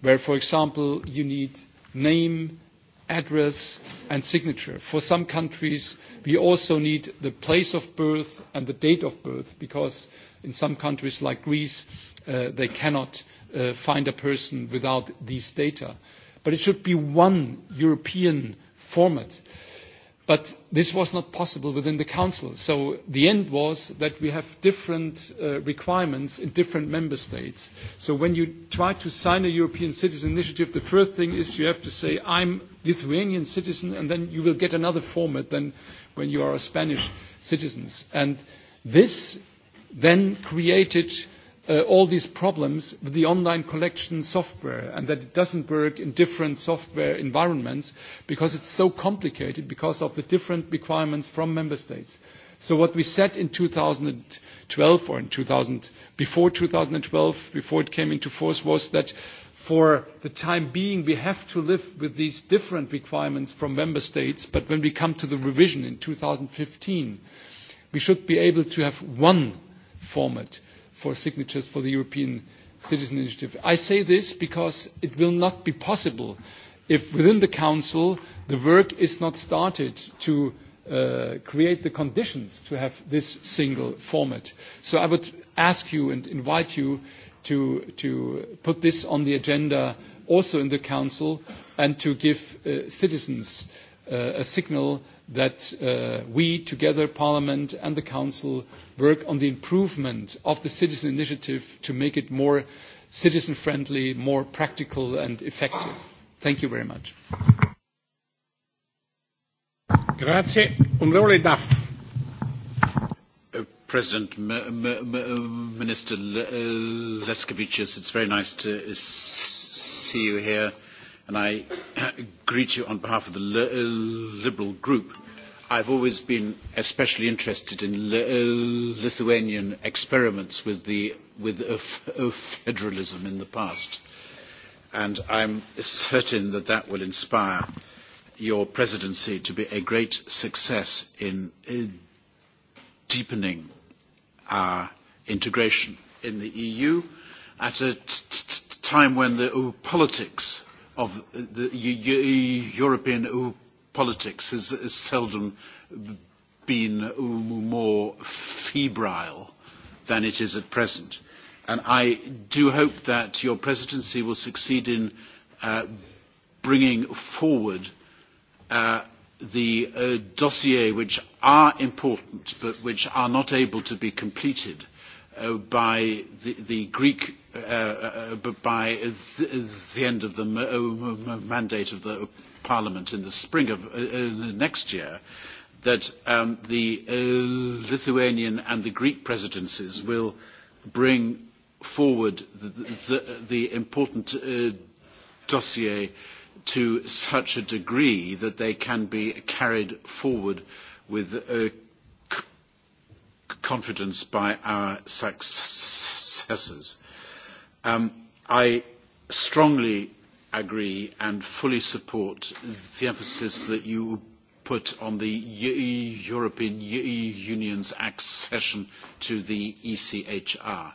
where, for example, you need name, address and signature. For some countries, we also need the place of birth and the date of birth because in some countries like Greece, uh, they cannot uh, find a person without these data. But it should be one European format. Uh, But this was not possible within the Council. So the end was that we have different uh, requirements in different member states. So when you try to sign a European citizen initiative, the first thing is you have to say, I'm Lithuanian citizen, and then you will get another format than when you are a Spanish citizen. And this then created uh, all these problems with the online collection software and that it doesn't work in different software environments because it's so complicated because of the different requirements from member states. So what we said in 2012 or in 2000, before 2012, before it came into force, was that for the time being we have to live with these different requirements from member states, but when we come to the revision in 2015, we should be able to have one format for signatures for the European Citizen Initiative. I say this because it will not be possible if within the Council the work is not started to uh, create the conditions to have this single format. So I would ask you and invite you to, to put this on the agenda also in the Council and to give uh, citizens uh, a signal that uh, we, together, Parliament and the Council, work on the improvement of the citizen initiative to make it more citizen friendly, more practical and effective. Thank you very much. Grazie. Onorevole Duff. Uh, President, M M Minister uh, Leskovicius, it's very nice to see you here and I greet you on behalf of the Li uh, Liberal Group. I've always been especially interested in Li uh, Lithuanian experiments with, the, with uh, uh, federalism in the past, and I'm certain that that will inspire your presidency to be a great success in uh, deepening our integration in the EU at a t- t- time when the uh, politics of the European politics has seldom been more febrile than it is at present. And I do hope that your presidency will succeed in uh, bringing forward uh, the uh, dossier which are important but which are not able to be completed uh, by the, the Greek, uh, uh, uh by the, the end of the uh, mandate of the Parliament in the spring of uh, uh, next year, that um, the uh, Lithuanian and the Greek presidencies will bring forward the, the, the important uh, dossier to such a degree that they can be carried forward with uh, confidence by our successors. Um, I strongly agree and fully support the emphasis that you put on the European Union's accession to the ECHR.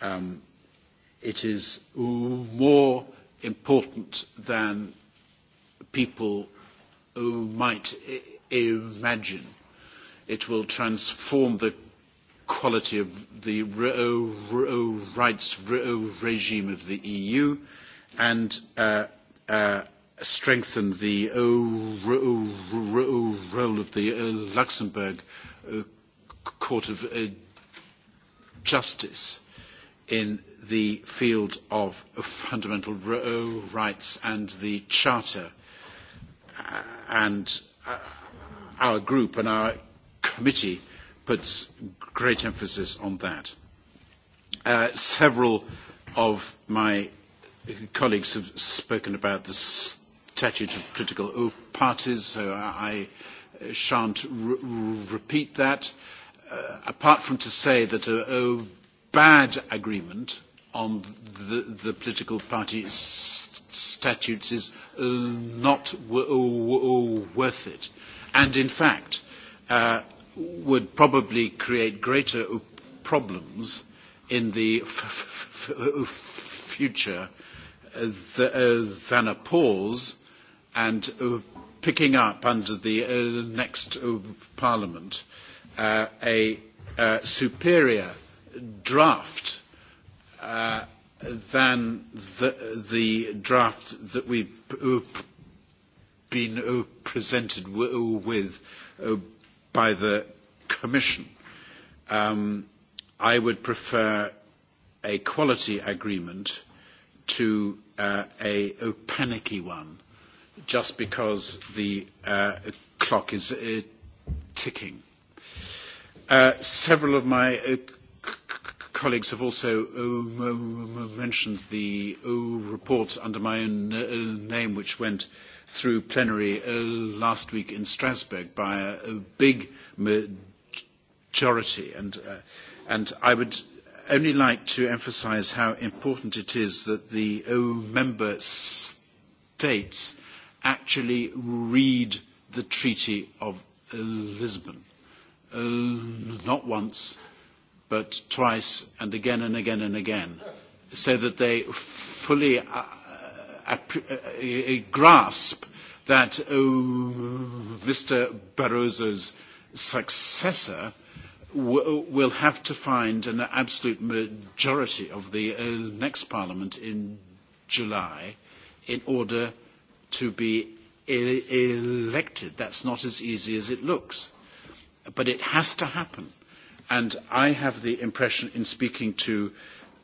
Um, it is more important than people might imagine. It will transform the quality of the rights regime of the EU and uh, uh, strengthen the role of the uh, Luxembourg uh, Court of uh, Justice in the field of fundamental rights and the Charter and our group and our committee puts great emphasis on that. Uh, several of my colleagues have spoken about the statute of political parties, so I shan't re- repeat that, uh, apart from to say that a, a bad agreement on the, the political party statutes is uh, not w- w- worth it. And in fact, uh, would probably create greater problems in the f- f- future than a pause and uh, picking up under the uh, next uh, parliament uh, a uh, superior draft uh, than the, the draft that we've been presented with by the Commission. Um, I would prefer a quality agreement to uh, a, a panicky one, just because the uh, clock is uh, ticking. Uh, several of my uh, colleagues have also uh, mentioned the uh, report under my own uh, name, which went uh, through plenary uh, last week in Strasbourg by a, a big majority. And, uh, and I would only like to emphasize how important it is that the uh, member states actually read the Treaty of uh, Lisbon. Uh, not once, but twice and again and again and again, so that they fully uh, a, a, a grasp that uh, Mr. Barroso's successor w- will have to find an absolute majority of the uh, next parliament in July in order to be e- elected. That's not as easy as it looks. But it has to happen. And I have the impression in speaking to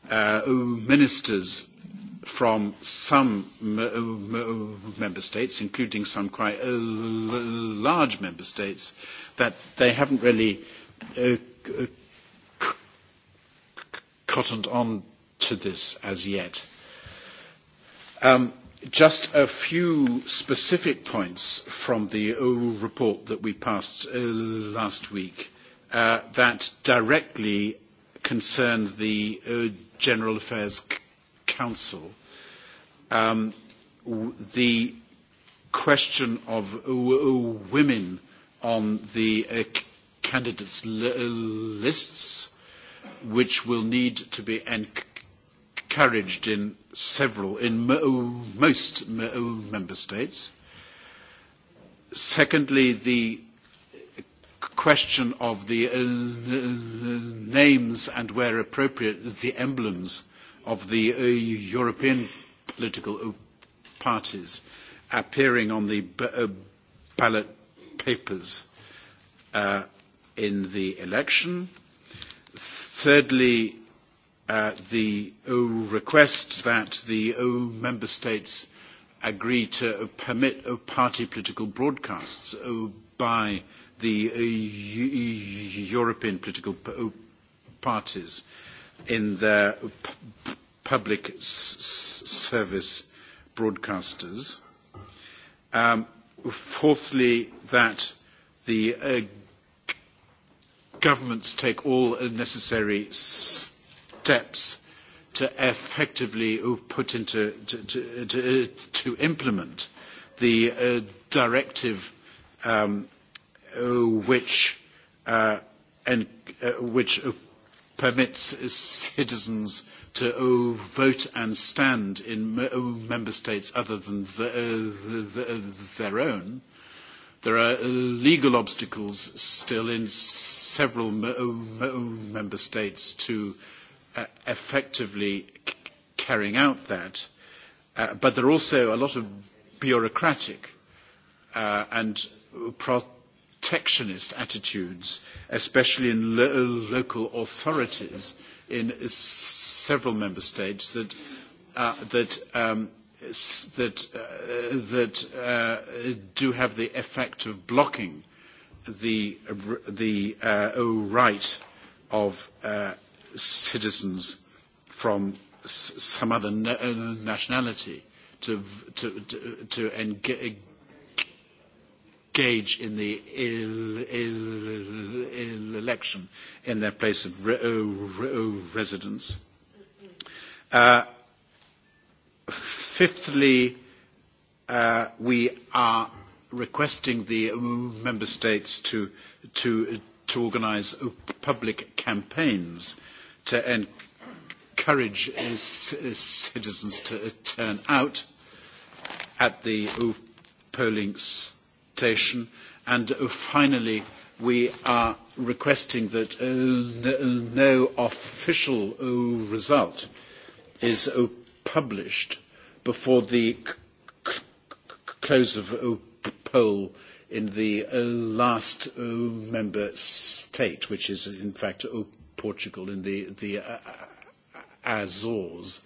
uh, ministers from some member states, including some quite uh, large member states, that they haven't really uh, cottoned on to this as yet. Um, just a few specific points from the uh, report that we passed uh, last week uh, that directly concern the uh, General Affairs Council, um, w- the question of w- women on the uh, candidates' li- uh, lists, which will need to be encouraged in several, in mo- most mo- member states. Secondly, the question of the uh, names and, where appropriate, the emblems of the uh, European political uh, parties appearing on the b- uh, ballot papers uh, in the election. Thirdly, uh, the uh, request that the uh, member states agree to uh, permit uh, party political broadcasts uh, by the uh, e, European political p- uh, parties uh, in their p- public s- service broadcasters. Um, fourthly, that the uh, governments take all necessary steps to effectively put into to, to, to, to implement the uh, directive um, uh, which uh, and uh, which permits citizens to oh, vote and stand in oh, member states other than the, uh, the, uh, their own. There are legal obstacles still in several member states to uh, effectively c- carrying out that, uh, but there are also a lot of bureaucratic uh, and pro- protectionist attitudes, especially in lo- local authorities in several member states, that uh, that um, that uh, that uh, do have the effect of blocking the the uh, oh, right of uh, citizens from s- some other na- nationality to to to, to engage engage in the election in their place of oh, oh, residence. Uh, fifthly, uh, we are requesting the member states to, to, to organise public campaigns to encourage citizens to turn out at the polling stations taxation. And uh, finally, we are requesting that uh, n- no official uh, result is uh, published before the c- c- close of uh, poll in the uh, last uh, member state, which is in fact uh, Portugal in the, the uh, uh Azores,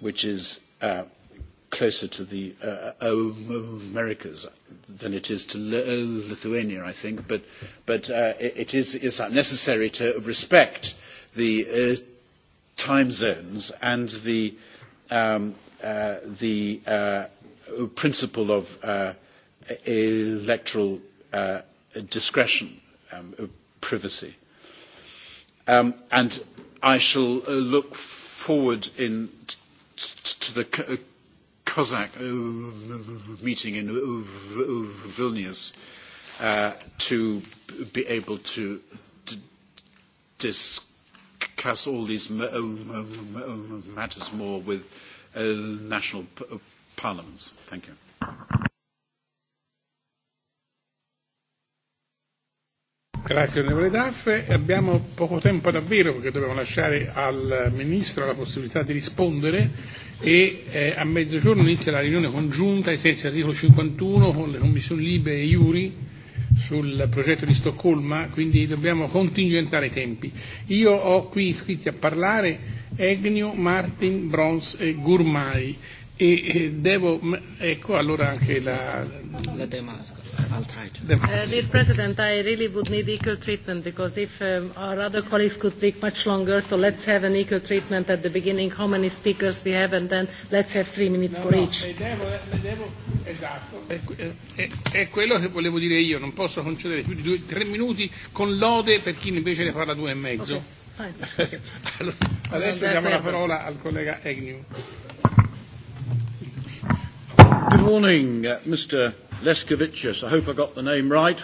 which is uh, closer to the uh, uh, Americas than it is to L- uh, Lithuania, I think. But, but uh, it, it is it's necessary to respect the uh, time zones and the, um, uh, the uh, principle of uh, electoral uh, discretion, um, uh, privacy. Um, and I shall uh, look forward in t- to the Cossack uh, meeting in uh, Vilnius uh, to be able to d- discuss all these m- m- m- matters more with uh, national p- uh, parliaments. Thank you. Grazie onorevole Daffe. Abbiamo poco tempo davvero perché dobbiamo lasciare al Ministro la possibilità di rispondere e eh, a mezzogiorno inizia la riunione congiunta ai sensi dell'articolo 51 con le commissioni Libe e Iuri sul progetto di Stoccolma, quindi dobbiamo contingentare i tempi. Io ho qui iscritti a parlare Egnio, Martin, Brons e Gurmai E devo, ecco allora anche la... La Damascus, I'll try to. Damascus. Uh, dear President, I really would need equal treatment because if um, our other colleagues could take much longer, so let's have an equal treatment at the beginning, how many speakers we have, and then let's have three minutes no, for no, each. Le devo, eh, le devo, esatto, è, e, eh, è, è quello che volevo dire io, non posso concedere più di due, tre minuti con lode per chi invece ne parla due e mezzo. Okay. allora, adesso diamo la parola al collega Agnew. Good morning, uh, Mr. Leskovicius. I hope I got the name right.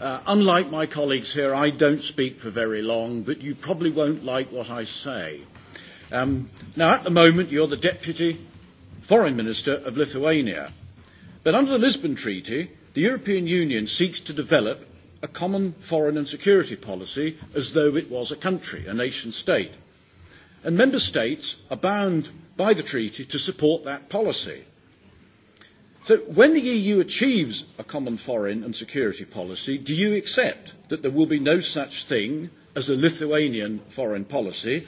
Uh, unlike my colleagues here, I don't speak for very long, but you probably won't like what I say. Um, now, at the moment, you're the Deputy Foreign Minister of Lithuania. But under the Lisbon Treaty, the European Union seeks to develop a common foreign and security policy as though it was a country, a nation state. And member states are bound by the treaty to support that policy. So when the EU achieves a common foreign and security policy, do you accept that there will be no such thing as a Lithuanian foreign policy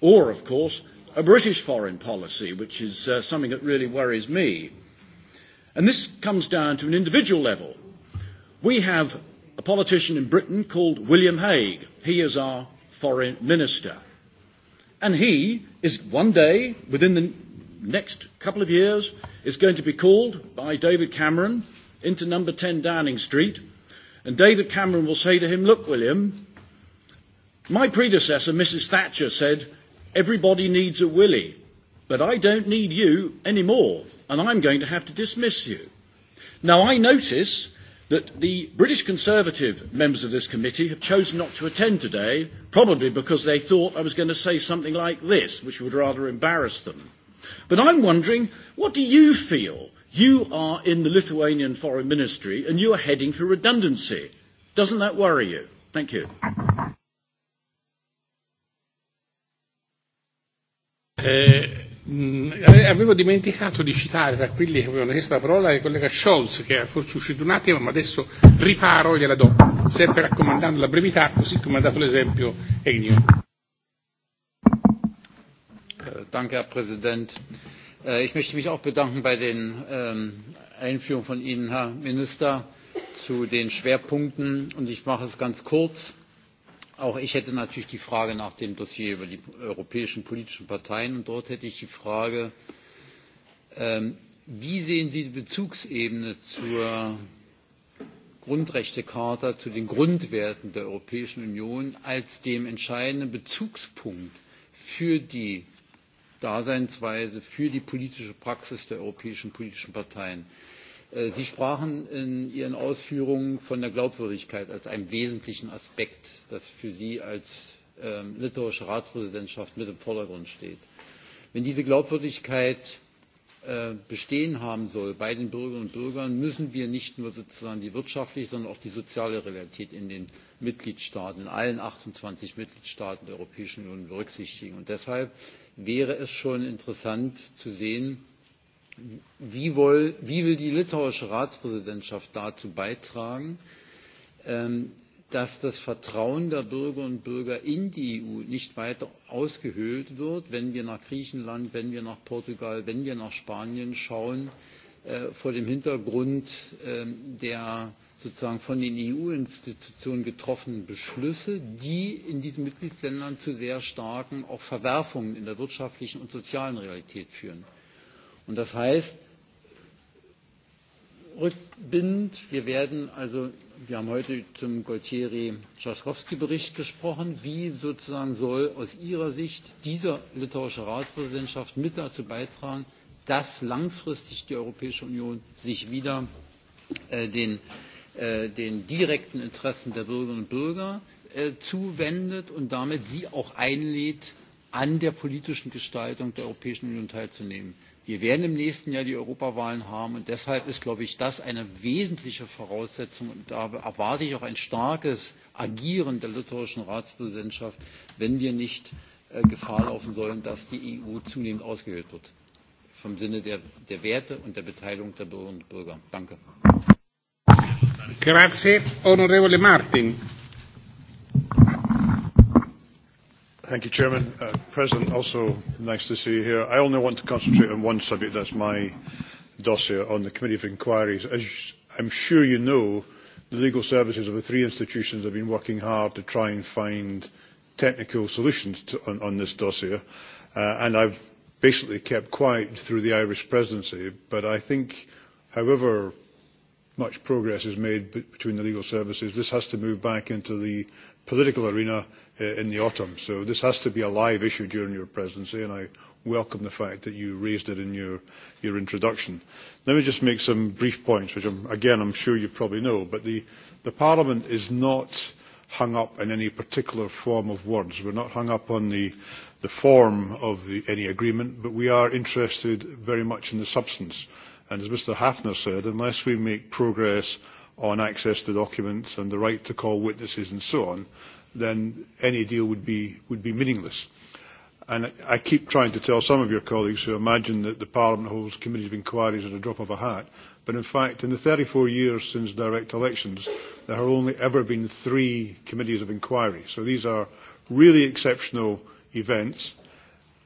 or, of course, a British foreign policy, which is uh, something that really worries me? And this comes down to an individual level. We have a politician in Britain called William Hague. He is our foreign minister. And he is one day, within the next couple of years is going to be called by David Cameron into number 10 Downing Street. And David Cameron will say to him, Look, William, my predecessor, Mrs. Thatcher, said, Everybody needs a Willie, but I don't need you anymore, and I'm going to have to dismiss you. Now, I notice that the British Conservative members of this committee have chosen not to attend today, probably because they thought I was going to say something like this, which would rather embarrass them. But I'm wondering, what do you feel? You are in the Lithuanian Foreign Ministry and you are heading for redundancy. Doesn't that worry you? Thank you. Eh, mh, mm, avevo dimenticato di citare tra quelli che avevano chiesto la parola il collega Scholz che era forse uscito un attimo ma adesso riparo e gliela do sempre raccomandando la brevità così come ha dato l'esempio Egnio. Danke, Herr Präsident. Äh, ich möchte mich auch bedanken bei den ähm, Einführungen von Ihnen, Herr Minister, zu den Schwerpunkten. Und ich mache es ganz kurz. Auch ich hätte natürlich die Frage nach dem Dossier über die europäischen politischen Parteien. Und dort hätte ich die Frage, ähm, wie sehen Sie die Bezugsebene zur Grundrechtecharta, zu den Grundwerten der Europäischen Union als dem entscheidenden Bezugspunkt für die daseinsweise für die politische praxis der europäischen politischen parteien. Äh, sie sprachen in ihren ausführungen von der glaubwürdigkeit als einem wesentlichen aspekt der für sie als ähm, litauische ratspräsidentschaft mit im vordergrund steht. wenn diese glaubwürdigkeit Äh, bestehen haben soll bei den bürgerinnen und bürgern müssen wir nicht nur sozusagen die wirtschaftliche sondern auch die soziale realität in den mitgliedstaaten in allen achtundzwanzig mitgliedstaaten der europäischen union berücksichtigen. deshalb wäre es schon interessant zu sehen wie will die litauische ratspräsidentschaft dazu beitragen ähm, dass das Vertrauen der Bürgerinnen und Bürger in die EU nicht weiter ausgehöhlt wird, wenn wir nach Griechenland, wenn wir nach Portugal, wenn wir nach Spanien schauen, äh, vor dem Hintergrund äh, der sozusagen von den EU-Institutionen getroffenen Beschlüsse, die in diesen Mitgliedsländern zu sehr starken auch Verwerfungen in der wirtschaftlichen und sozialen Realität führen. Und das heißt, rückbindend wir werden also wir haben heute zum gualtieri tschaskowski bericht gesprochen wie sozusagen soll aus ihrer sicht diese litauische ratspräsidentschaft mit dazu beitragen dass langfristig die europäische union sich wieder äh, äh, den direkten interessen der bürgerinnen und bürger äh, zuwendet und damit sie auch einlädt an der politischen gestaltung der europäischen union teilzunehmen? wir werden im nächsten jahr die europawahlen haben und deshalb ist glaube ich das eine wesentliche voraussetzung und da erwarte ich auch ein starkes agieren der litauischen ratspräsidentschaft wenn wir nicht äh, gefahr laufen sollen dass die eu zunehmend ausgehöhlt wird im sinne der werte und der beteiligung der bürgerinnen und bürger. Thank you, Chairman. Uh, President, also nice to see you here. I only want to concentrate on one subject, that's my dossier on the Committee for Inquiries. As I'm sure you know, the legal services of the three institutions have been working hard to try and find technical solutions to, on, on this dossier, uh, and I've basically kept quiet through the Irish presidency, but I think, however much progress is made between the legal services, this has to move back into the political arena uh, in the autumn. So this has to be a live issue during your presidency, and I welcome the fact that you raised it in your, your introduction. Let me just make some brief points, which, I'm, again, I'm sure you probably know, but the, the Parliament is not hung up in any particular form of words. We're not hung up on the, the form of the, any agreement, but we are interested very much in the substance. And as Mr Hafner said, unless we make progress – on access to documents and the right to call witnesses and so on, then any deal would be, would be meaningless. And I keep trying to tell some of your colleagues who imagine that the Parliament holds committees of inquiries at a drop of a hat, but in fact, in the 34 years since direct elections, there have only ever been three committees of inquiry. So these are really exceptional events,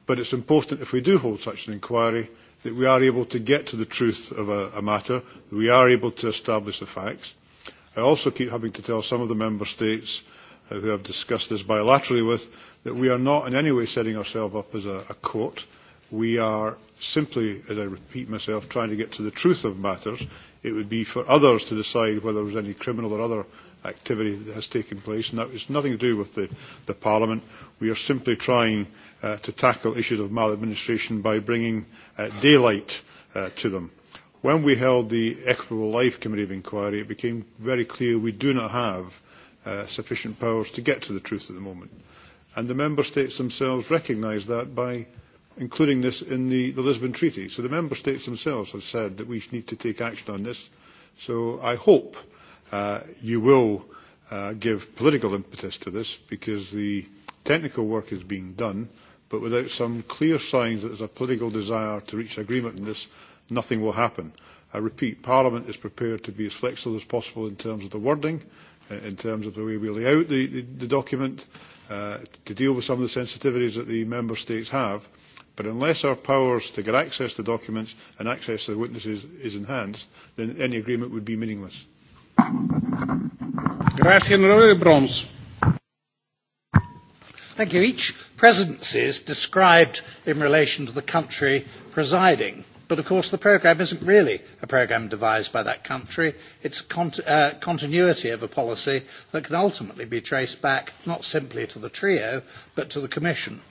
but it's important if we do hold such an inquiry that we are able to get to the truth of a, a matter, that we are able to establish the facts. I also keep having to tell some of the member states uh, who have discussed this bilaterally with that we are not in any way setting ourselves up as a, a court. We are simply, as I repeat myself, trying to get to the truth of matters. It would be for others to decide whether there was any criminal or other activity that has taken place, and that is nothing to do with the, the Parliament. We are simply trying uh, to tackle issues of maladministration by bringing uh, daylight uh, to them. When we held the Equitable Life Committee of Inquiry, it became very clear we do not have uh, sufficient powers to get to the truth at the moment. And the Member States themselves recognise that by including this in the, the Lisbon Treaty. So the Member States themselves have said that we need to take action on this. So I hope uh, uh, you will uh, give political impetus to this because the technical work is being done, but without some clear signs that there's a political desire to reach agreement on this, nothing will happen. I repeat, Parliament is prepared to be as flexible as possible in terms of the wording, uh, in terms of the way we lay out the, the, the document, uh, to deal with some of the sensitivities that the Member States have. But unless our powers to get access to documents and access to witnesses is enhanced, then any agreement would be meaningless. Grazie, onorevole Broms. Thank you. Each presidency is described in relation to the country presiding. But of course, the programme isn't really a programme devised by that country. It's a cont- uh, continuity of a policy that can ultimately be traced back not simply to the trio, but to the Commission.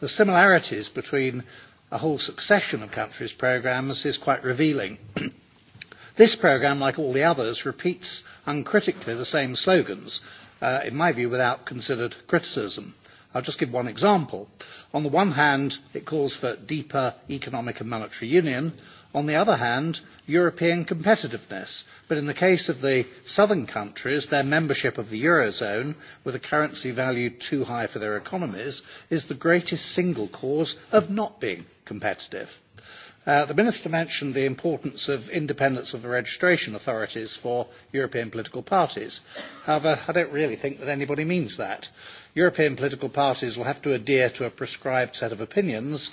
The similarities between a whole succession of countries' programmes is quite revealing. This programme, like all the others, repeats uncritically the same slogans, uh, in my view, without considered criticism. I'll just give one example. On the one hand, it calls for deeper economic and monetary union. On the other hand, European competitiveness. But in the case of the southern countries, their membership of the Eurozone, with a currency value too high for their economies, is the greatest single cause of not being competitive. Uh, the Minister mentioned the importance of independence of the registration authorities for European political parties. However, I don't really think that anybody means that. European political parties will have to adhere to a prescribed set of opinions,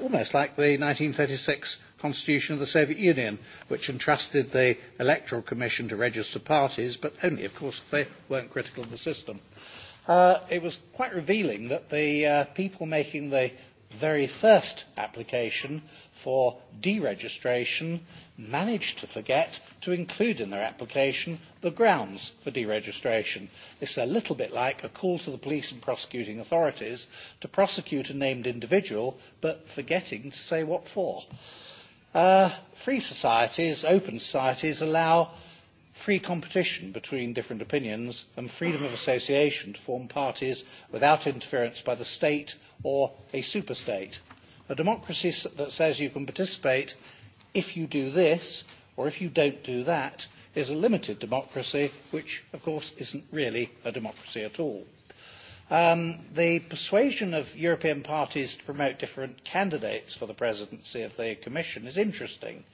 almost like the 1936 Constitution of the Soviet Union, which entrusted the Electoral Commission to register parties, but only, of course, if they weren't critical of the system. Uh, it was quite revealing that the uh, people making the very first application for deregistration managed to forget to include in their application the grounds for deregistration. This is a little bit like a call to the police and prosecuting authorities to prosecute a named individual but forgetting to say what for. Uh, free societies, open societies allow free competition between different opinions and freedom of association to form parties without interference by the state or a superstate. A democracy that says you can participate if you do this or if you don't do that is a limited democracy, which, of course, isn't really a democracy at all. Um, the persuasion of European parties to promote different candidates for the presidency of the Commission is interesting,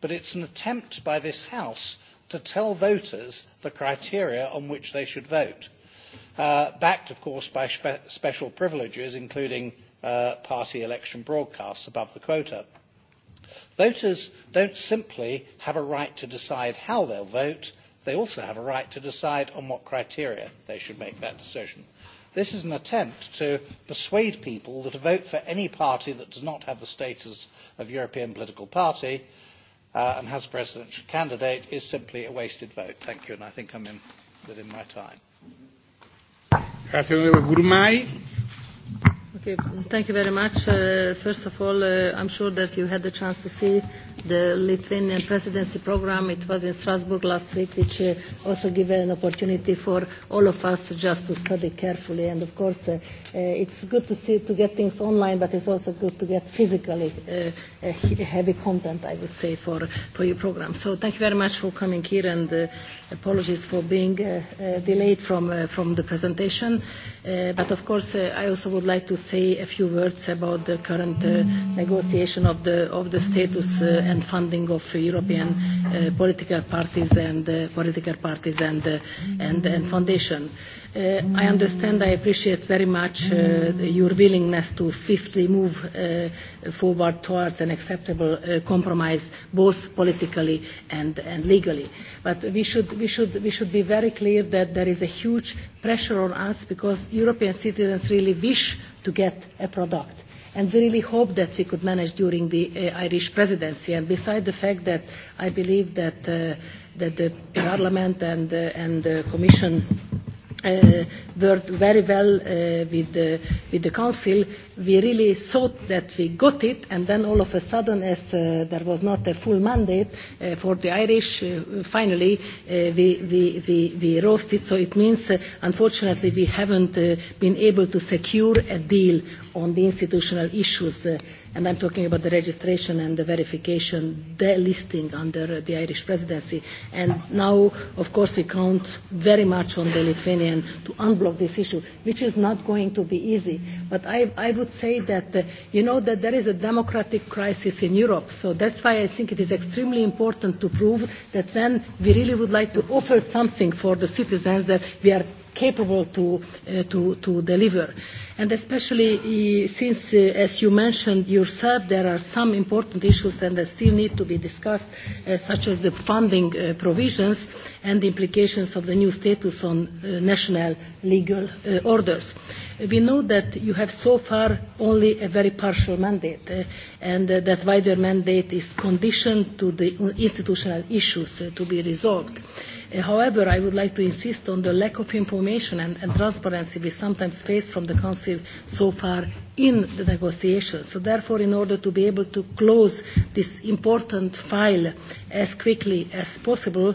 but it's an attempt by this House to tell voters the criteria on which they should vote uh, backed, of course, by spe- special privileges, including uh, party election broadcasts above the quota. Voters don't simply have a right to decide how they'll vote, they also have a right to decide on what criteria they should make that decision. This is an attempt to persuade people that a vote for any party that does not have the status of European political party uh, and has a presidential candidate is simply a wasted vote. Thank you, and I think I'm in, within my time. Mm-hmm. Grazie onorevole Gurmai. Okay, thank you very much. Uh, first of all, uh, I'm sure that you had the chance to see the Lithuanian presidency program. It was in Strasbourg last week, which uh, also gave an opportunity for all of us just to study carefully. And of course, uh, uh, it's good to see to get things online, but it's also good to get physically uh, uh, heavy content, I would say, for for your program. So thank you very much for coming here, and uh, apologies for being uh, uh, delayed from uh, from the presentation. Uh, but of course, uh, I also would like to say a few words about the current uh, negotiation of the of the status. Uh, and funding of European uh, political parties and uh, political parties and uh, and, and foundation. Uh, I understand. I appreciate very much uh, your willingness to swiftly move uh, forward towards an acceptable uh, compromise, both politically and, and legally. But we should we should we should be very clear that there is a huge pressure on us because European citizens really wish to get a product and we really hope that we could manage during the uh, Irish presidency. And beside the fact that I believe that, uh, that the Parliament and, uh, and the Commission uh, worked very well uh, with, the, with the Council, we really thought that we got it, and then all of a sudden, as uh, there was not a full mandate uh, for the Irish, uh, finally uh, we, we, we, we roast it. So it means, uh, unfortunately, we haven't uh, been able to secure a deal on the institutional issues, uh, and I'm talking about the registration and the verification, the listing under the Irish presidency. And now, of course, we count very much on the Lithuanian to unblock this issue, which is not going to be easy. But I, I would say that, uh, you know, that there is a democratic crisis in Europe. So that's why I think it is extremely important to prove that when we really would like to offer something for the citizens, that we are capable to, uh, to, to deliver. And especially uh, since, uh, as you mentioned yourself, there are some important issues and that still need to be discussed, uh, such as the funding uh, provisions and the implications of the new status on uh, national legal uh, orders. We know that you have so far only a very partial mandate, uh, and uh, that wider mandate is conditioned to the institutional issues uh, to be resolved. Uh, However, I would like to insist on the lack of information and, and transparency we sometimes face from the Council so far in the negotiations. So therefore, in order to be able to close this important file as quickly as possible,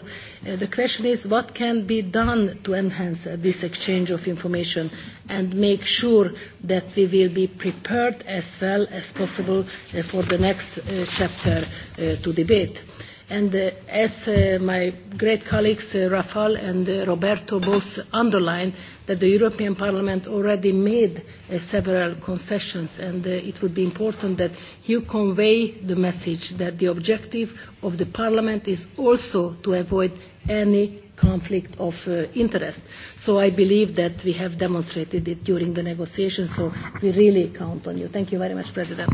uh, the question is what can be done to enhance uh, this exchange of information and make sure that we will be prepared as well as possible uh, for the next uh, chapter uh, to debate. Uh, And uh, as uh, my great colleagues uh, Rafal and uh, Roberto both underlined, that the European Parliament already made uh, several concessions, and uh, it would be important that you convey the message that the objective of the Parliament is also to avoid any conflict of uh, interest. So I believe that we have demonstrated it during the negotiations, so we really count on you. Thank you very much, President.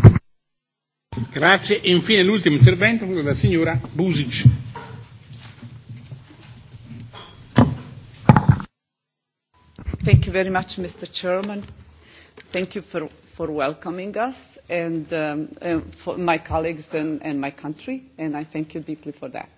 Grazie. E infine l'ultimo intervento della signora Busic. Thank you very much, Mr. Chairman. Thank you for, for welcoming us and um, uh, for my colleagues and, and my country, and I thank you deeply for that.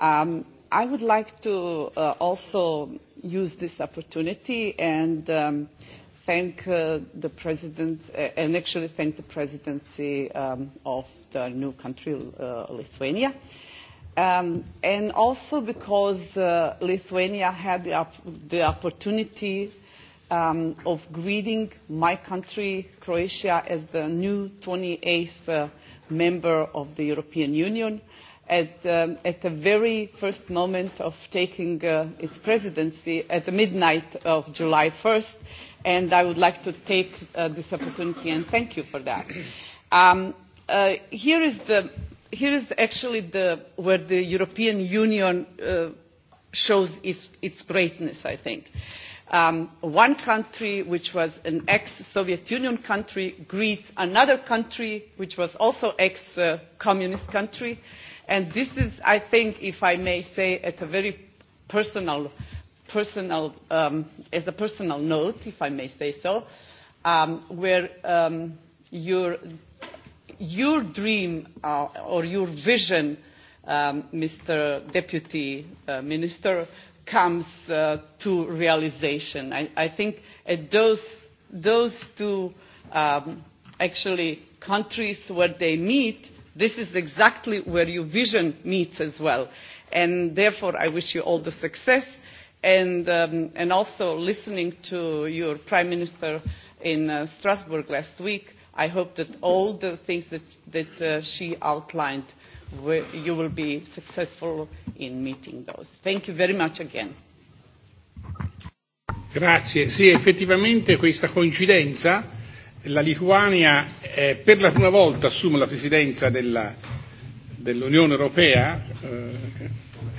Um, I would like to uh, also use this opportunity and um, uh, thank uh, the president uh, and actually thank the presidency um, of the new country, uh, Lithuania. Um, and also because uh, Lithuania had the, op- the opportunity um, of greeting my country, Croatia, as the new 28th uh, member of the European Union. Uh, at, um, at the very first moment of taking uh, its presidency at the midnight of July 1st, and I would like to take uh, this opportunity and thank you for that. Um, uh, here is the here is actually the, where the European Union uh, shows its, its greatness, I think. Um, one country, which was an ex-Soviet Union country, greets another country, which was also ex-communist uh, country, uh, And this is, I think, if I may say, at a very personal, personal um, as a personal note, if I may say so, um, where um, your, your dream uh, or your vision, um, Mr. Deputy uh, Minister, comes uh, to realization. I, I think at those, those two um, actually countries where they meet, This is exactly where your vision meets as well. And therefore, I wish you all the success. And, um, and also listening to your Prime Minister in uh, Strasbourg last week, I hope that all the things that, that uh, she outlined, you will be successful in meeting those. Thank you very much again. Grazie. Sì, effettivamente questa coincidenza la Lituania eh, per la prima volta assume la presidenza della, dell'Unione Europea, eh,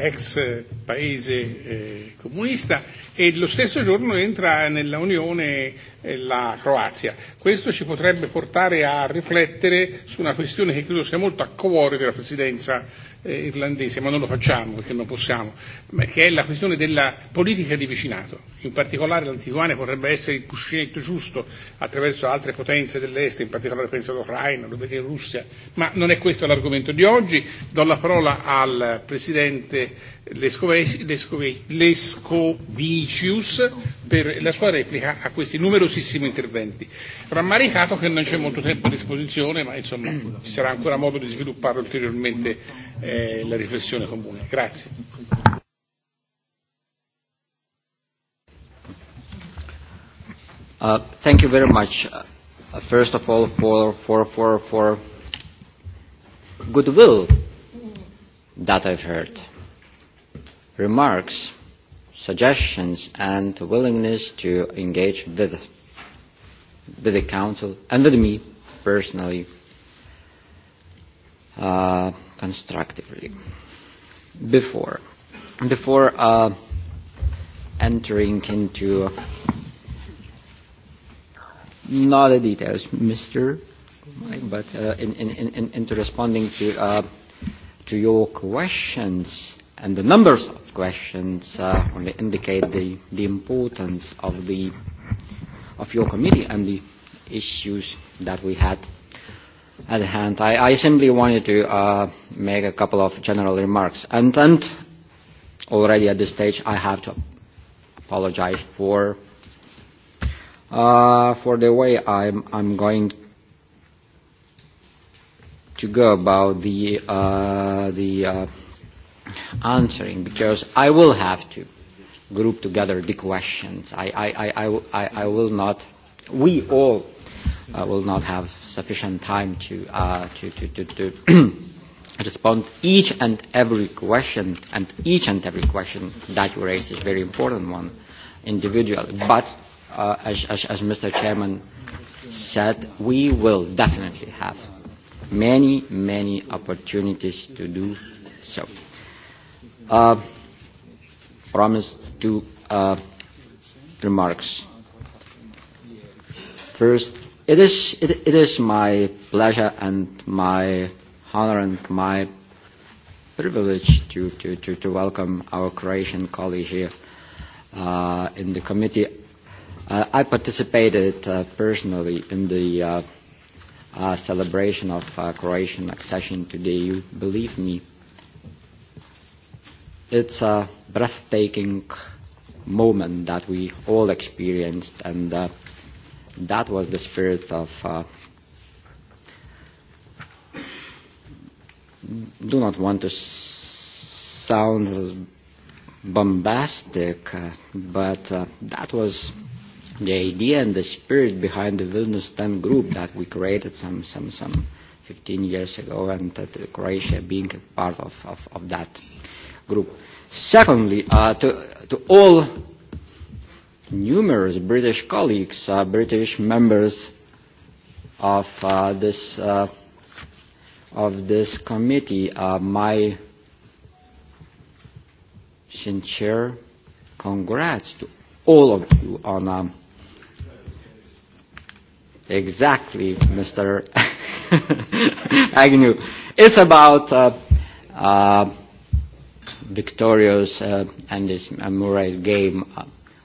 ex paese eh, comunista, e lo stesso giorno entra nell'Unione E la Croazia. Questo ci potrebbe portare a riflettere su una questione che credo sia molto a cuore della Presidenza eh, irlandese, ma non lo facciamo perché non possiamo, ma che è la questione della politica di vicinato. In particolare l'Antiguane potrebbe essere il cuscinetto giusto attraverso altre potenze dell'Est, in particolare penso all'Ucraina, alla Bielorussia, ma non è questo l'argomento di oggi. Do la parola al Presidente Lescovicius per la sua replica a questi numerosissimi interventi. Rammaricato che non c'è molto tempo a disposizione, ma insomma ci sarà ancora modo di sviluppare ulteriormente eh, la riflessione comune. Grazie. Uh, thank you very much. Uh, first of all, for, for, for, for goodwill that I've heard. Mm -hmm remarks, suggestions and willingness to engage with, with the Council and with me personally uh, constructively. Before, before uh, entering into not the details, Mr. Mike, but uh, in, in, in, into responding to, uh, to your questions, And the numbers of questions uh, only indicate the, the importance of, the, of your committee and the issues that we had at hand. I, I simply wanted to uh, make a couple of general remarks. And, and already at this stage, I have to apologize for, uh, for the way I'm, I'm going to go about the, uh, the uh, answering because I will have to group together the questions. I, I, I, I, I will not, we all uh, will not have sufficient time to, uh, to, to, to, to respond each and every question, and each and every question that you raise is a very important one individually. But uh, as, as, as Mr. Chairman said, we will definitely have many, many opportunities to do so uh, promised two uh, remarks. First, it is, it, it is my pleasure and my honor and my privilege to, to, to, to welcome our Croatian colleague here uh, in the committee. Uh, I participated uh, personally in the uh, uh, celebration of uh, Croatian accession to the EU. Believe me, it's a breathtaking moment that we all experienced, and uh, that was the spirit of. Uh, do not want to sound bombastic, uh, but uh, that was the idea and the spirit behind the Vilnius 10 group that we created some, some, some 15 years ago, and uh, Croatia being a part of, of, of that. Uh, group. Secondly, uh, to, to all numerous British colleagues, uh, British members of uh, this uh, of this committee, uh, my sincere congrats to all of you on um, exactly, Mr. Agnew. It's about. Uh, uh, victorious uh, and his memorial game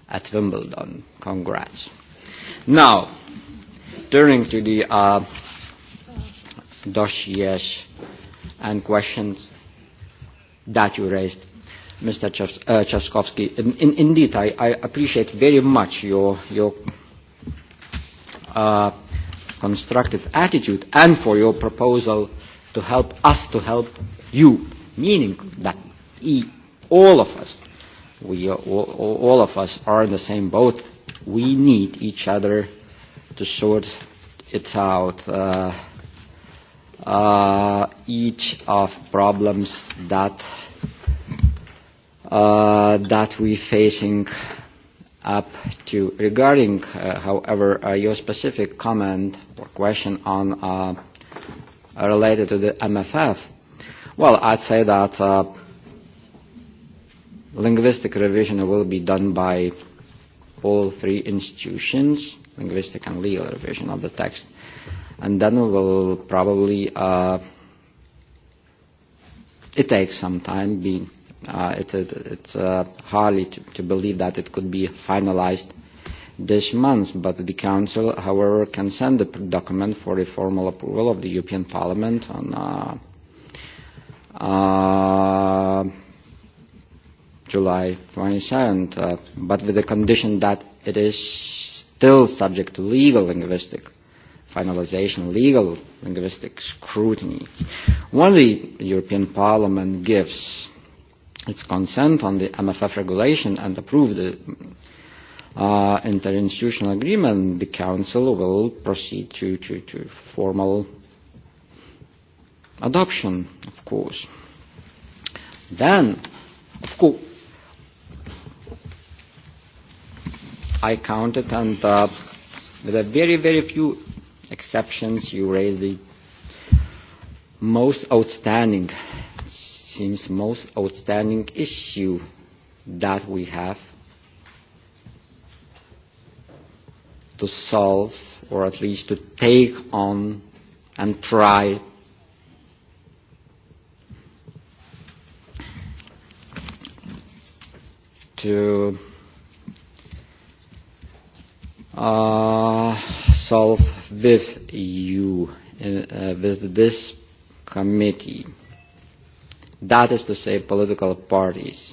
at Wimbledon. Congrats. Now, turning to the uh, dossiers and questions that you raised, Mr. Chers- uh, Cherskovsky. In, in, indeed, I, I appreciate very much your, your uh, constructive attitude and for your proposal to help us to help you, meaning that E, all of us, we uh, all, all of us are in the same boat. We need each other to sort it out. Uh, uh, each of problems that uh, that we facing up to regarding, uh, however, uh, your specific comment or question on uh, related to the MFF. Well, I'd say that. Uh, linguistic revision will be done by all three institutions, linguistic and legal revision of the text. And then we will probably, uh, it takes some time. Be, uh, it, it, it's uh, hardly to, to believe that it could be finalized this month, but the Council, however, can send the document for the formal approval of the European Parliament on uh, uh, July 27th, uh, but with the condition that it is still subject to legal linguistic finalization, legal linguistic scrutiny. Once the European Parliament gives its consent on the MFF regulation and approves the uh, interinstitutional agreement, the Council will proceed to, to, to formal adoption, of course. Then, of course, I counted, and uh, with a very, very few exceptions, you raised the most outstanding, seems most outstanding issue that we have to solve or at least to take on and try to uh, solve with you, uh, uh, with this committee. That is to say, political parties.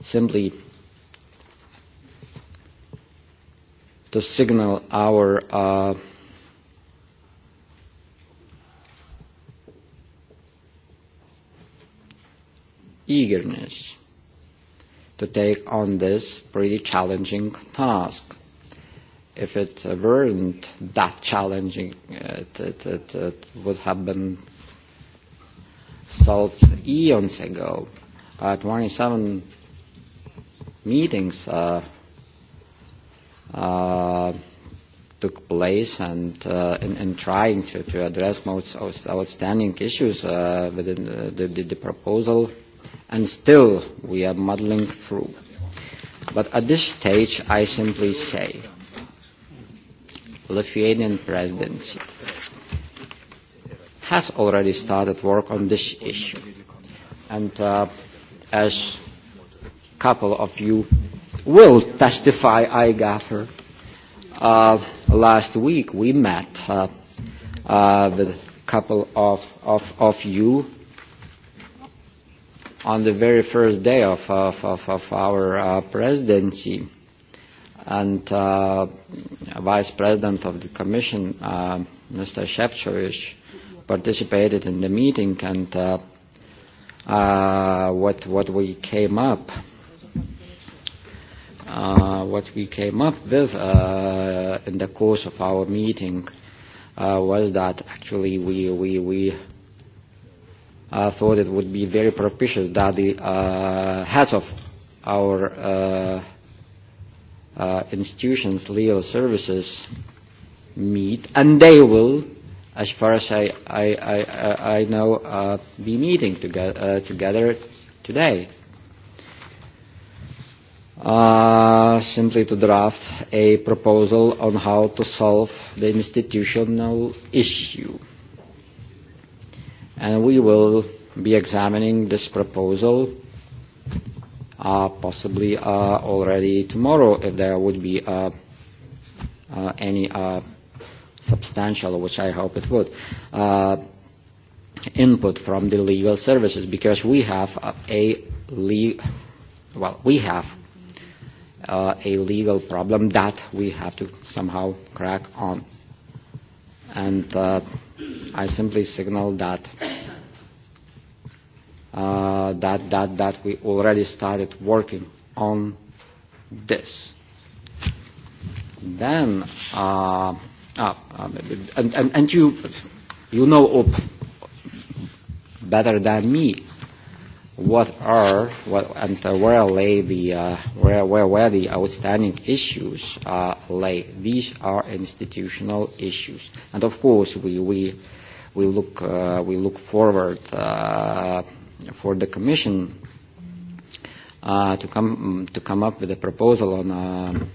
Simply to signal our uh, eagerness to take on this pretty challenging task. If it weren't that challenging, it, it, it, it would have been solved eons ago. Uh, 27 meetings uh, uh, took place and uh, in, in trying to, to address most outstanding issues uh, within uh, the, the, the proposal uh, and still we are muddling through. But at this stage, I simply say, Lithuanian presidency has already started work on this issue. And uh, as a couple of you will testify, I gather, uh, last week we met uh, uh, with a couple of, of, of you on the very first day of, of, of, of our uh, presidency. And uh, Vice President of the Commission, uh, Mr. Shevchovich, participated in the meeting and uh, uh, what, what we came up uh, what we came up with uh, in the course of our meeting uh, was that actually we, we, we uh, thought it would be very propitious that the uh, heads of our uh, uh, institutions, legal services, meet, and they will, as far as I, I, I, I know, uh, be meeting toge- uh, together today. Uh, simply to draft a proposal on how to solve the institutional issue. Uh, and we will be examining this proposal uh, possibly uh, already tomorrow if there would be uh, uh, any uh, substantial, which I hope it would, uh, input from the legal services because we have a le- well, we have uh, a legal problem that we have to somehow crack on and uh, I simply signal that uh, that that that we already started working on this. Then, uh, ah, and, and and you you know better than me what are what, and uh, where lay the uh, where, where where the outstanding issues uh, lay. These are institutional issues, and of course we we we look uh, we look forward uh, for the Commission uh, to come to come up with a proposal on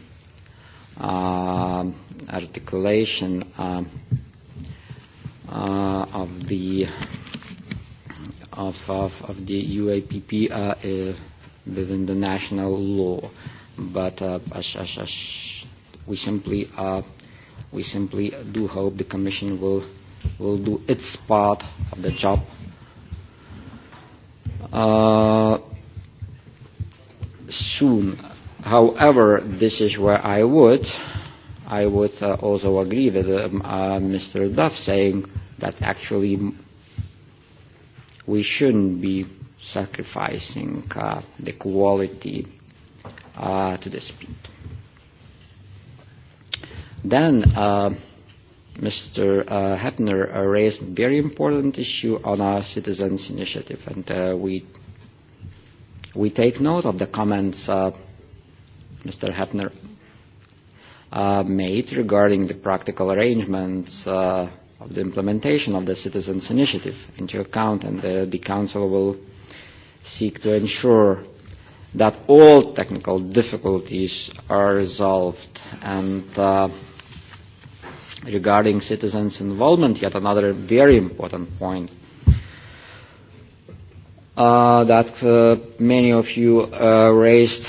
uh, uh, articulation uh, uh, of the of, of, of the UAPP uh, uh, within the national law. But uh, as, as, as we simply uh, we simply do hope the Commission will will do its part of the job. Uh, soon. However, this is where I would I would uh, also agree with um, uh, Mr. Duff saying that actually we shouldn't be sacrificing uh, the quality uh, to the speed. Then uh, Mr. Uh, Hettner uh, raised a very important issue on our citizens' initiative, and uh, we we take note of the comments uh, Mr. Hettner uh, made regarding the practical arrangements. Uh, of the implementation of the Citizens' Initiative into account, and the, the Council will seek to ensure that all technical difficulties are resolved. And uh, regarding citizens' involvement, yet another very important point uh, that uh, many of you uh, raised.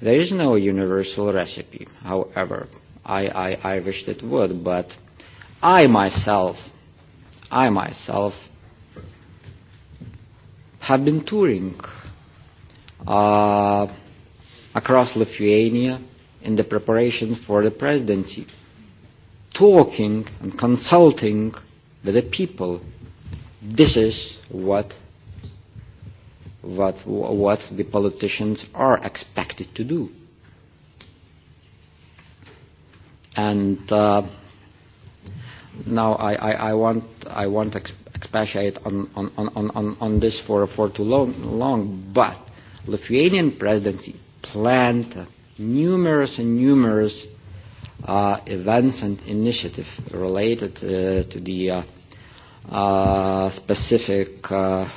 There is no universal recipe, however. I, I, I wished it would, but I myself, I myself have been touring uh, across Lithuania in the preparation for the presidency, talking and consulting with the people. This is what what what the politicians are expected to do. And uh, now I, I, I want I want to expatiate on, on, on, on, on this for, for too long, long, but Lithuanian presidency planned numerous and numerous uh, events and initiatives related uh, to the uh, uh, specific uh,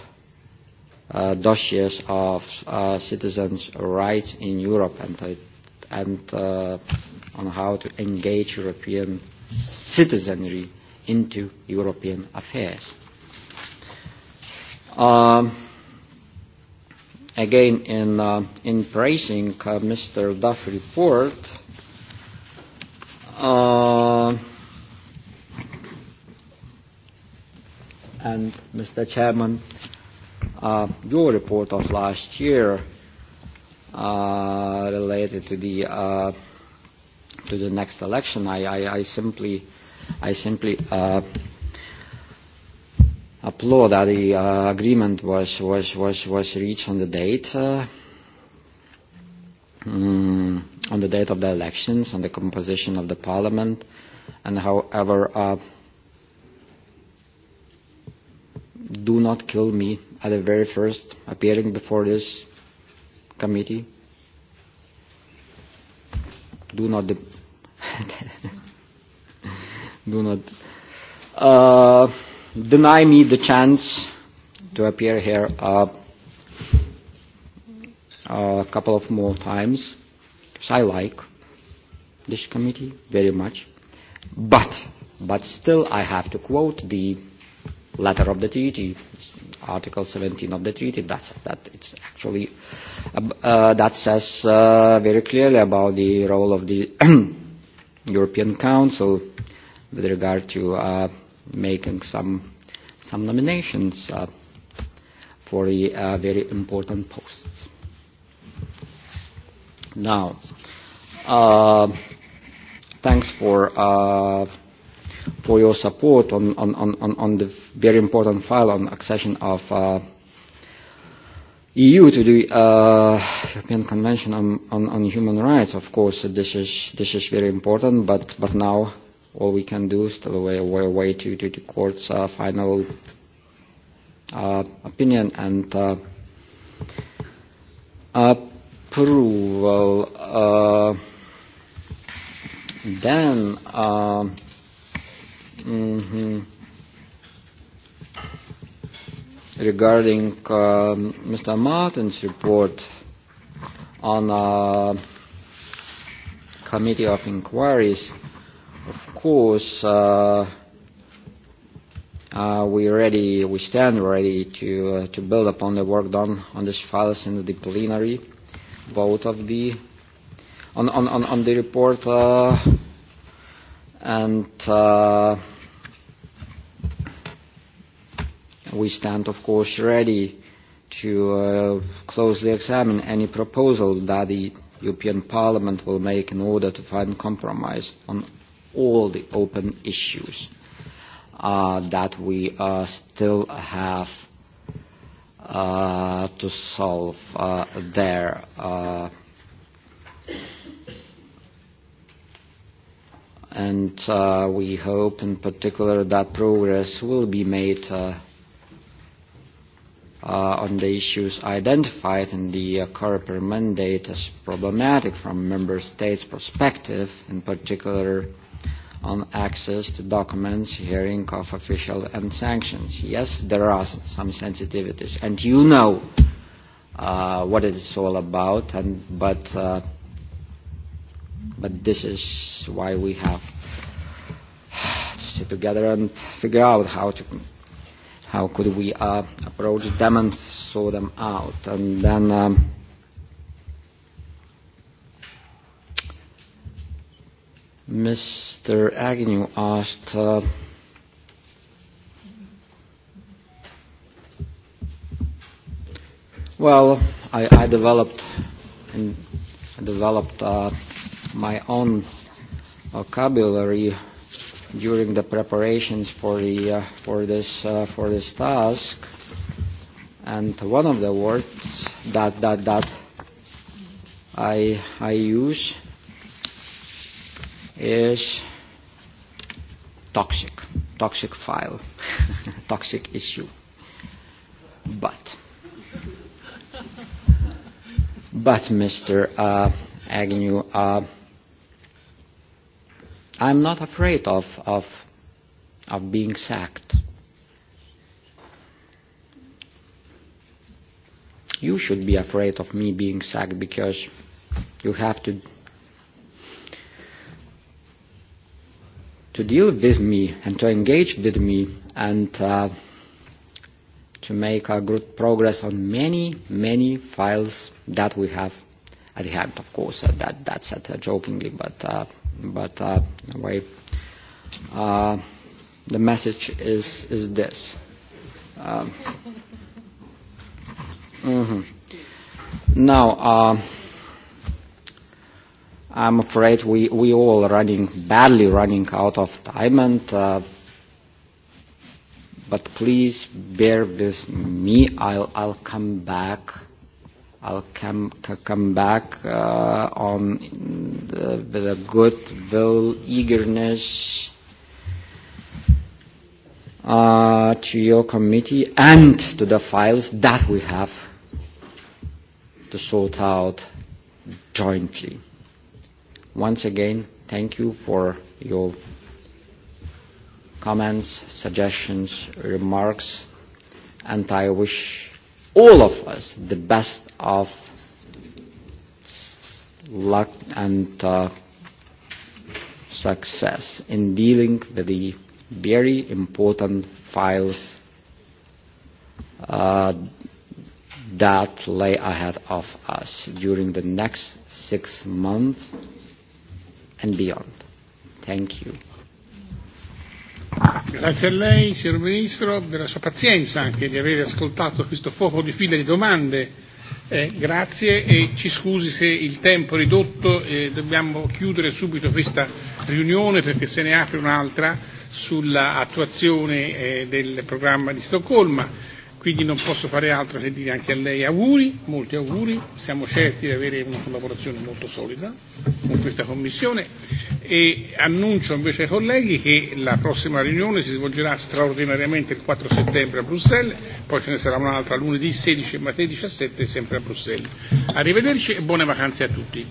uh, dossiers of uh, citizens' rights in Europe and, uh, and uh, on how to engage European uh, citizenry into European affairs. Um, again, in, uh, in praising uh, Mr. Duff's report, uh, and Mr. Chairman, uh, your report of last year uh, related to the uh, to the next election. I, I, I simply, I simply uh, applaud that the uh, agreement was, was, was, was reached on the date. Uh, Mm, on the date of the elections, on the composition of the parliament, and however, uh, do not kill me at the very first appearing before this committee. Do not de- do not uh, deny me the chance to appear here uh, a couple of more times because I like this committee very much. But, but still I have to quote the letter of the treaty, Article 17 of the treaty, that's, that it's actually, uh, uh, that says uh, very clearly about the role of the European Council with regard to uh, making some, some nominations uh, for the uh, very important posts. Now, uh, thanks for, uh, for your support on, on, on, on the very important file on accession of uh, EU to the uh, European Convention on, on, on Human Rights, of course, this is, this is very important, but, but now all we can do is to wait, wait, wait to, to the court's uh, final uh, opinion and uh, approval. Uh, then, uh, mm-hmm regarding uh, Mr. Martin's report on uh, committee of inquiries, of course, uh, uh, we ready, we stand ready to uh, to build upon the work done on this files in the plenary vote of the on on on, on the report uh, and. Uh, we stand, of course, ready to uh, closely examine any proposal that the European Parliament will make in order to find compromise on all the open issues uh, that we uh, still have uh, to solve uh, there. Uh, and uh, we hope in particular that progress will be made uh, uh, on the issues identified in the uh, Coreper mandate as problematic from member states' perspective, in particular on access to documents, hearing of official and sanctions. Yes, there are some sensitivities, and you know uh, what it's all about, and, but, uh, but this is why we have to sit together and figure out how to how could we uh, approach them and sort them out. And then um, Mr. Agnew asked uh, Well, I, I developed and developed uh, my own vocabulary during the preparations for, the, uh, for, this, uh, for this task. And one of the words that, that, that I, I use is toxic, toxic file, toxic issue. But, but Mr. Uh, Agnew, uh, I'm not afraid of, of, of being sacked. You should be afraid of me being sacked because you have to to deal with me and to engage with me and uh, to make a good progress on many, many files that we have at hand. Of course, uh, that that's said uh, jokingly, but uh, but uh, in a way, uh, the message is is this. Uh, mm-hmm. Now, uh, I'm afraid we we all running badly running out of time and. Uh, but please bear with me. I'll, I'll come back I'll come, come back uh, on the, with a good will, eagerness uh, to your committee and to the files that we have to sort out jointly. Once again, thank you for your comments, suggestions, remarks, and I wish all of us the best of luck and uh, success in dealing with the very important files uh, that lay ahead of us during the next six months and beyond. Thank you. Grazie a lei, signor Ministro, della sua pazienza anche di aver ascoltato questo fuoco di fila di domande. Eh, grazie e ci scusi se il tempo è ridotto e dobbiamo chiudere subito questa riunione perché se ne apre un'altra sull'attuazione eh, del programma di Stoccolma quindi non posso fare altro che dire anche a lei auguri, molti auguri, siamo certi di avere una collaborazione molto solida con questa Commissione e annuncio invece ai colleghi che la prossima riunione si svolgerà straordinariamente il 4 settembre a Bruxelles, poi ce ne sarà un'altra lunedì 16 e martedì 17 sempre a Bruxelles. Arrivederci e buone vacanze a tutti.